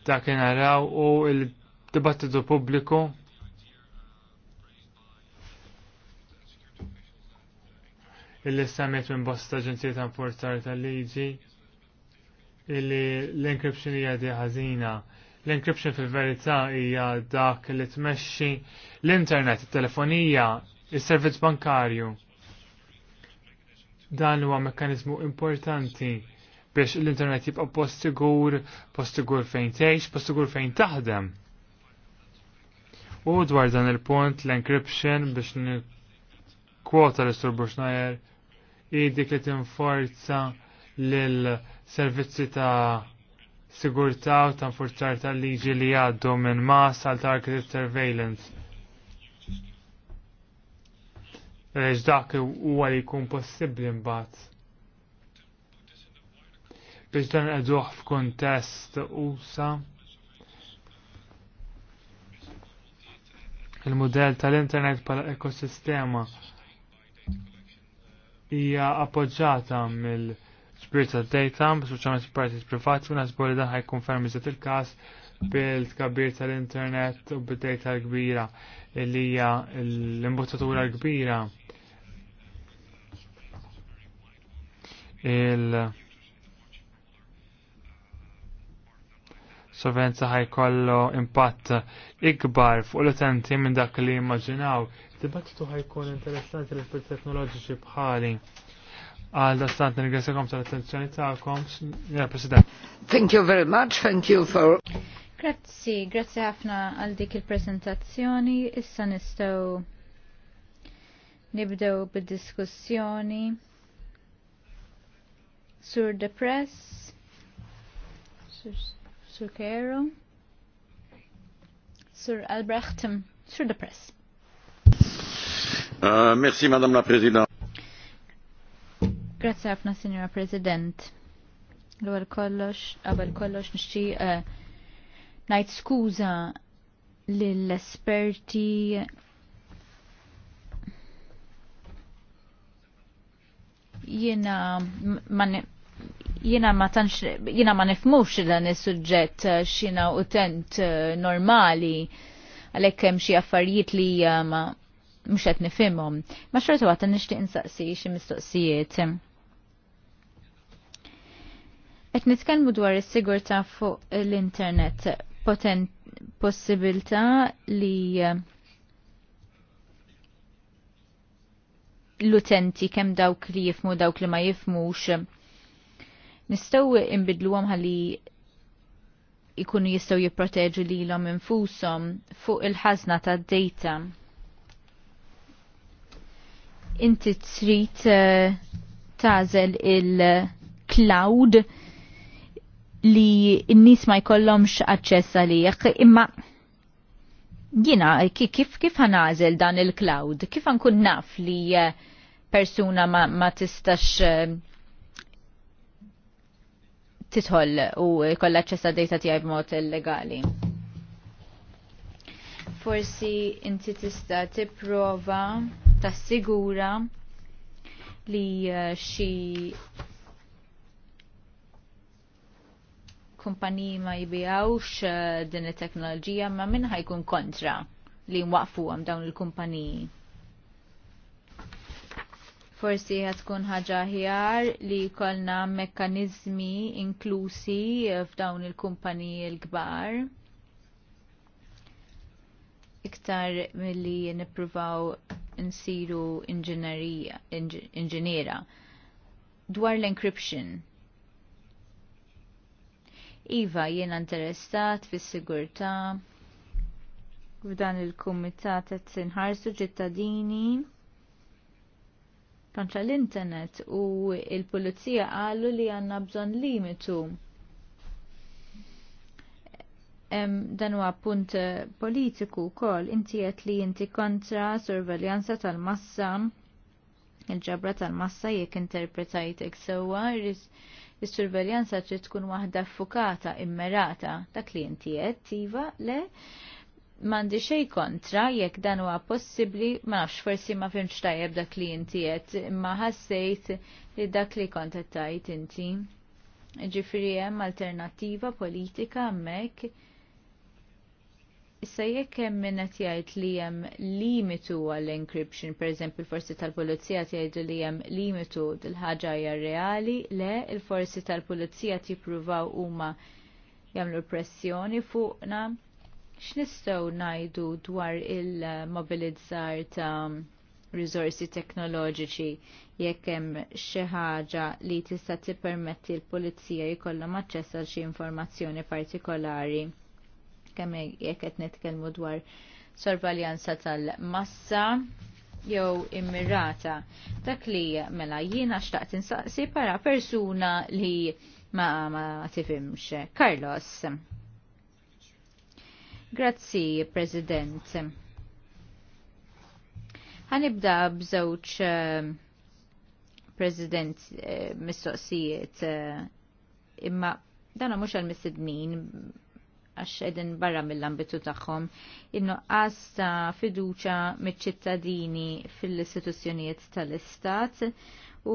Dak naraw u il-dibattitu pubbliku il-li samiet minn bosta ġenzieta ta' importar tal-liġi. Illi l-encryption hija di ħażina. L-encryption fil-verità hija dak li tmexxi l-internet, it-telefonija, is-servizz bankarju. Dan huwa mekkaniżmu importanti biex l-internet jibqa' post sigur, post sigur fejn tgħix, post sigur fejn taħdem. U dwar dan il-punt l-encryption biex kwota l-istur Bushnajer i dik li tinforza -l servizzi ta' sigurtà u ta' forzar tal-liġi li għaddu minn mass għal targeted surveillance. Reġ dak u għalli kun possibli mbaħt. Biex dan qegħduh f'kuntest usa. Il-modell tal-internet bħala ekosistema hija appoġġata mill- spirit ta' data, speċjalment partijiet privati, u nasbu li dan ħajkun ferm il-każ bil-kabir tal-internet u bil data l-kbira li hija l-imbottatura l-kbira. Il ħaj ħajkollu impatt ikbar fuq l-utenti minn dak li immaġinaw. Dibattitu ħajkun interessanti l-esperti teknoloġiċi bħali għal dastant nirgrazzjakom tal-attenzjoni tagħkom, Signor President. Thank you very much, thank you for Grazzi, grazzi ħafna għal dik il-prezentazzjoni. Issa nistgħu nibdew bid-diskussjoni. Sur Depress, Sur, sur Kero, Sur Albrecht, Sur the press. Uh, merci, Madame la Présidente. Grazzi ħafna, Signora President. L-għal kollox, għabel kollox nxċi eh, najt skuza l-esperti jena man jena ma tanx jena ma nifmux dan is-suġġett eh, x'ina utent eh, normali għalhekk hemm xi affarijiet li ma mhux qed nifhimhom. Ma xorta waqt nixtieq insaqsi xi mistoqsijiet. Et nitkellmu dwar is-sigurtà fuq l-internet potent possibilità li eh, l-utenti kemm dawk li jifmu dawk li ma jifmux nistgħu għam għalli ikunu jistgħu jipproteġu lilhom infushom fuq il-ħażna tad-data. Inti trid eh, tażel il-cloud il cloud li n-nis ma jkollomx aċċess għalih, imma jina kif kif ħanażel dan il-cloud, kif ħankun naf li eh, persuna ma, ma tistax eh, titħol u kollha aċċess għad-data tiegħi b'mod illegali. Forsi inti tista' tipprova tassigura li eh, xi kumpaniji ma jibijawx eh, din it-teknoloġija ma minn ħajkun kontra li nwaqfu għam dawn il-kumpaniji. Forsi ħatkun ħaġa ħjar li kolna mekkanizmi inklusi eh, f'dawn il-kumpaniji l-kbar. Iktar mill-li nipruvaw nsiru inġinera. Dwar l-encryption, Iva, jiena interessat fis-sigurtà f'dan il-kumitat qed sinħarsu ċittadini kontra l-internet u il-pulizija qalu li għandna bżonn limitu. dan huwa punt politiku wkoll inti qed li inti kontra sorveljanza tal-massa il-ġabra tal-massa jekk interpretajtek sewwa so, Is-surveljanza trid tkun waħda ffukata immerata ta' li qed iva le m'għandi xej kontra jekk dan huwa possibbli ma nafx forsi ma fimx tajjeb da' li qed imma ħassejt li dak li kont qed tajt inti. Ġifieri hemm alternattiva politika hemmhekk Issa jekk hemm min qed jgħid li hemm limitu għall-encryption, pereżempju l-forsi tal-pulizija jgħidu li hemm limitu dil-ħaġa hija reali, le l-forsi tal-pulizija tippruvaw huma jagħmlu pressjoni fuqna. X'nistgħu ngħidu dwar il-mobilizzar ta' risorsi teknoloġiċi jekk hemm xi ħaġa li tista' tippermetti l-pulizija jkollhom aċċess għal xi informazzjoni partikolari kemm jekk qed nitkellmu dwar sorvaljanza tal-massa jew immirata. Dak li mela jiena xtaqt insaqsi para persuna li ma, ma tifimx. Carlos. Grazzi, President. Ħanibda bżewġ uh, President uh, mistoqsijiet uh, imma dana mhux għal mistednin għax edin barra mill-ambitu tagħhom in-nuqqas ta' fiduċa miċ-ċittadini fil-istituzzjonijiet tal-Istat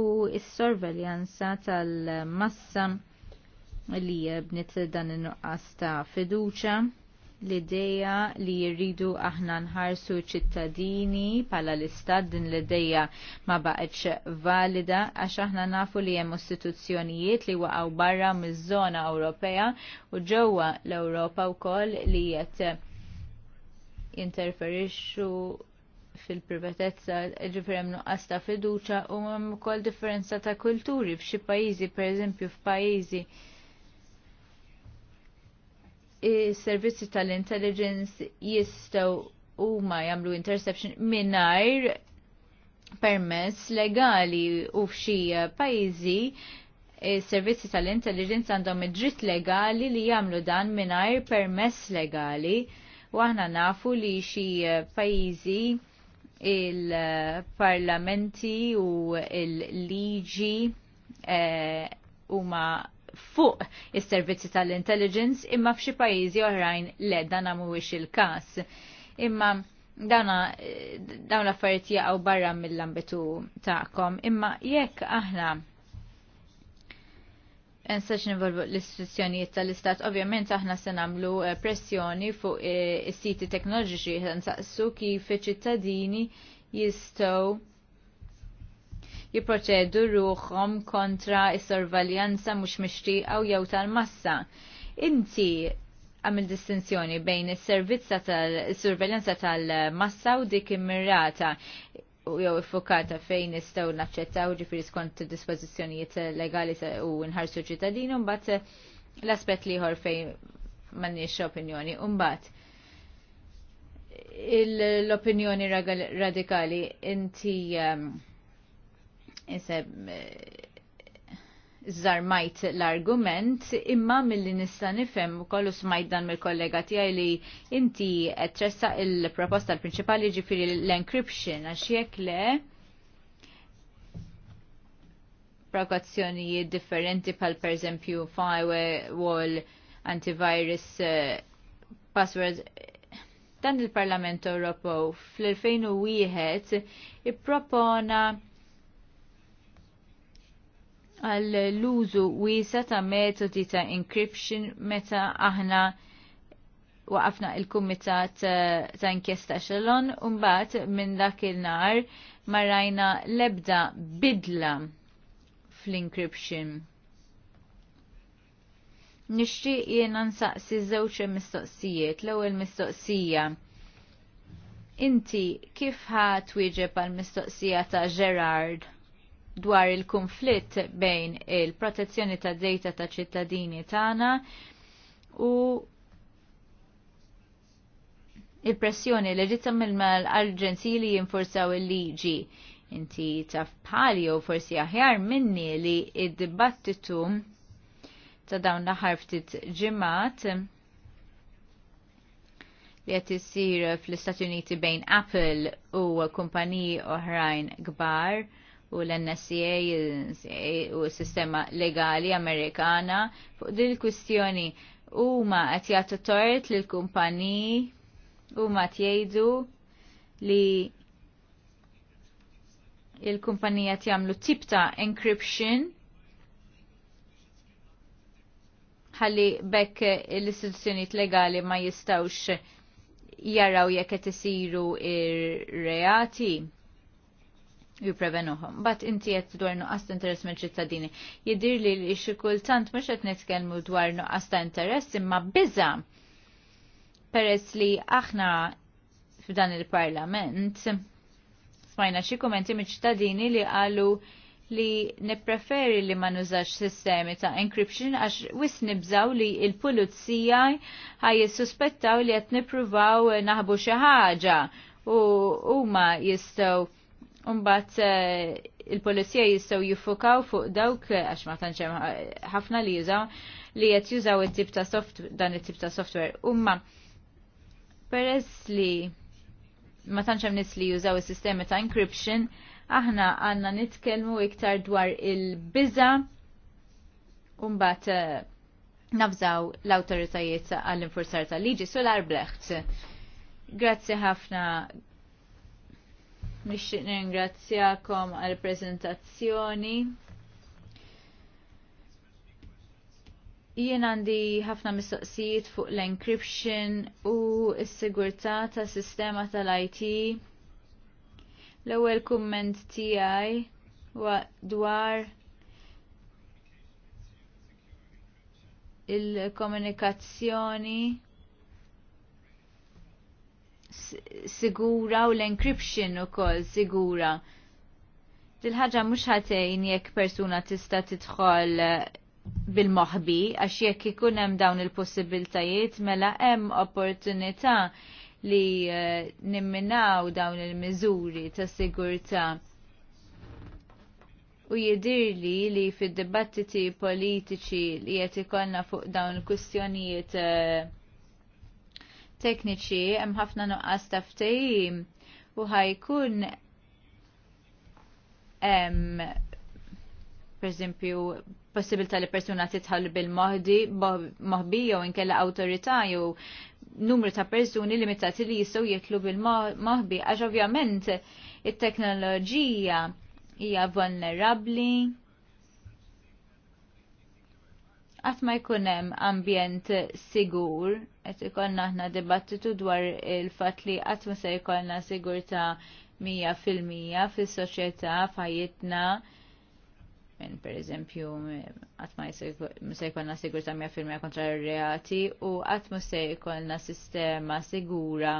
u s-sorveljanza tal-massa li bnit dan in-nuqqas ta' fiduċa l-ideja li jirridu aħna nħarsu ċittadini pala l-istad din l-ideja ma baqetx valida għax aħna nafu li hemm istituzzjonijiet li waqgħu barra miż-żona Ewropea u ġewwa l-Ewropa wkoll li qed jinterferixxu fil-privatezza ġifrem nuqqas ta' fiduċa u hemm ukoll differenza ta' kulturi f'xi pajjiżi pereżempju f'pajjiżi servizzi tal-intelligence jistaw huma jagħmlu interception mingħajr permess legali u f'xi pajjiżi is-servizzi tal-intelligence għandhom id-dritt legali li jagħmlu dan mingħajr permess legali u aħna nafu li xi pajjiżi il-parlamenti u il-liġi eh, huma ma fuq is-servizzi tal-intelligence imma f'xi pajjiżi oħrajn le dan mhuwiex il-każ. Imma dana dawn l-affarijiet jaqgħu barra mill-ambitu tagħkom, imma jekk aħna Nsax nivolvu l-istituzzjonijiet tal-istat, ovvjament aħna se nagħmlu eh, pressjoni fuq eh, is-siti teknoloġiċi nsaqsu kif iċ-ċittadini jistgħu jipproċedu ruħhom kontra is-sorvaljanza mhux mixtieqa u jew tal-massa. Inti għamil distinzjoni bejn is-servizza tal-sorvaljanza tal-massa u dik immirata jew iffukata fejn nistgħu naċċettaw ġifieri skont dispożizzjonijiet legali u nħarsu ċittadini mbagħad l-aspett liħor fejn m'għandniex opinjoni u mbagħad l-opinjoni radikali inti um, Iseb, eh, zarmajt l-argument imma mill-li nista' nifhem ukoll smajt dan mill-kollega tiegħi li inti qed il-proposta l-prinċipali ġifieri l-encryption għax jekk le prokazzjonijiet differenti pal per eżempju firewall, antivirus, eh, password dan il-Parlament Ewropew fl-2001 ippropona għal l-użu wiesa ta' metodi ta' encryption meta aħna waqafna il-kumitat eh, ta' inkjesta un umbat minn dak il-nar marajna lebda bidla fl-encryption. Nixtri jena nsaqsi żewġ mistoqsijiet, l-ewwel mistoqsija. Inti kif ħat wieġeb għal mistoqsija ta' Gerard? dwar il-konflitt bejn il-protezzjoni ta' dejta ta' ċittadini tagħna u il-pressjoni li ġitta mill-arġenziji li jinforsaw il-liġi. Inti taf bħali u forsi aħjar minni li id-dibattitu ta' dawn l ħar ftit ġimgħat li qed isir fl-Istati Uniti bejn Apple u kumpaniji oħrajn kbar u l-NSA u s-sistema legali Amerikana fuq din il-kwistjoni huma qed jagħtu tort lill kumpani huma ma jgħidu li il-kumpanija jagħmlu tip ta' encryption ħalli bekk l-istituzzjonijiet legali ma jistawx jaraw jekk qed isiru ir-reati jiprevenuhom. Bat inti jett dwar nuqqas interess mill-ċittadini. Jidir li li xi kultant mhux qed nitkellmu dwar nuqqas ta' interess imma biza, peress li aħna f'dan il-parlament smajna xi kumenti minn ċittadini li qalu li nippreferi li ma nużax sistemi ta' encryption għax wis nibżaw li il-pulizija ħaj suspettaw li qed nippruvaw naħbu xi ħaġa u huma jistgħu Umbat eh, il-polizija jistaw jiffokaw fuq dawk eh, għax ma tanċem ħafna li jużaw li qed jużaw il tip ta' soft dan it-tip ta' software. Umma peress li ma tanċem nis li jużaw is-sistemi ta' encryption, aħna għanna nitkellmu iktar dwar il biza umbat eh, nafżaw l-autoritajiet għall-infurzar tal-liġi solar bleħt. Grazzi ħafna, Nixtieq ningrazzjakom għal prezentazzjoni. Jien għandi ħafna mistoqsijiet fuq l-encryption u s-sigurtà tas sistema tal-IT. L-ewwel kumment tiegħi dwar il-komunikazzjoni sigura u l-encryption ukoll sigura. dil ħagġa mhux ħatejn jekk persuna tista' tidħol eh, bil-moħbi għax jekk ikun hemm dawn il-possibiltajiet mela hemm opportunità li eh, nimminaw dawn il-miżuri ta' sigurtà u jidir li fid-dibattiti politiċi li qed ikollna fuq dawn il-kwistjonijiet uh, tekniċi hemm ħafna nuqqas ta' ftehim u ħajkun hemm pereżempju possibilità li persuna titħall bil-moħdi moħbi jew inkella awtorità jew numru ta' persuni limitati li jistgħu jitlu bil-moħbi għax ovvjament it-teknoloġija hija vulnerabbli qatt ma jkun hemm ambjent sigur qed ikollna aħna dibattitu dwar il-fatt li qatt ma se jkollna sigurtà mija fil-mija fis-soċjetà f'ħajjitna minn pereżempju qatt ma se jkollna sigurtà mija fil-mija kontra r-reati u qatt ma se jkollna sistema sigura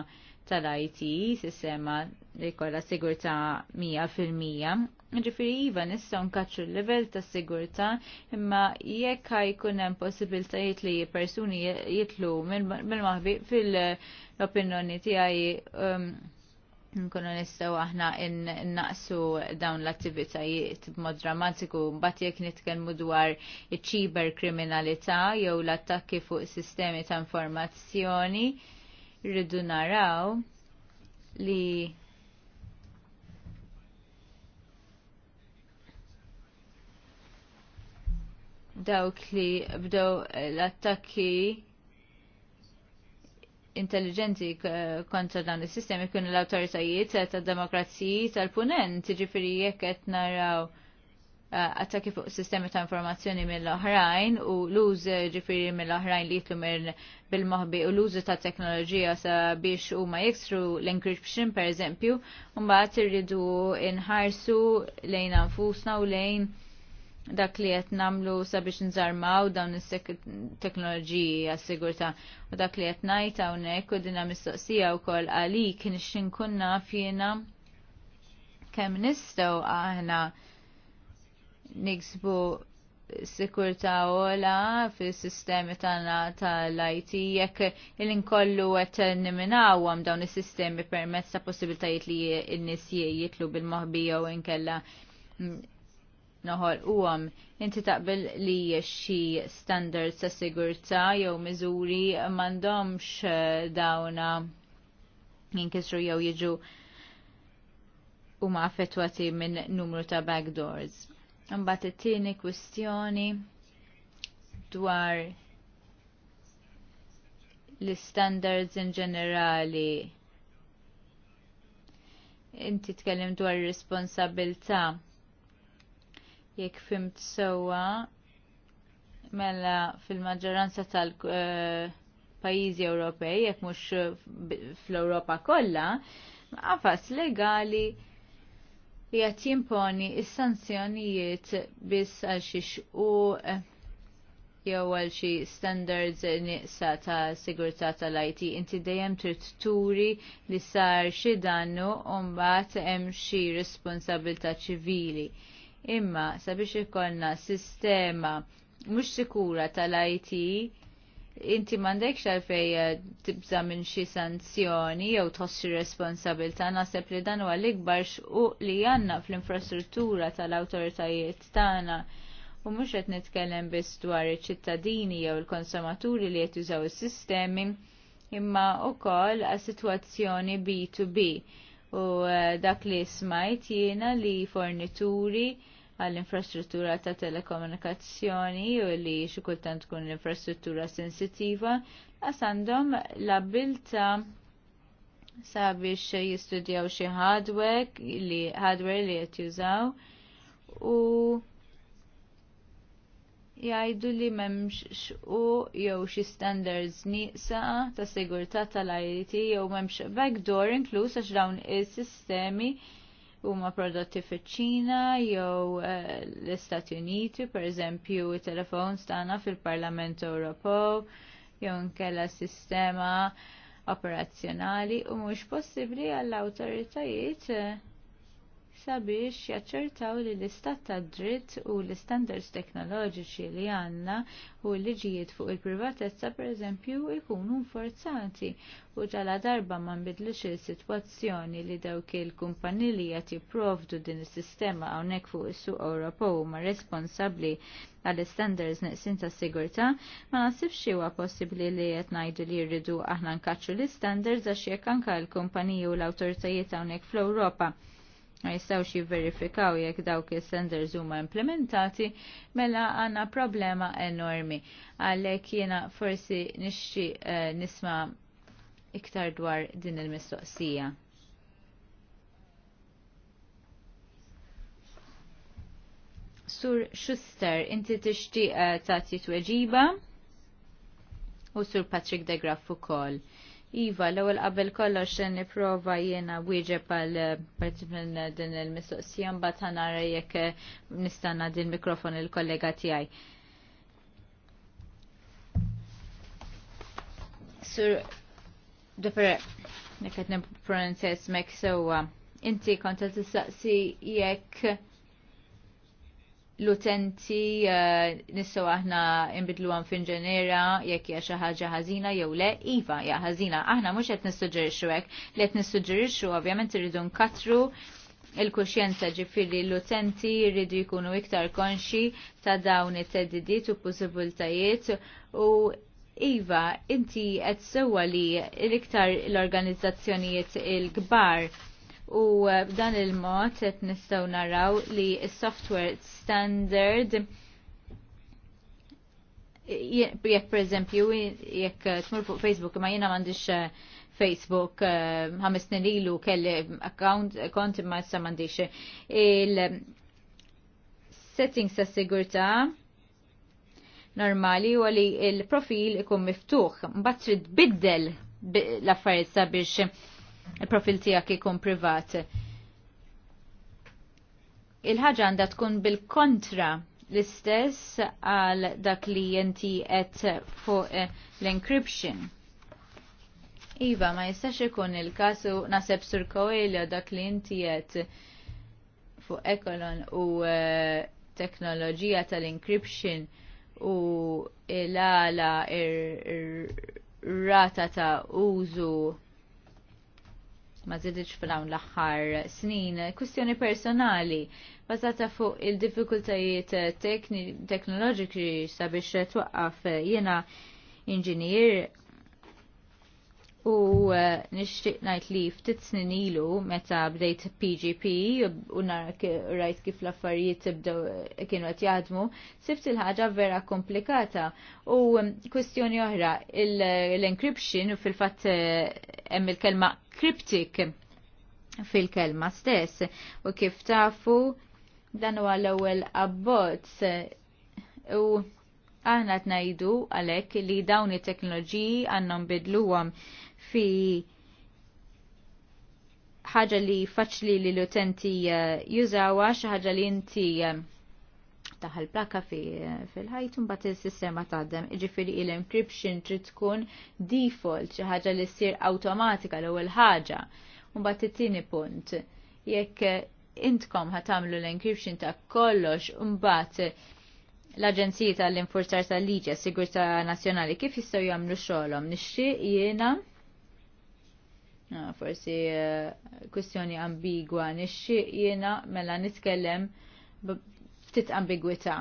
tal-IT, sistema li jkollha sigurtà 100% fil-mija Ġifiri iva nistaw nkaċċu l-level ta' sigurta imma jekk ħajkun hemm possibiltajiet li persuni jitlu mill-maħbi fil-opinjoni tiegħi um, nkunu nistaw aħna innaqsu dawn l-attivitajiet b'mod drammatiku mbagħad jekk nitkellmu dwar iċ-ċiber kriminalità jew l-attakki fuq sistemi ta' informazzjoni rridu naraw li dawk li bdew l-attakki intelligenti kontra dan is-sistemi kienu l-awtoritajiet tad-demokraziji tal-punent, ġifiri jekk qed naraw eh, attakki fuq sistemi ta' informazzjoni mill-oħrajn u l-uż ġifiri mill-oħrajn li jitlu bil mohbi u l-użu ta' teknoloġija sabiex u ma jekstru l-encryption per eżempju, un irridu inħarsu lejn anfusna u lejn dak li qed nagħmlu sabiex nżarmaw dawn is-teknoloġiji għas-sigurtà u dak li qed ngħid hawnhekk u dinha mistoqsija wkoll għalik nix inkun naf jiena kemm nistgħu aħna niksbu sikurta ola fis-sistemi tagħna tal-IT jekk il-inkollu qed niminawhom dawn is-sistemi permezz possibiltajiet li n-nies jitlu bil mohbija u inkella u għam Inti taqbel li xi standards ta' sigurta jew miżuri m'għandhomx eh, dawna jinkisru jew jiġu huma affettwati minn numru ta' backdoors. Mbagħad it-tieni kwistjoni dwar l-standards in ġenerali. Inti tkellim dwar ir-responsabilità jekk fimt sewa mela fil-maġġoranza tal-pajjiżi eh, Ewropej jekk mhux fl-Ewropa kollha, qafas legali li qed jimponi s sanzjonijiet biss għal xi xquq eh, jew għal xi standards nieqsa ta' sigurtà tal-IT inti dejjem trid turi li sar xi dannu u mbagħad hemm xi responsabilità ċivili. Imma sabiex ikollna sistema mhux sikura tal-IT inti mandek xalfej eh, tibza minn xi sanzjoni jew tħossi responsabilta naħseb li dan huwa l-ikbar xquq li għandna fl-infrastruttura tal-awtoritajiet tagħna u mhux qed nitkellem biss dwar iċ-ċittadini jew il-konsumaturi li qed jużaw is-sistemi imma wkoll għas-sitwazzjoni B2B u eh, dak li smajt jiena li fornituri għall-infrastruttura ta' telekomunikazzjoni u li xi kultant tkun l-infrastruttura sensitiva għas għandhom l-abilta sabiex jistudjaw xi hardware li hardware li qed jużaw u jgħidu li memx u jew xi standards nieqsa ta' sigurtà tal-IT jew m'hemmx backdoor inkluż għax dawn is-sistemi huma prodotti fiċ-Ċina jew eh, l-Istati Uniti, pereżempju it telefon stana fil-Parlament Ewropew jew nkella sistema operazzjonali u mhux possibbli għall-awtoritajiet eh, sabiex jaċċertaw li l-istat ta' dritt u l-standards teknoloġiċi li għandna u l-liġijiet fuq il-privatezza pereżempju jkunu forzati u ġala darba ma nbidlux il-sitwazzjoni li dawk il-kumpani li qed jipprovdu din is-sistema hawnhekk fuq is-suq Ewropew huma responsabbli għall standards neqsin ta' sigurtà, ma nasibx huwa possibbli li qed ngħidu li jridu aħna nkaċċu l-standards għax jekk anke l-kumpaniji u l-awtoritajiet hawnhekk fl-Ewropa ma jistawx jiverifikaw jekk dawk is-senders huma implementati, mela għandna problema enormi. Għalhekk jiena forsi nixxi eh, nisma' iktar dwar din il-mistoqsija. Sur Schuster, inti tixtieq eh, tagħti tweġiba u Sur Patrick de Graff ukoll. koll Iva, l-ewwel qabel kollox se nipprova jiena wieġeb għal eh, parti minn din il-mistoqsija mbagħad ħanara jekk eh, nistanna din mikrofon il-kollega tiegħi. Sur Dupere, nekket nipronzess mek sewa, inti konta tistaqsi jekk l-utenti eh, nissew aħna nbidlu għan finġenera jekk hija xi ħaġa ħażina jew le, iva hija ħażina. Aħna mhux qed nissuġġerixxu hekk, li qed nissuġġerixxu ovvjament irridu nkatru il-kuxjenza ġifiri l-utenti rridu jkunu iktar konxi ta' dawn it-teddidiet u possibiltajiet u Iva, inti qed sewwa li l-iktar l-organizzazzjonijiet il-kbar u eh, b'dan il-mod qed nistgħu naraw li s-software standard jekk pereżempju jekk tmur fuq Facebook ma jiena m'għandix eh, Facebook eh, ħames snin ilu kelli account kont imma issa m'għandix il-settings ta' sigurtà normali u li il-profil ikun miftuħ, mbagħad trid biddel l-affarijiet sabiex il-profil tiegħek ikun privat. Il-ħaġa għandha tkun bil-kontra l-istess għal dak li jenti għet fuq eh, l-encryption. Iva, ma jistax ikun il-kasu naseb sur Coelho dak li jenti għet fuq ekolon u eh, teknoloġija tal-encryption u l-għala ir-rata ta' użu ma zidiċ fl-hawn l-aħħar snin, kwistjoni personali bażata fuq il-diffikultajiet teknoloġiċi sabiex twaqqaf jiena inġinier U eh, nixtieq ngħid li ftit snin ilu meta bdejt PGP u nara rajt kif l-affarijiet eh, kienu qed jaħdmu, sift il-ħaġa vera komplikata. U eh, kwistjoni oħra, l-encryption u fil-fatt hemm il-kelma cryptic fil-kelma stess u kif tafu dan huwa l-ewwel abbozz u aħna tnajdu għalek li dawn it-teknoloġiji għandhom bidluhom fi ħaġa li faċli li l-utenti eh, jużawa, xi ħaġa li inti eh, taħal plaka eh, fil-ħajt un bat il-sistema taħdem. Iġifiri il-encryption trid tkun default, xi ħaġa li ssir awtomatika l ewwel ħaġa. Un bat it-tieni punt. Jekk intkom ħatamlu l-encryption ta' kollox, un bat l-Aġenzija tal-Infurzar tal-Liġi sigurtà Nazzjonali kif jistgħu jagħmlu xogħolhom nixtieq jiena Ah, forsi eh, kwestjoni ambigwa nixxieq jiena mela nitkellem ftit ambigwità.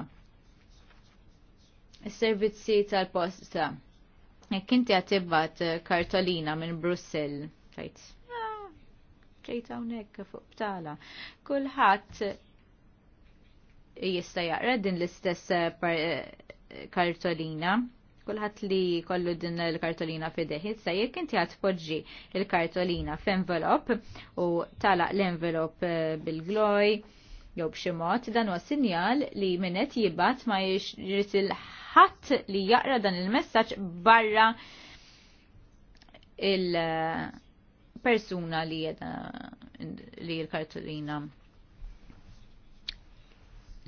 Is-servizzi tal-posta. Jekk inti għatibbat eh, kartolina minn Brussell, tajt. Ah, ġejt hawnhekk fuq btala. Kulħadd jista' jaqra din l-istess eh, kartolina kulħadd li kollu din il-kartolina fideħ. sa jekk inti għad tpoġġi il-kartolina f-envelop u talaq l-envelop eh, bil-gloj jew b'xi mod dan u sinjal li minnet jibgħat ma il ħadd li jaqra dan il-messaġġ barra il-persuna eh, li jeda li il kartolina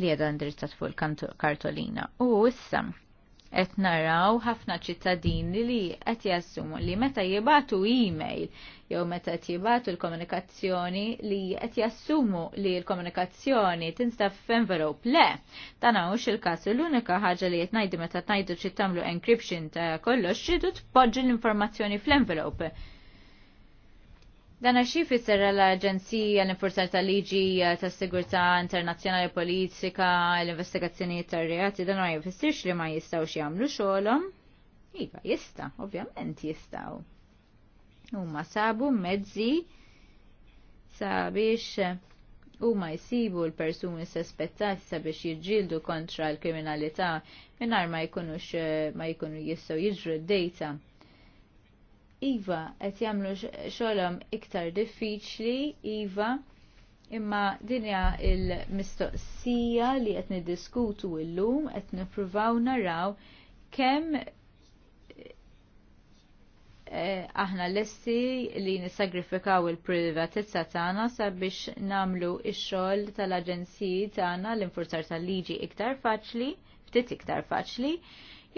li jeda indirizzat fuq il-kartolina. U issa, qed naraw ħafna ċittadini li qed jassumu li meta jibatu email jew meta qed jibatu l-komunikazzjoni li qed jassumu li l-komunikazzjoni tinstab f'envelope le. Dan hawnx il-każ l-unika ħaġa li qed ngħidu meta tgħidu xi tagħmlu encryption ta' kollox xidu tpoġġi l-informazzjoni fl-envelope Dan għax jifisser l-Aġenzija l-Infurzar tal-Liġi eh, tas-Sigurtà Internazzjonali Politika, l-Investigazzjonijiet tar-Reati, dan ma jfissirx li ma jistgħux jagħmlu xogħolhom. Iva, jista, ovvjament jistgħu. Huma sabu mezzi sabiex eh, huma jsibu l-persuni sospettati sabiex jiġġieldu kontra l-kriminalità mingħajr ma jkunux eh, ma jkunu jistgħu jiġru d-dejta Iva qed jagħmlu xogħolhom iktar diffiċli, Iva, imma dinja il-mistoqsija li qed niddiskutu llum qed nippruvaw naraw kemm eh, aħna l-essi li nisagrifikaw il-privatezza tagħna sabiex namlu ix-xogħol tal-aġenziji tagħna l-infurzar tal-liġi iktar faċli, ftit iktar faċli,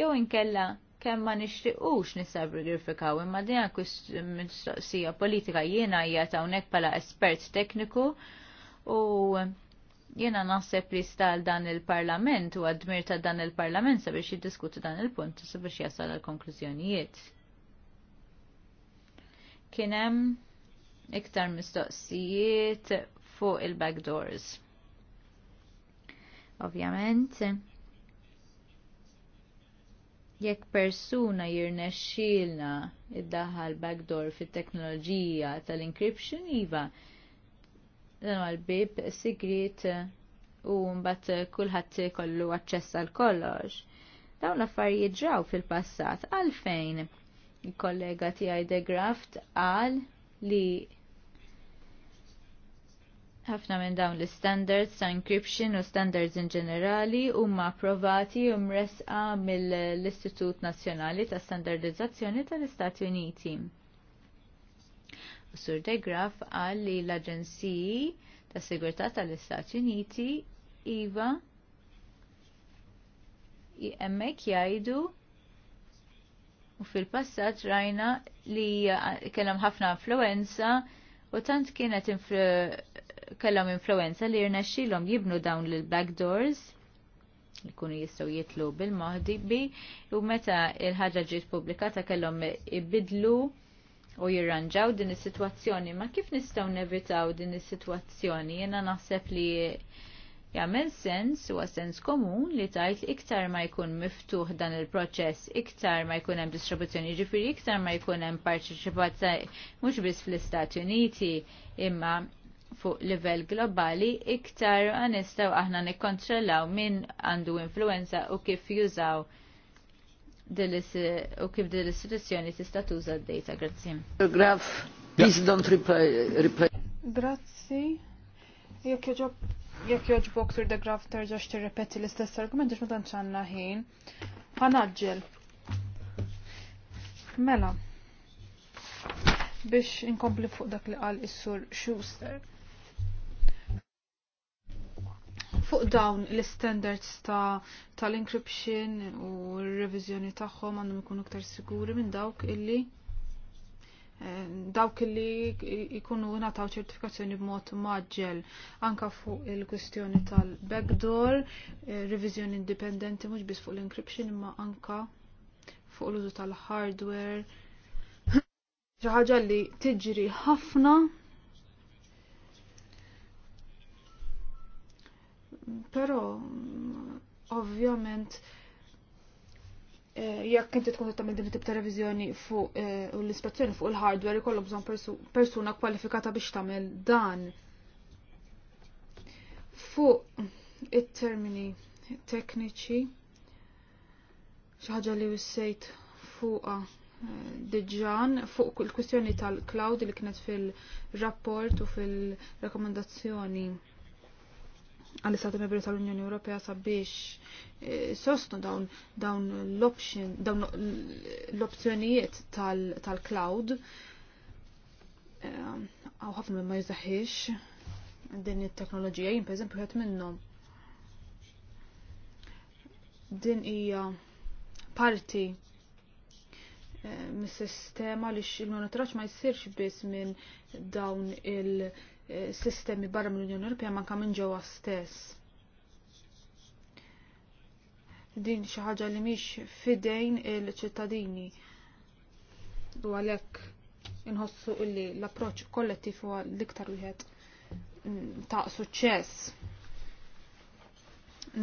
jew inkella kemm ma nixtiequx nissagrifikaw imma din mistoqsija politika jiena hija hawnhekk bħala espert tekniku u jiena naħseb li stal dan il-parlament u għadmir ta' dan il-parlament sabiex jiddiskutu dan il-punt sabiex jasal għal konklużjonijiet. Kienem iktar mistoqsijiet fuq il-backdoors. Ovvjament, jekk persuna jirnexxielna id-daħal backdoor fit-teknoloġija tal-encryption iva dan huwa bib sigrit eh, u mbagħad kulħadd kollu aċċess għal kollox. Dawn l-affarijiet ġraw fil-passat għalfejn il-kollega tiegħi De Graft qal li Ħafna minn dawn l-standards ta' encryption u standards in ġenerali huma approvati u mresqa mill-Istitut Nazzjonali ta' Standardizzazzjoni tal-Istati Uniti. U Sur De Graf qal li l-Aġenziji ta' Sigurtà tal-Istati Uniti iva hemmhekk jgħidu u fil-passat rajna li kellhom ħafna influenza u tant kienet influenza kellhom influenza li jirnexxilhom jibnu dawn lil backdoors li kunu jistgħu jitlu bil mahdi bi u meta il-ħaġa ġiet pubblikata kellhom ibidlu u jirranġaw din is-sitwazzjoni. Ma kif nistgħu nevitaw din is-sitwazzjoni? Jiena naħseb li jagħmel sens huwa sens komun li tajt iktar ma jkun miftuħ dan il-proċess, iktar ma jkun hemm distribuzzjoni ġifieri, iktar ma jkun hemm parċiċipazzjoni mhux biss fl-Istati Uniti, imma fuq livell globali iktar għanistaw aħna nikkontrollaw min għandu influenza u kif jużaw u kif din l-istituzzjoni tista' tuża d-data. Grazzi. Graf, please don't reply. Grazzi. Jekk joġob jekk joġbok sur de graf terġax tirrepeti l-istess argument ġiġ ma ċanna ħin. Ħanaġġel. Mela. Biex inkompli fuq dak li qal is-sur Schuster. fuq dawn l-standards ta' tal-encryption u r-reviżjoni tagħhom għandhom ikunu iktar siguri minn dawk illi eh, dawk illi ikunu nataw ċertifikazzjoni b'mod maġġel anka fuq il-kwistjoni tal-backdoor, eh, revizjoni indipendenti mhux biss fuq l-encryption imma anka fuq l-użu tal-hardware. Ħaġa li tiġri ħafna Però ovvjament eh, jekk inti tkun tagħmel din tip ta' reviżjoni fuq eh, l-ispezzjoni fuq il-hardware ikollu bżonn persuna kwalifikata biex tagħmel dan. Fuq it-termini tekniċi xi ħaġa li wissejt fuqha eh, diġan fuq il-kwistjoni tal-cloud li kienet fil-rapport u fil rakkomandazzjoni għalli sa' membri tal-Unjoni Ewropea sabiex eh, sostnu dawn dawn l-option dawn l-opzjonijiet tal-cloud eh, għaw ħafna ma jizaħiex din it-teknoloġija jien eżempju għet minnhom din hija parti eh, mis-sistema li x-monitoraċ ma jsirx biss minn dawn il- sistemi barra mill-Unjoni Ewropea ma minn ġewwa stess. Din xi ħaġa li mhix fidejn il-ċittadini u għalhekk inħossu illi l-approċċ kollettiv huwa l-iktar wieħed mm, ta' suċċess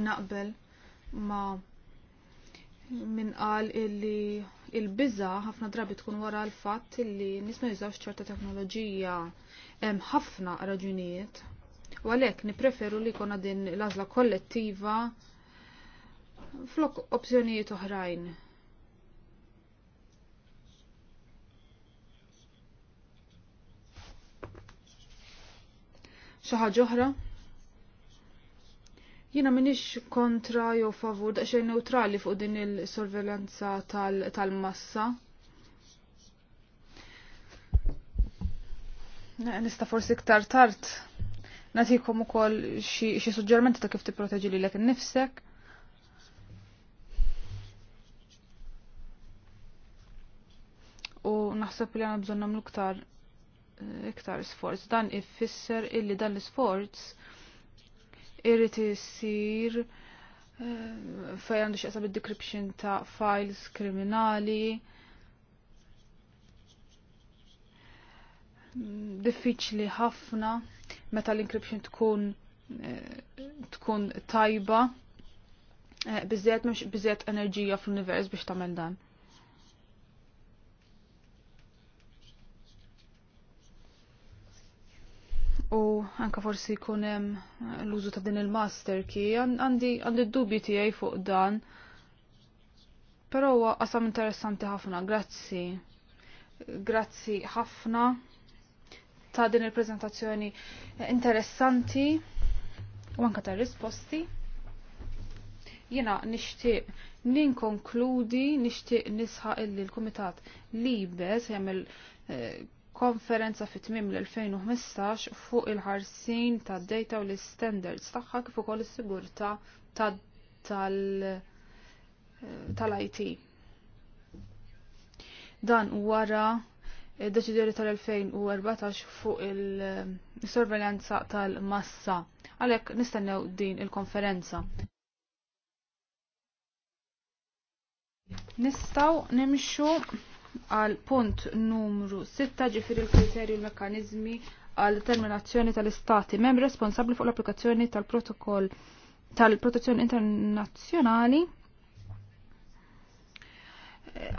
naqbel ma' min qal illi il-biża ħafna drabi tkun wara l-fatt illi nisma ma jużawx ċerta teknoloġija hemm ħafna raġunijiet. U għalhekk nippreferu li jkollna din l-għażla kollettiva flok opzjonijiet oħrajn. Xi ħaġa oħra? Jina minix kontra jew favur xej neutrali fuq din il sorvelenza tal-massa. Tal Nista forsi iktar tard natikom ukoll xi suġġermenti ta' kif tipproteġi lilek innifsek. U naħseb li għandna bżonn nagħmlu iktar iktar sforz. Dan ifisser illi dan l-isforz Irrit isir eh, fej għandu xaqsam id-decryption ta' files kriminali. Mm, diffiċli ħafna meta l-encryption tkun eh, tkun tajba eh, biżiet mhux biżiet enerġija fl-univers biex tagħmel dan. u anka forsi jkun hemm l-użu ta' din il-master ki għandi għandi dubji tiegħi fuq dan. Però huwa qasam interessanti ħafna, grazzi. Grazzi ħafna ta' din il-prezentazzjoni interessanti u anka ta' risposti. Jena nixtieq ninkonkludi, nixtieq nisħaq illi l-Kumitat Libes se jagħmel eh, konferenza fit tmim l-2015 fuq il-ħarsin tad data u l-standards tagħha kif ukoll is-sigurtà eh, tal-IT. Dan wara id-deċidjoni tal-2014 fuq il-sorveljanza tal-massa. Għalhekk nistennew din il-konferenza. Nistaw nimxu għal punt numru 6 ġifiri l-kriterju l-mekanizmi għal determinazzjoni tal-istati mem responsabli fuq l-applikazzjoni tal-protokoll tal-protezzjoni internazzjonali.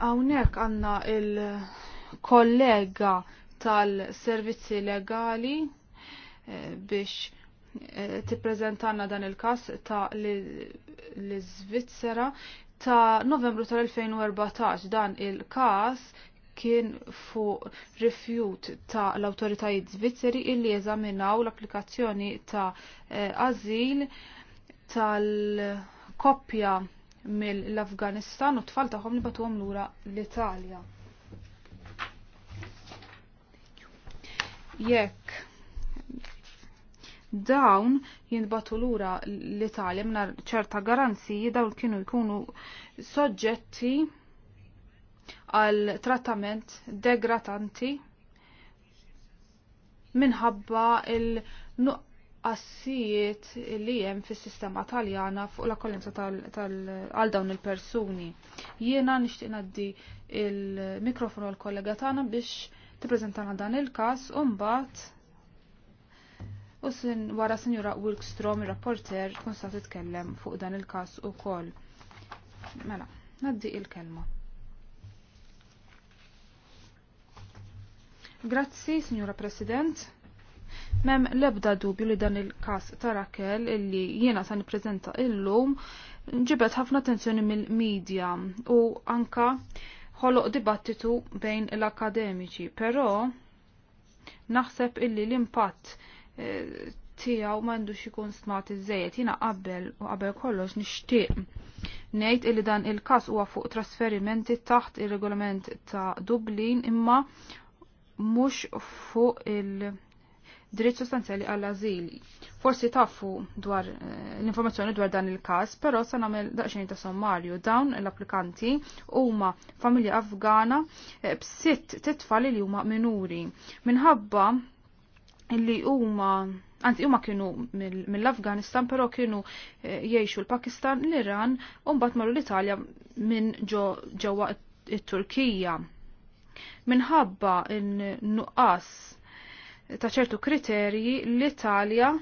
Hawnhekk għandna il-kollega tal-servizzi legali eh, biex eh, tippreżentana dan il-każ ta' l-Svizzera ta' novembru tal-2014 dan il-kas kien fuq rifjut ta' l-autoritajiet Zvizzeri illi jeżaminaw l-applikazzjoni ta' eh, azil tal-koppja mill-Afganistan u tfal tagħhom li batuhom lura l-Italja. Jekk dawn jinbatu lura l-Italja mingħajr ċerta garanzija dawn kienu jkunu soġġetti għal trattament degratanti minħabba il-nuqqassijiet li hemm fis-sistema taljana fuq l-akkoljenza għal dawn il-persuni. Jiena nixtieq ngħaddi il-mikrofonu għal kollega tagħna biex tippreżentana dan il-każ u mbagħad u sin wara sinjura Wilkstrom, il-rapporter, kun sa titkellem fuq dan il-kas u kol. Mela, naddi il-kelma. Grazzi, Signora President. Mem lebda dubju li dan il-kas ta' Rakel illi jiena sa' niprezenta illum ġibet ħafna attenzjoni mill-medja u anka ħoloq dibattitu bejn l-akademiċi, però naħseb illi l-impatt mandu m'għandux ikun stmat iżejjed. jina qabel u qabel kollox nixtieq ngħid illi dan il-każ huwa fuq trasferimenti taħt ir-regolament ta' Dublin imma mhux fuq il- dritt sostanzjali għall azili Forsi tafu dwar eh, l-informazzjoni dwar dan il-każ, però sa nagħmel daqsxejn ta' sommarju. Dawn l-applikanti huma familja Afgana eh, b'sitt titfal li huma minuri. Minħabba Illi huma anzi huma kienu mill-Afganistan però kienu eh, jgħixu l-Pakistan, l-Iran u mbagħad marru l-Italja minn ġewwa it-Turkija. Minħabba n-nuqqas ta' ċertu kriterji l-Italja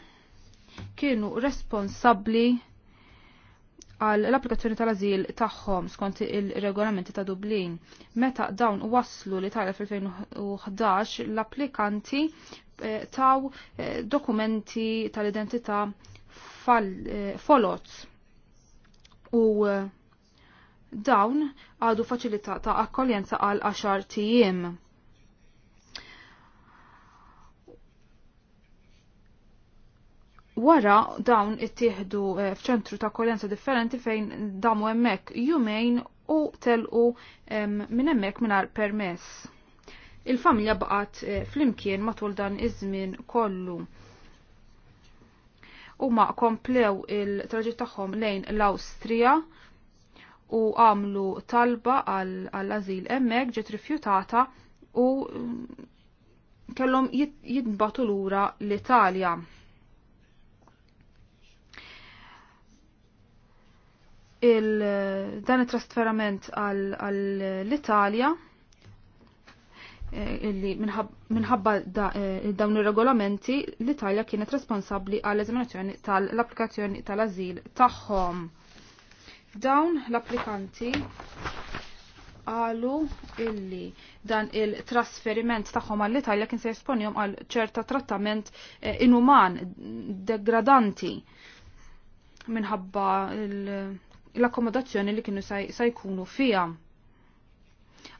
kienu responsabbli għal l-applikazzjoni tal-azil tagħhom skont il-regolamenti ta' Dublin. Meta dawn waslu l-Italja fil-2011, l-applikanti Eh, taw eh, dokumenti tal-identità eh, folots u dawn għadu faċilità ta' akkoljenza għal għaxar tijiem. Wara dawn ittieħdu f'ċentru ta' akkoljenza differenti fejn damu hemmhekk jumejn u telqu minn hemmhekk mingħajr permess il-familja baqat eh, flimkien matul dan iż-żmien kollu. Huma komplew il-traġit tagħhom lejn l-Awstrija u għamlu talba għall-azil hemmhekk ġiet rifjutata u mm, kellhom jitbatu lura l-Italja. Il, dan it-trasferament għall-Italja Eh, illi minħabba eh, dawn ir-regolamenti l-Italja kienet responsabbli għall eżaminazzjoni tal-applikazzjoni tal-azil tagħhom. Dawn l-applikanti qalu illi dan il-trasferiment tagħhom għall-Italja kien se jesponjhom għal ċerta trattament eh, inuman, degradanti minħabba l-akkomodazzjoni li kienu sa jkunu fija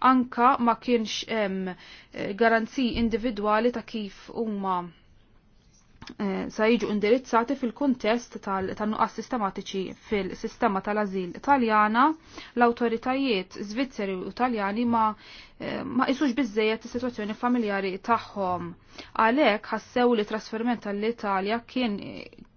anka ma kienx hemm eh, garanziji individwali ta' kif huma eh, sa jiġu indirizzati fil-kuntest tal-nuqqas sistematiċi fil-sistema tal-azil taljana, l-autoritajiet Svizzeri u Italjani ma, eh, ma isux bizzejet situazzjoni familjari tagħhom. Għalhekk ħassew li trasferment tal-Italja kien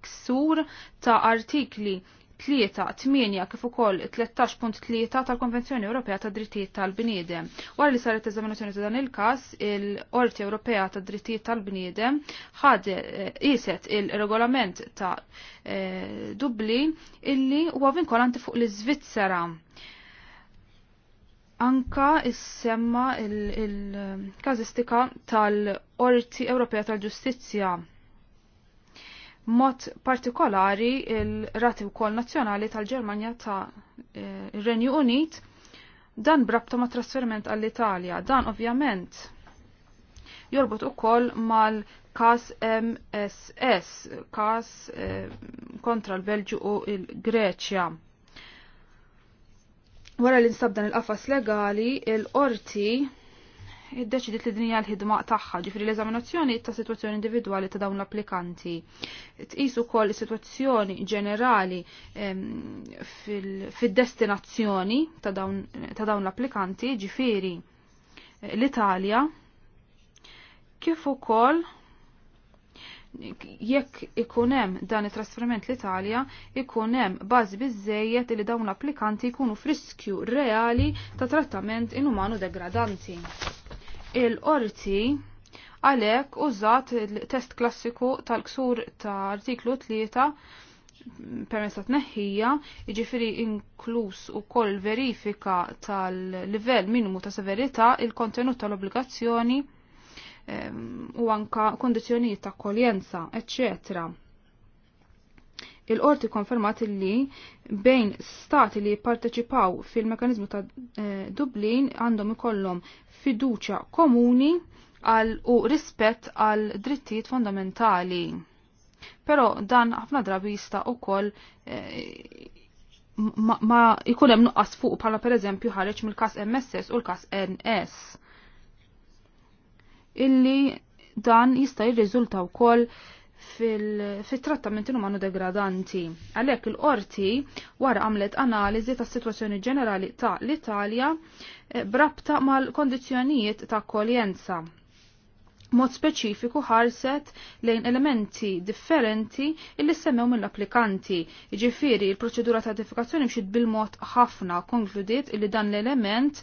ksur ta' artikli 3.8 kif ukoll 13.3 tal-Konvenzjoni Ewropea ta' Drittijiet tal-Bniedem. Wara li saret eżaminazzjoni ta' dan il-każ, il-Qorti Ewropea ta' Drittijiet tal-Bniedem ħade qiset eh, il-regolament ta' eh, Dublin illi huwa vinkolanti fuq l-Iżvizzera. Anka issemma il eh, każistika tal-Qorti Ewropea tal-Ġustizzja mod partikolari il-rati wkoll nazzjonali tal-Ġermanja ta' eh, Renju Unit dan brabta ma' trasferiment għall-Italja. Dan ovvjament jorbot ukoll mal-kas MSS, kas eh, kontra l-Belġu u l-Greċja. Wara l-instab dan il-qafas legali, il-qorti iddeċidiet li din hija l-ħidma tagħha, ġifri l-eżaminazzjoni ta' sitwazzjoni individwali ta' dawn l-applikanti. Tqisu wkoll is-sitwazzjoni ġenerali fid-destinazzjoni ta' dawn l-applikanti, ġifieri eh, l-Italja, kif ukoll jekk ikun hemm dan it-trasferiment l-Italja, ikun hemm bażi biżejjed li dawn l-applikanti jkunu friskju reali ta' trattament inumanu degradanti. Il-qorti għalek użat il-test klassiku tal-ksur ta' artiklu 3 permess ta' tneħħija, jiġifieri inkluż ukoll verifika tal-livell minimu ta' severità, il-kontenut tal-obbligazzjoni ehm, u anka kondizzjonijiet ta' kolienza, eccetera. Il-qorti konfermat li bejn stati li parteċipaw fil-mekanizmu ta' eh, Dublin għandhom ikollhom fiduċa komuni għal u rispett għal drittijiet fondamentali. Pero dan ħafna drabi jista' wkoll eh, ma, ma jkun hemm nuqqas fuq bħala pereżempju ħareġ mill-każ MSS u l-każ NS. Illi dan jista' jirriżulta wkoll fil-trattamenti umanu degradanti. Għalhekk il-qorti wara għamlet analiżi tas situazzjoni ġenerali ta' l-Italja eh, brabta mal-kondizzjonijiet ta' kolienza mod speċifiku ħarset lejn elementi differenti illi semmew mill-applikanti. Ġifiri, il-proċedura ta' ratifikazzjoni mxid bil-mod ħafna konkludiet illi dan l-element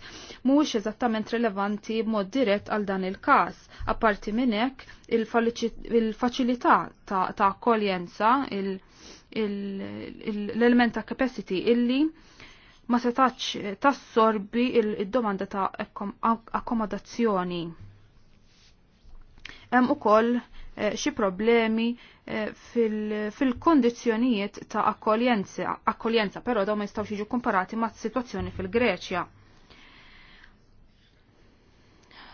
mhuwiex eżattament relevanti b'mod dirett għal dan il-każ. Apparti minn hekk il-faċilità ta' akkoljenza, l-element ta' capacity illi ma setax tassorbi il-domanda ta' akkomodazzjoni hemm ukoll eh, xi problemi eh, fil fil ta' akkoljenza, akkoljenza però dawn ma jistgħux jiġu komparati ma' situazzjoni fil-Greċja.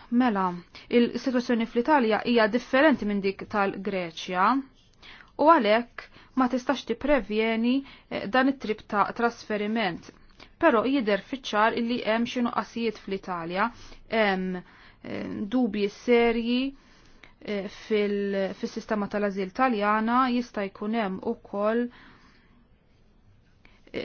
Mela, il-situazzjoni fl-Italja hija differenti minn dik tal-Greċja u għalhekk ma tistax tipprevjeni eh, dan it-trib ta' trasferiment. Però jidher fiċ-ċar illi hemm xi nuqqasijiet fl-Italja, hemm dubji serji fil-sistema tal-azil taljana jista' jkun hemm ukoll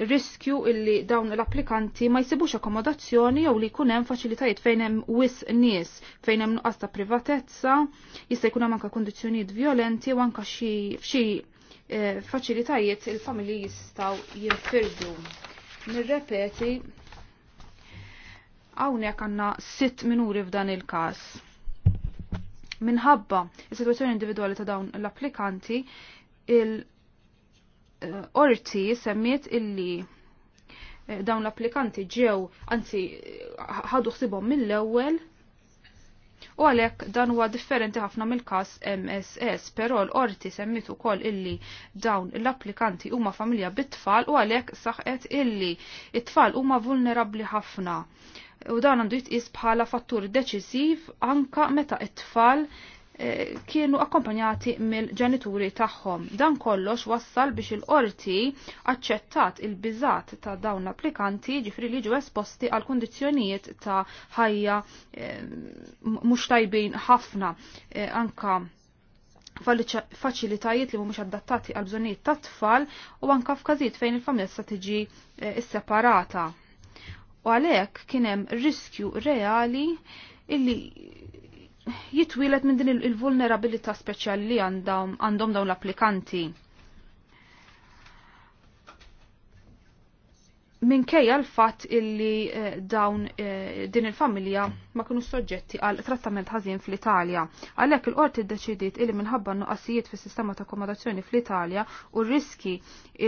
riskju illi dawn l-applikanti ma jsibux akkomodazzjoni jew li jkun hemm faċilitajiet fejn hemm wis nies fejn hemm nuqqas ta' privatezza, jista' jkun hemm anke kundizzjonijiet violenti u anke xi eh, faċilitajiet il-familji jistgħu jinfirdu. Nirrepeti hawnhekk għandna sitt minuri f'dan il-każ minħabba is-sitwazzjoni individwali ta' dawn l-applikanti il-orti eh, semmiet illi eh, dawn l-applikanti ġew anzi eh, ħadu ħsibhom mill-ewwel u għalhekk dan huwa differenti ħafna mill-każ MSS, però l-qorti semmiet ukoll illi dawn l-applikanti huma familja bit-tfal u għalhekk saħqet illi it-tfal huma vulnerabbli ħafna u dan għandu jitqis bħala fattur deċisiv anka meta it-tfal eh, kienu akkompanjati mill-ġenituri tagħhom. Dan kollox wassal biex il-qorti aċċettat il-biżat ta' dawn l-applikanti ġifri li ġu esposti għal kundizzjonijiet ta' ħajja eh, mhux tajbin ħafna eh, anka faċilitajiet li mhumiex adattati għal bżonnijiet tat-tfal u anka f'każijiet fejn il-familja sa tiġi separata u għalhekk kien hemm riskju reali illi jitwilet minn din il-vulnerabilità speċjali li għandhom dawn l-applikanti. minkejja l-fatt illi eh, dawn eh, din il-familja ma kienu soġġetti għal trattament ħażin fl-Italja. Għalhekk il-qorti ddeċidiet illi minħabba nuqqasijiet fis-sistema ta' akkomodazzjoni fl-Italja u r-riski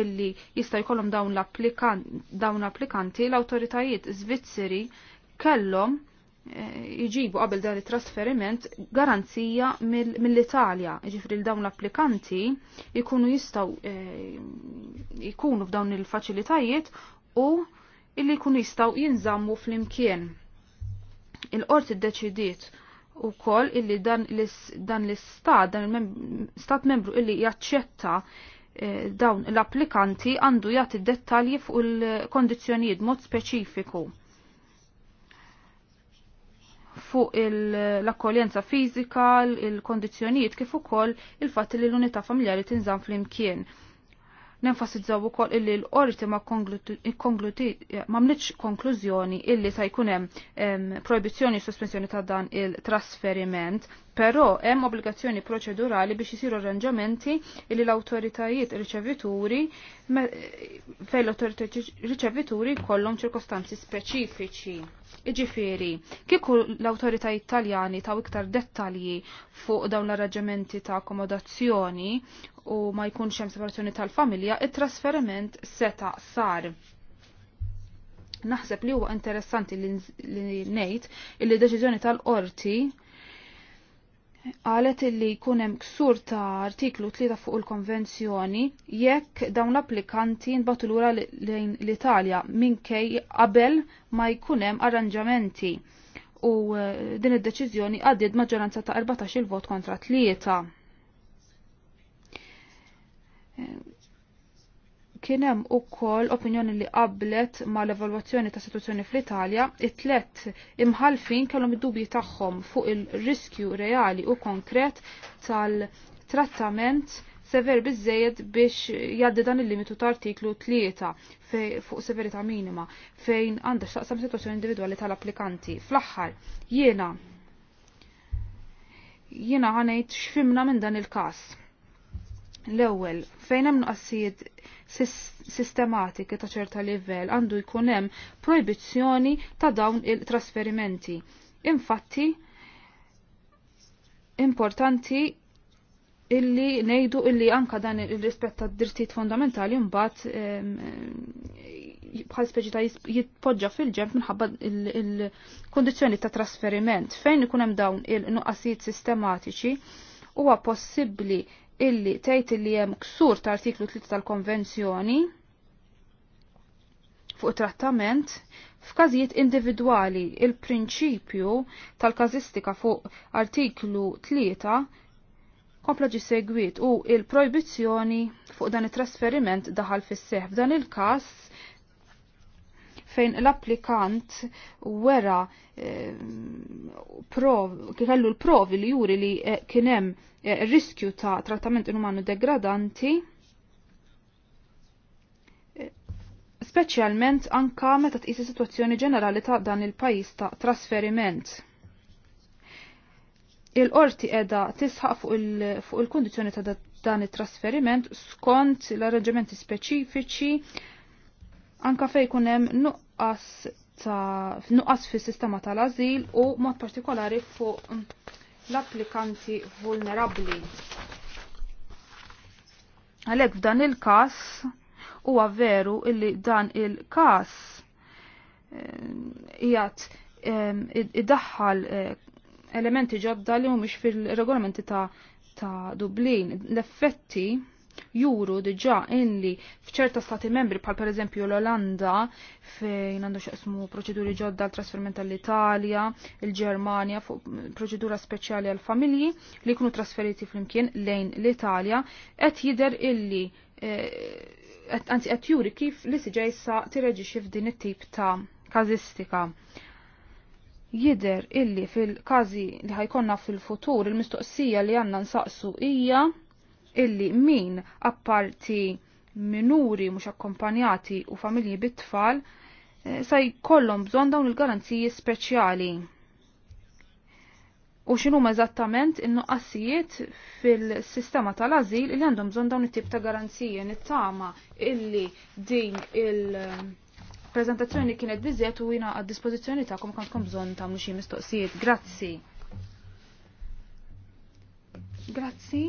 illi jista' jkollhom dawn l-applikanti l-awtoritajiet Svizzeri kellhom jġibu eh, qabel dan it-trasferiment garanzija mill-Italja, ġifri l-dawn l-applikanti jkunu jistaw jkunu f'dawn il-faċilitajiet u illi jkunu jistgħu jinżammu fl-imkien. il id-deċidiet u ukoll illi dan l-istat, dan l-istat membru illi jaċċetta eh, dawn l-applikanti għandu jagħti dettalji fuq il-kondizzjonijiet mod speċifiku fuq l-akkoljenza fizika, il-kondizjonijiet kif ukoll il-fatt li l-unità familjari tinżam fl-imkien. Nenfasizzaw ukoll illi l-qorti ma mamlitx konklużjoni illi sa jkun hemm proibizzjoni u sospensjoni ta' dan il-trasferiment Però hemm obbligazzjoni proċedurali biex isiru arranġamenti li l-awtoritajiet riċevituri fejn l-awtoritajiet riċevituri kollhom ċirkostanzi speċifiċi. Iġifieri, kieku l-awtoritajiet Taljani taw iktar dettalji fuq dawn l-arranġamenti ta' akkomodazzjoni u ma jkunx hemm separazzjoni tal-familja, it-trasferiment seta' sar naħseb li huwa interessanti li ngħid li deċiżjoni tal-qorti għalet illi hemm ksur ta' artiklu 3 fuq il-konvenzjoni jekk dawn l-applikanti nbatu lura lejn l-Italja minkej qabel ma jkunem arranġamenti u eh, din id-deċiżjoni għaddiet maġġoranza ta' 14 il-vot kontra tlieta. Kien hemm ukoll opinjoni li qablet mal evalwazzjoni ta' situazzjoni fl-Italja, it-tlet imħalfin kellhom id-dubji tagħhom fuq il-riskju reali u konkret tal-trattament sever biżejjed biex jaddi dan il-limitu ta' artiklu 3 fuq severità minima fejn għandha x'taqsam situazzjoni individwali tal-applikanti. Fl-aħħar jiena jiena ħanejt x'fimna minn dan il-każ L-ewwel, fejn hemm nuqqassijiet sistematiki ta' ċerta livell għandu jkun hemm proibizzjoni ta' dawn il-trasferimenti. Infatti, importanti illi ngħidu illi anka dan il-rispett tad drittijiet fondamentali mbagħad ehm, ehm, bħal speċi ta' jitpoġġa fil-ġemp minħabba il kundizzjoni ta' trasferiment. Fejn ikun hemm dawn il-nuqqasijiet sistematiċi huwa possibbli illi tgħid illi hemm ksur ta' artiklu 3 tal-konvenzjoni fuq trattament f'każijiet individwali il-prinċipju tal-kazistika fuq artiklu 3 kompla ġi segwit u il-projbizzjoni fuq dan it-trasferiment daħal fis seħħ F'dan il-każ fejn l-applikant wera eh, kellu l-provi li juri li eh, kienem eh, riskju ta' trattament inumanu degradanti, speċjalment anka meta tqisi is-sitwazzjoni ġenerali ta' dan il-pajjiż ta' trasferiment. Il-qorti qiegħda tisħaq fuq il-kundizzjoni ta' dan it-trasferiment skont l-arranġamenti speċifiċi anka fej kunem nuqqas ta' nuqqas fis sistema tal-azil u mod partikolari fuq l-applikanti vulnerabli. Għalek f'dan il-kas huwa veru illi dan il-kas eh, jgħat id-daħħal eh, elementi ġodda li mhumiex fil-regolamenti ta' ta' Dublin. L-effetti juru diġa illi fċerta stati membri pal per eżempju l-Olanda fejn għandu xaqsmu proċeduri ġodda l-trasferment tal-Italja, il-Germania fuq proċedura speċjali għal familji li kunu trasferiti flimkien lejn l-Italja qed jider illi eh, anzi qed juri kif li siġej sa xif f'din it-tip ta' kazistika jider illi fil-kazi li ħajkonna fil-futur il-mistoqsija li għanna nsaqsu ija illi min apparti minuri mhux akkompanjati u familji bit-tfal eh, sa jkollhom bżonn dawn il-garanziji speċjali. U x'inhu eżattament in-nuqqasijiet fil-sistema tal-azil li għandhom bżonn dawn it-tip ta' garanzija nittama illi din il-prezentazzjoni kienet biżiet u jiena għad-dispożizzjoni tagħkom kantkom bżonn ta' xi mistoqsijiet. Grazzi. Grazzi.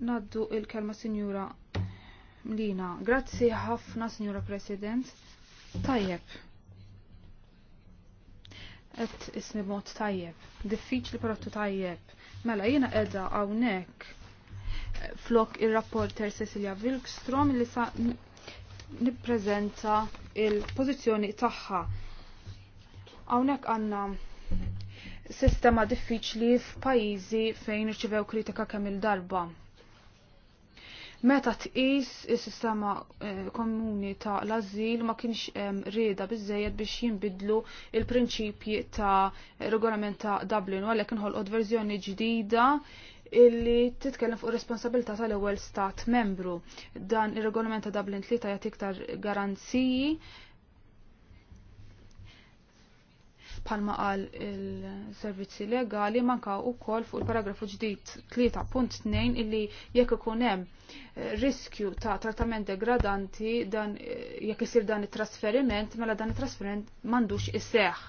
Naddu il-kelma Sinjura Lina. Grazzi ħafna, Sinjura President. Tajjeb. Et ismi mod tajjeb. Diffiċli parattu tajjeb. Mela, jina edha għawnek flok il-rapporter Cecilia Wilkstrom li sa' niprezenta il-pozizjoni tagħha. Hawnhekk għandna sistema diffiċli f'pajjiżi fejn irċivew kritika kemm il-darba. Meta tqis is-sistema eh, komuni ta' l-azil ma kienx rieda biżejjed biex jinbidlu il-prinċipji ta' regolament ta' Dublin u għalhekk inħolqot verżjoni ġdida illi titkellem fuq responsabilità tal-ewwel stat membru. Dan ir-regolament ta' Dublin 3 jagħti iktar garanziji palma qal il-servizzi legali manka u kol fuq il-paragrafu ġdid 3.2 illi jekk ikun hemm eh, riskju ta' trattament degradanti dan eh, jekk isir dan it-trasferiment mela dan it-trasferiment m'għandux seħ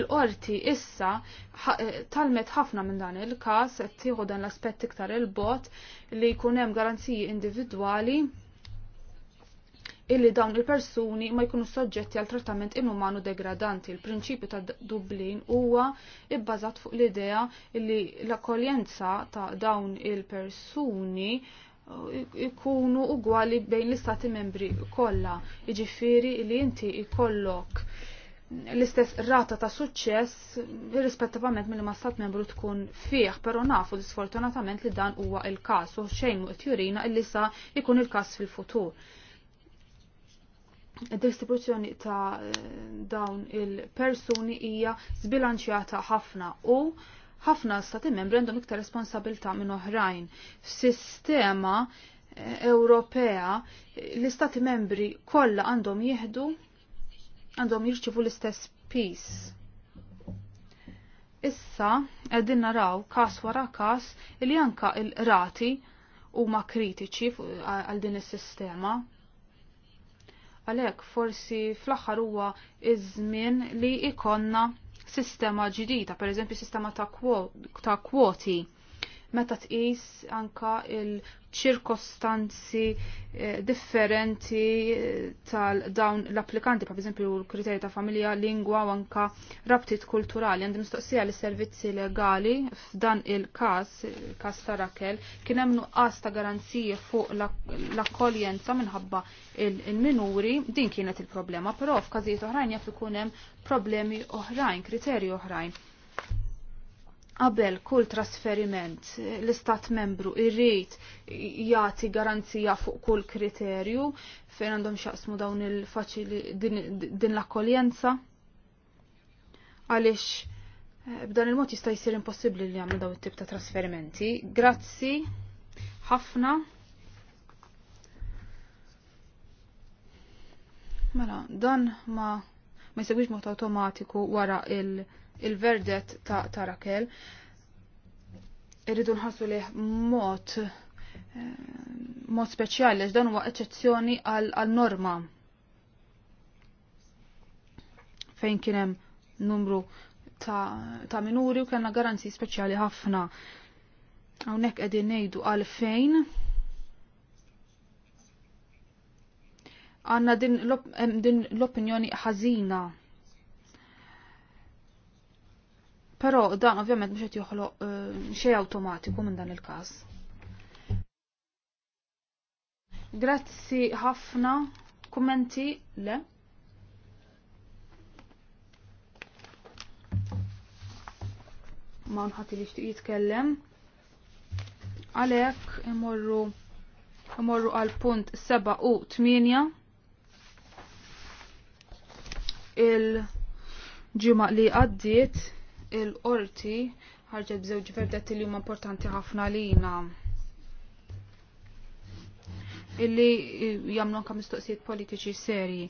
Il-qorti issa eh, talmet ħafna minn dan il-każ qed tieħu dan l-aspett iktar il-bot li jkun hemm garanziji individwali illi dawn il-persuni ma jkunu soġġetti għal trattament inumanu degradanti. Il-prinċipju ta' Dublin huwa ibbażat fuq l-idea illi l-akkoljenza ta' dawn il-persuni uh, ikunu ugwali bejn l-istati membri kollha. Jiġifieri li inti ikollok l-istess rata ta' suċċess irrispettivament mill-ma stat membru tkun fih, pero nafu disfortunatament li dan huwa il-każ u xejn muqt jurina illi sa jkun il-każ fil-futur distribuzzjoni ta' dawn il-persuni hija zbilanċjata ħafna u ħafna stati membri għandhom iktar responsabilta minn oħrajn. Sistema eh, Ewropea l-istati membri kollha għandhom jieħdu għandhom jirċivu l-istess peace. Issa qegħdin naraw każ wara każ li anka il-rati huma kritiċi għal din is-sistema. Għalhekk forsi fl-aħħar huwa iż-żmien li ikonna sistema ġdida, pereżempju sistema ta' kwoti meta tqis anka il-ċirkostanzi eh, differenti eh, tal-dawn l-applikanti, pa' eżempju l-kriterji ta' familja, lingwa u anka rabtit kulturali. Għandim mistoqsija li servizzi legali f'dan il-kas, il-kas ta' Rakel, kien hemm nuqqas ta' garanzije fuq l-akkoljenza minħabba il-minuri, din kienet il-problema, però f'każijiet oħrajn jaf ikun hemm problemi oħrajn, kriterji oħrajn qabel kull trasferiment l-istat membru irrit jagħti garanzija fuq kull kriterju fejn għandhom xaqsmu dawn il-faċili din, din l-akkoljenza għaliex eh, b'dan il-mod jista' jsir impossibbli li jagħmlu dawn it-tip ta' trasferimenti. Grazzi ħafna. Mela, dan ma ma jsegwix mod automatiku wara il- il-verdet ta' Tarakel irridu nħassu liħ mod eh, mod speċjali għax dan huwa eċezzjoni għal norma fejn kien hemm numru ta', ta minuri u kellna garanzi speċjali ħafna. Hawnhekk qegħdin ngħidu għal fejn għandna din l-opinjoni ħażina Però dan ovvjament mhux qed joħloq uh, eh, xejn awtomatiku minn dan il-każ. Grazzi ħafna. Kummenti? Le. Ma nħati li xtiq jitkellem. Għalhekk imorru imorru għal punt 7 u 8 il-ġimgħa li għaddiet il-qorti ħarġet bżewġ verdetti li huma importanti ħafna lina. Illi jagħmlu anke mistoqsijiet politiċi serji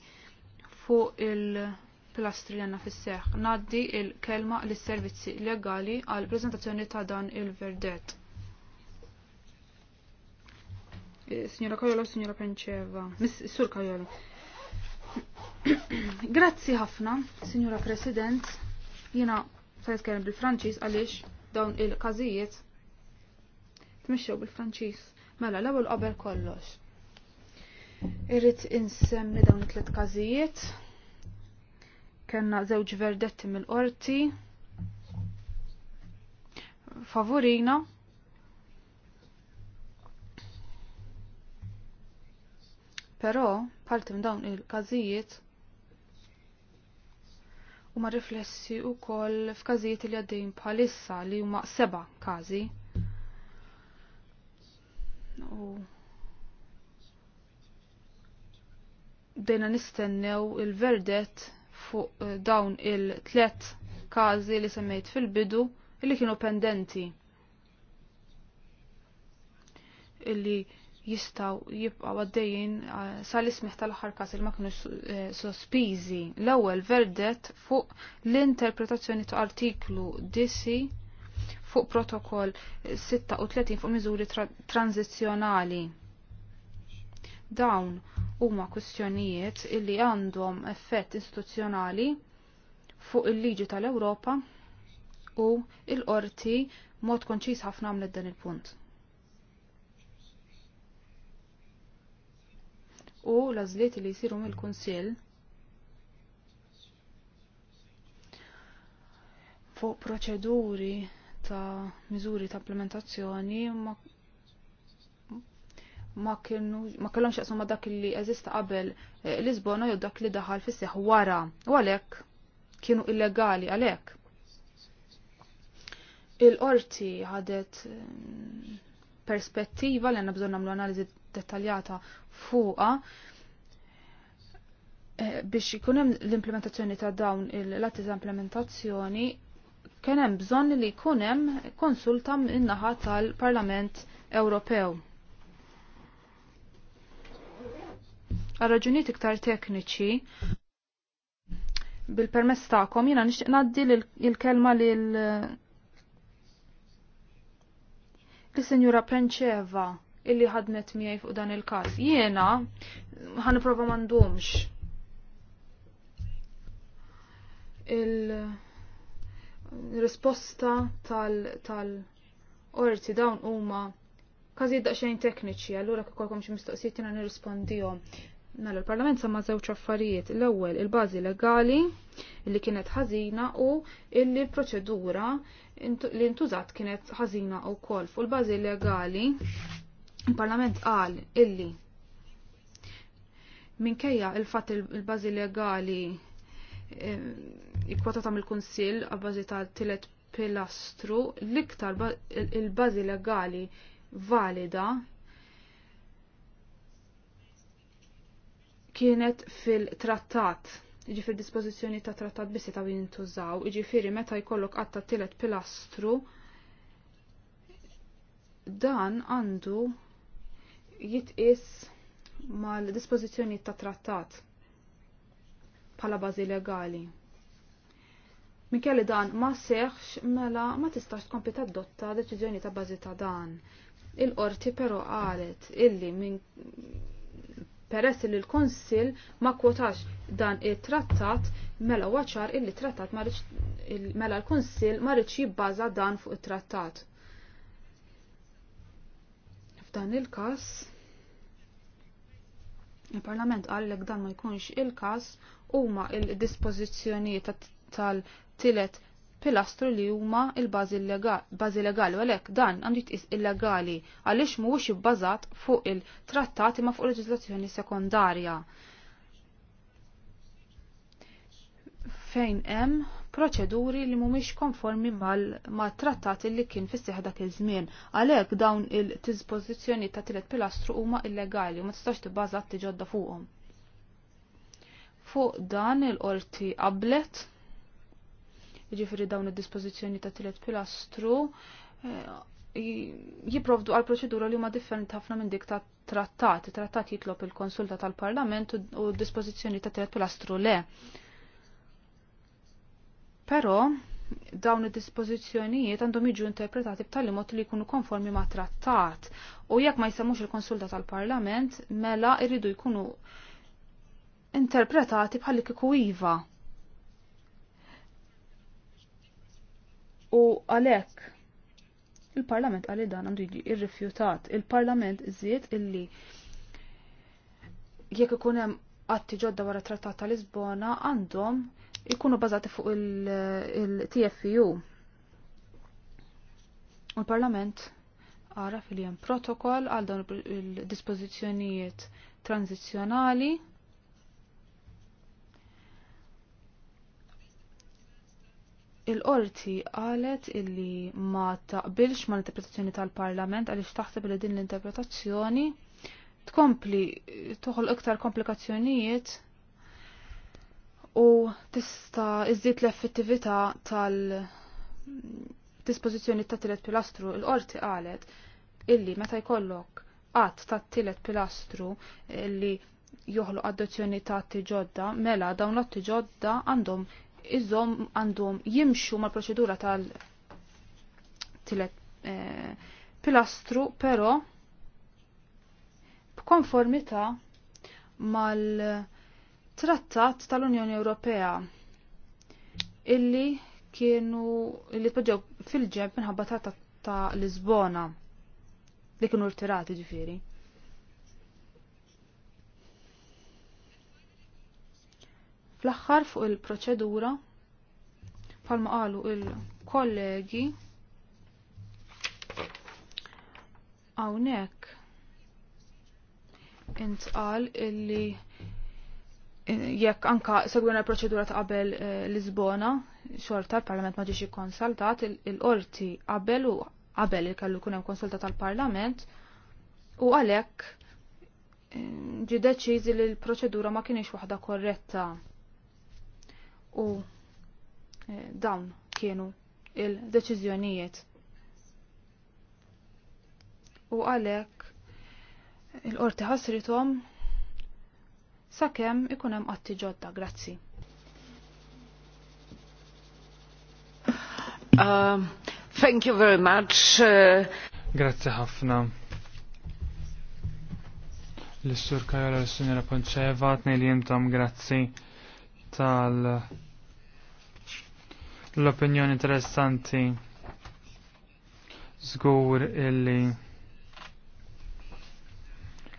fuq il-pilastri li għanna fis-seħħ. Ngħaddi il-kelma lis servizzi legali għal preżentazzjoni ta' dan il-verdett. Eh, signora Kajolo, signora Penceva. Sur Kajolo. Grazzi ħafna, signora President. Jena se nitkellem bil-Franċiż għaliex dawn il-każijiet Tmexxew bil-Franċiż. Mela l-ewwel qabel kollox. Irrid insemmi dawn it-tliet każijiet. Kenna żewġ verdetti mill-qorti. Favorina. Però parti minn dawn il-każijiet u ma riflessi u koll f'kazijiet li għaddejn bħalissa li huma seba kazi. U bdejna nistennew il-verdet fuq eh, dawn il-tlet kazi li semmejt fil-bidu illi kienu pendenti illi jistaw jibqaw għaddejjin eh, sal-ismiħ tal-aħħar kas il ma kienu eh, sospiżi. L-ewwel verdet fuq l-interpretazzjoni ta' artiklu disi fuq protokoll 36 fuq miżuri tranzizzjonali. Dawn huma kwistjonijiet illi għandhom effett istituzzjonali fuq il-liġi tal-Ewropa u il-qorti mod konċis ħafna għamlet dan il-punt. u l-azliet li jisiru mill-Kunsill fuq proċeduri ta' miżuri ta' implementazzjoni ma ma kienu ma ma dak li eżista qabel eh, Lisbona jew dak li daħal fis seħħ wara u għalhekk kienu illegali għalhekk. Il-qorti ħadet mm, perspettiva li għandna bżonn nagħmlu analiżi dettaljata fuqa eh, biex ikun hemm l-implementazzjoni ta' dawn il-latti implementazzjoni kien hemm bżonn li jkun hemm konsulta min-naħa tal-Parlament Ewropew. Għal iktar tekniċi bil-permess tagħkom jiena nixtieq ngħaddi l kelma lil l-Sinjura Prenċeva illi ħadmet miegħi fuq dan il-każ. Jiena ħaniprova m'għandhomx il-risposta tal-orti dawn huma każijiet daqsxejn tekniċi, allura kikolkom xi mistoqsijiet jiena nirrispondihom. Nallu mela, l-Parlament samma żewġ affarijiet. L-ewwel il-bażi legali li kienet ħażina u illi l-proċedura li ntużat kienet ħażina wkoll. Fuq il-bażi legali Il-Parlament qal illi minkejja il-fatt il-bażi legali eh, ikkwata tam il-Kunsill għabbażi ta' tilet pilastru l-iktar il-bażi legali valida kienet fil-trattat fil jiġifieri dispozizjoni ta' trattat bissi ta' bin intużaw, firri jiġifieri meta jkollok għatta tilet pilastru, dan għandu jitqis mal-dispożizzjoni ta' trattat bħala bażi legali. kelli dan ma seħx mela ma tistax tkompli tadotta deċiżjoni ta' bażi ta' dan. Il-qorti però qalet illi minn peress li l-Konsil ma kwotax dan it-trattat mela waċar illi trattat mela l-Konsil ma rridx jibbaża dan fuq it-trattat. F'dan il-każ il-Parlament għallek dan ma jkunx il-każ huma il-dispożizzjonijiet tal-tilet pilastru li huma il-bażi legali u għalhekk dan għandu jtis illegali għaliex mhuwiex ibbażat fuq il-trattat ma' fuq leġiżlazzjoni sekondarja. Fejn hemm proċeduri li mhumiex konformi mal-trattat li kien fis-seħħ dak iż-żmien. Għalhekk dawn il-dispożizzjoni ta' tielet pilastru huma illegali u ma tistax tibbażat tiġodda fuqhom. Fuq dan il-qorti qablet jiġifieri dawn id-dispożizzjoni ta' tielet pilastru eh, jiprovdu għal proċedura li huma differenti ħafna minn dik ta' trattat. Trattat jitlob il-konsulta tal-Parlament u d-dispożizzjoni ta' tielet pilastru le Però dawn id-dispożizzjonijiet għandhom jiġu interpretati b'tali mod li jkunu konformi ma' trattat u jekk ma jsemux il-konsulta tal-Parlament mela irridu jkunu interpretati bħal kieku iva. U għalhekk il-Parlament għalli dan għandu jiġi irrifjutat. Il-Parlament żied illi jekk ikun hemm atti ġodda wara trattat tal-Lisbona għandhom ikunu bazati fuq il-TFU. U l-Parlament għara fil jem protokoll għal dawn il-dispożizzjonijiet tranzizzjonali il-qorti qalet illi ma taqbilx ma l-interpretazzjoni tal-Parlament għaliex taħseb li din l-interpretazzjoni tkompli toħol iktar komplikazzjonijiet u tista' iżdiet l-effettività tal-dispożizzjoni ta' tielet pilastru. l qorti qalet illi meta jkollok qatt ta' tielet pilastru illi joħloq adozzjoni ta' ġodda, mela dawn l-atti ġodda għandhom iżom għandhom jimxu mal-proċedura tal-tielet eh, pilastru, però b'konformità mal- trattat tal-Unjoni Ewropea illi kienu illi tpoġġew fil-ġeb minħabba trattat ta' Lisbona li kienu rtirati ġifieri. Fl-aħħar fuq il-proċedura bħalma qalu il-kollegi hawnhekk intqal illi jekk anka segwena l-proċedura ta' qabel eh, Lisbona, xorta l-Parlament ma ġiex ikkonsultat, il-qorti qabel u qabel il-kellu kunem konsultat tal-Parlament u għalhekk eh, ġi deċiżi li l-proċedura ma kienx waħda korretta. U eh, dawn kienu il-deċiżjonijiet. U għalhekk il-qorti ħasrithom sakemm ikun hemm qatti ġodda. Grazzi. Uh, thank you very much. Uh... Grazzi ħafna. L-Sur Kajola l sunjera Ponceva, t-nejli jimtom grazzi tal l-opinjoni interessanti zgur illi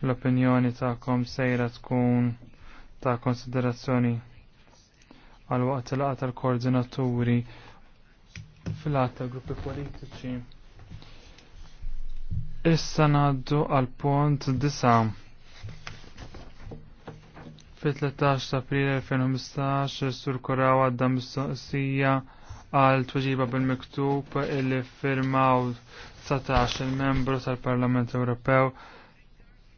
l-opinjoni kom sejra tkun ta' konsiderazzjoni għal waqt l tal-koordinaturi fil-għat tal-gruppi politiċi. Issa naddu għal punt disa fit-13 ta' april 2015 sur Korawa għadda mistoqsija għal tweġiba bil-miktub illi firmaw 17 il-membru tal-Parlament Ewropew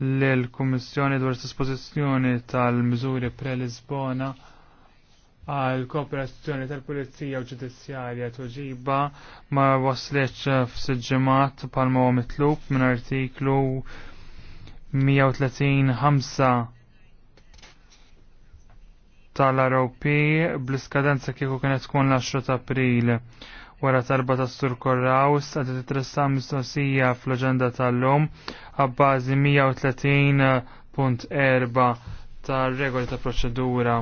l-Kummissjoni dwar s-esposizjoni tal-mżuri pre-Lisbona għal kooperazzjoni tal-Pulizija u Ġudizzjarja toġiba ma waslitx f'siġġimat palma huwa mitlub minn artiklu 135 tal-ROP bl-iskadenza kieku kienet tkun l-10 ta' April wara tarba ta' Sur Korraw għadet titressa mistoqsija fl-aġenda tal-lum għabbażi 130.4 ta' regoli ta' proċedura.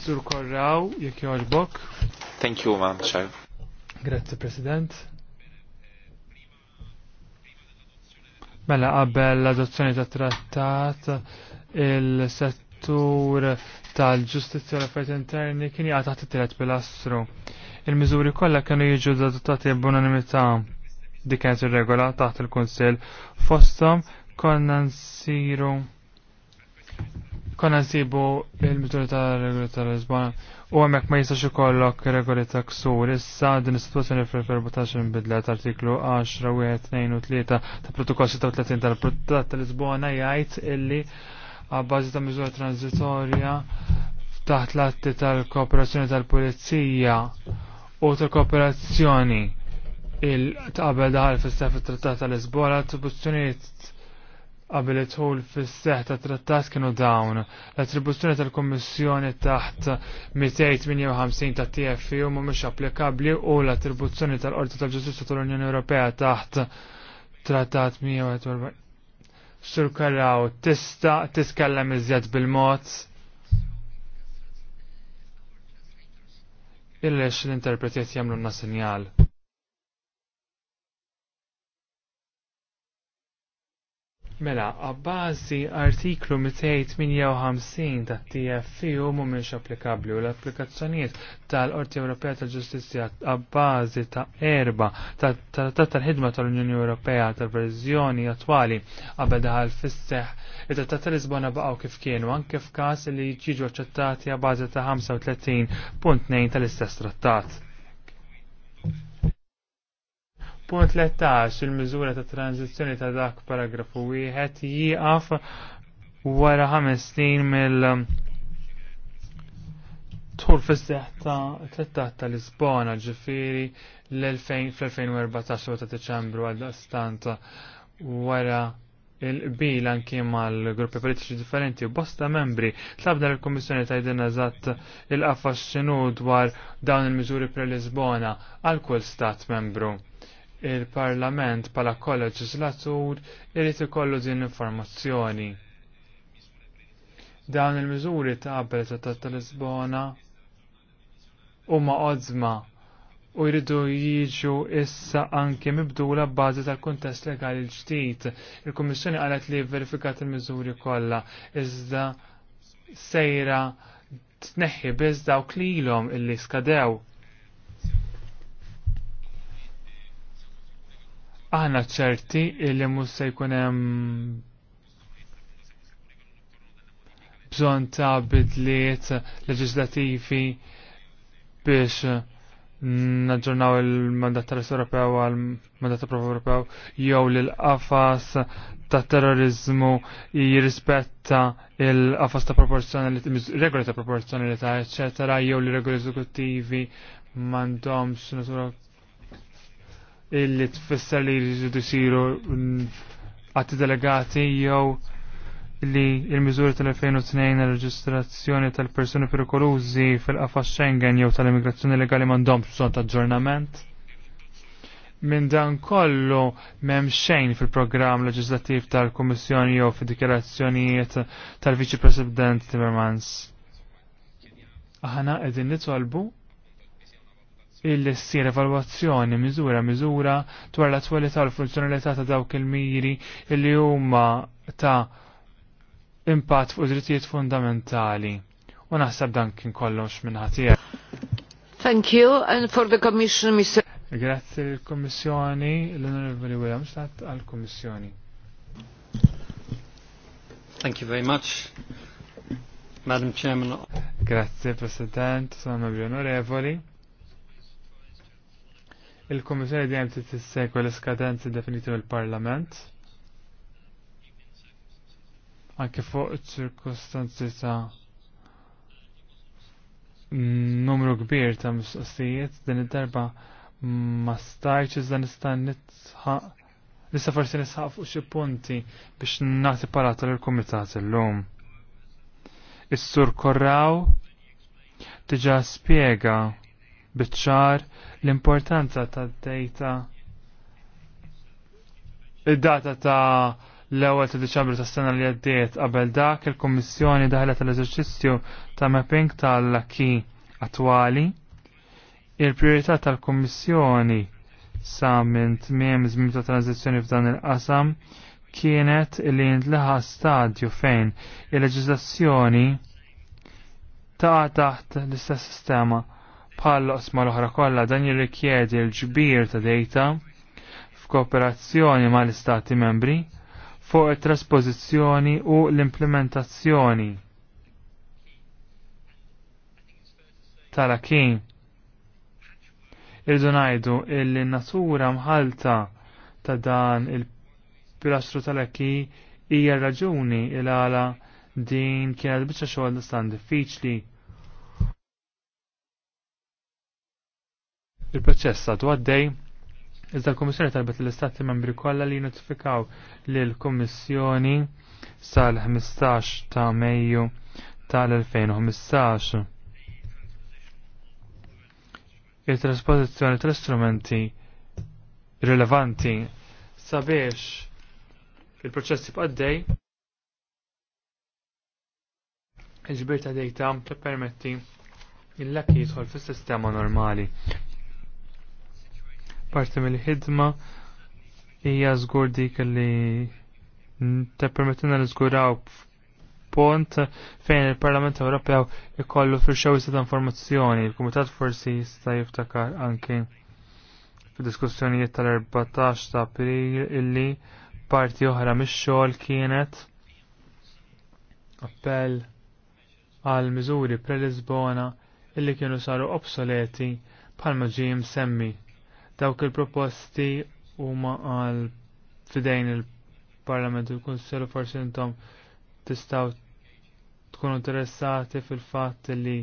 Sur Korraw, jek joġbok. Thank you, ma'am, Chair. Grazie, President. Mela qabel l-adozzjoni ta' trattat il-settur tal-ġustizja l-affarijiet interni kien jgħata taħt it-tielet pilastru Il-miżuri kollha kienu jiġu adottati b'unanimità dik kienet ir-regola taħt il-Kunsill fosthom konna nsiru konna nsibu il-miżuri ta' regoli ta' Lisbona u għamek ma jistax ikollok regoli ta' ksur. Issa din is-sitwazzjoni fil-14 inbidlet artiklu 10 wieħed 2 u ta' protokoll 36 tal-Protokoll ta' Lisbona jgħid illi għabbażi ta' miżura transitorja taħt l-atti tal-kooperazzjoni tal-Pulizija u ta' kooperazzjoni il-tqabel daħal fis-seħ fit-Trattat tal-Lisbona attribuzzjonijiet qabel it-ħul fis-seħ ta' trattat kienu dawn. L-attribuzzjoni tal-Kummissjoni taħt 258 ta' TFU mhumiex applikabbli u l-attribuzzjoni tal-Qorti tal-Ġustizzja tal-Unjoni Ewropea taħt trattat Sur surkaraw tista tiskellem iżjed bil-mod illex l-interpretiet jamlu na sinjal. Mela, għabbażi artiklu 258 ta' TFI u mumiex applikabli u l-applikazzjoniet tal-Qorti Ewropea tal-Ġustizzja għabbażi ta' erba ta' tal-ħidma tal-Unjoni Ewropea tal-verżjoni attwali qabel daħal fisseħ it ta' tal-Lisbona baqgħu kif kienu anke f'każ li jiġu aċċettati għabbażi ta' 35.2 tal-istess trattat. Punt 13 il-miżura ta' tranzizjoni ta' dak paragrafu wieħed jieqaf wara ħames snin mill fis fisseħ ta' Tletta ta' Lisbona ġifieri l-2014 ta' Deċembru għal stanta wara il bil anki mal-gruppi politiċi differenti u bosta membri tlabna l-Komissjoni ta' jidin eżatt il-qafas xinu dwar dawn il-miżuri pre-Lisbona għal kull stat membru il-Parlament pala kolleġislatur irrit ikollu din informazzjoni. Dawn il-miżuri ta' qabel ta' tal-Lisbona huma odzma u jridu jiġu issa anke mibdula bazi tal-kuntest legali l-ġdid. Il-Kummissjoni qalet li verifikat il-miżuri kollha iżda sejra tneħħi biss dawk lilhom illi skadew Aħna ċerti li mhux se jkun hemm bżonn ta' bidliet leġislativi biex naġġornaw il-mandat tal-Ewropew għal mandat tal-Prov Ewropew jew l qafas ta' terrorizmu jirrispetta il-qafas ta' proporzjonalità, regoli ta' proporzjonalità, eccetera, jew li regoli eżekuttivi m'għandhomx natura illi tfisser li jridu jsiru għati delegati jew li il-miżuri tal-2002 il reġistrazzjoni tal-persuni perikolużi fil-qafas Schengen jew tal-immigrazzjoni legali m'għandhomx bżonn ta' aġġornament. Minn dan kollu m'hemm xejn fil-programm leġislattiv tal-Kummissjoni jew fid-dikjarazzjonijiet tal-Viċi President Timmermans. Aħna qegħdin nitolbu il-sir evalwazzjoni miżura miżura dwar l-attwalità u l-funzjonalità ta' dawk il-miri li huma ta' impatt fuq drittijiet fundamentali. U naħseb dan kien kollox minn ħatija. Thank you and for the commission Mr. Grazie l-Kommissjoni, l-Onorevoli Williams, għal-Kommissjoni. Thank you very much, Madam Chairman. Grazie President, sono membri onorevoli. Il-Komissjoni dejjem trid tissegwa l-iskadenzi definiti mill-Parlament. Anke fuq iċ-ċirkostanzi ta' numru kbir ta' mistoqsijiet din id-darba ma stajċ iżda nista' nitħaq Nista forsi nisħaq fuq xi punti biex nagħti palata lill-kumitat illum. Is-sur Korraw diġà spjega bitxar l-importanza tad-data id-data ta' l-ewwel ta' Diċembru ta' sena li għaddiet qabel dak il-Kummissjoni daħlet l-eżerċizzju ta' mapping tal laki attwali. Il-priorità tal-Kummissjoni sa' minn tmiem żmien ta' tranzizzjoni f'dan il-qasam kienet li jintlaħa stadju fejn il-leġiżlazzjoni ta' taħt l-istess sistema bħal osma l-oħra kollha dan jirrikjedi l-ġbir ta' data f'kooperazzjoni mal-istati membri fuq it-trasposizzjoni u l-implementazzjoni tal-akin. Irdu ngħidu illi natura mħalta ta' dan il-pilastru tal-aki hija raġuni il għala din kienet biċċa xogħol stan diffiċli Il-proċess għadu għaddej, iżda l-Komissjoni talbet l-Istati membri kollha li notifikaw lil kummissjoni sal-15 ta' Mejju tal-2015. Il-trasposizzjoni tal-istrumenti rilevanti sabiex il-proċess jibqa' għaddej il-ġbir ta' dejta permetti il-lek jidħol fis-sistema normali. Parti mill-ħidma hija żgur dik li tappermettina li żguraw pont fejn il-Parlament Ewropew ikollu fil xew ta' informazzjoni. Il-Kumitat forsi jista' jiftakar anke fid-diskussjonijiet tal-14 ta' April illi parti oħra mix-xogħol kienet appell għal miżuri pre-Lisbona illi kienu saru obsoleti bħalma ġie msemmi Dawk il-proposti huma għal fidejn il-Parlament u l-Kunsell u forsi intom tistaw tkun interessati fil-fatt li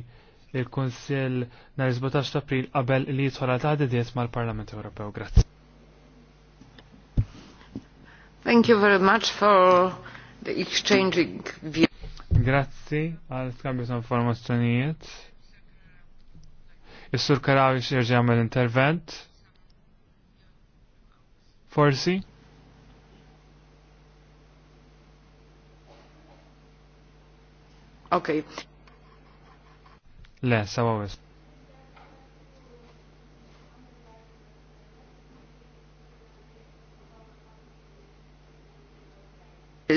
il-Kunsell nhar 17 ta' April qabel li jidħol għal taħdidiet mal-Parlament Ewropew. Grazzi. Thank you very much for the exchanging view. Grazzi għal skambju ta' informazzjonijiet. Is-sur Karawi xirġi għamel intervent. Forsi? Ok. Le, sawa wis.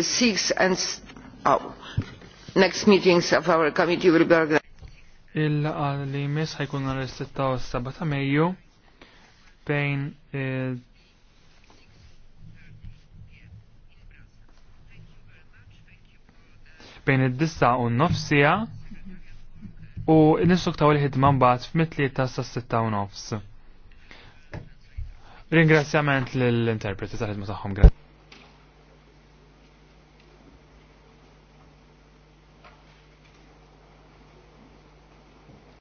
Six and oh, next meetings of our committee will be organized. il għal li jmiss ħajkun għal istittaw s-sabata ta' Mejju bejn bejn id-dissa u n-nofsija u nistuktaw il-ħidma mbagħad f'mitlieta sa' sitta u nofs. Ringrazzjament lill-interpreti tal-ħidma tagħhom.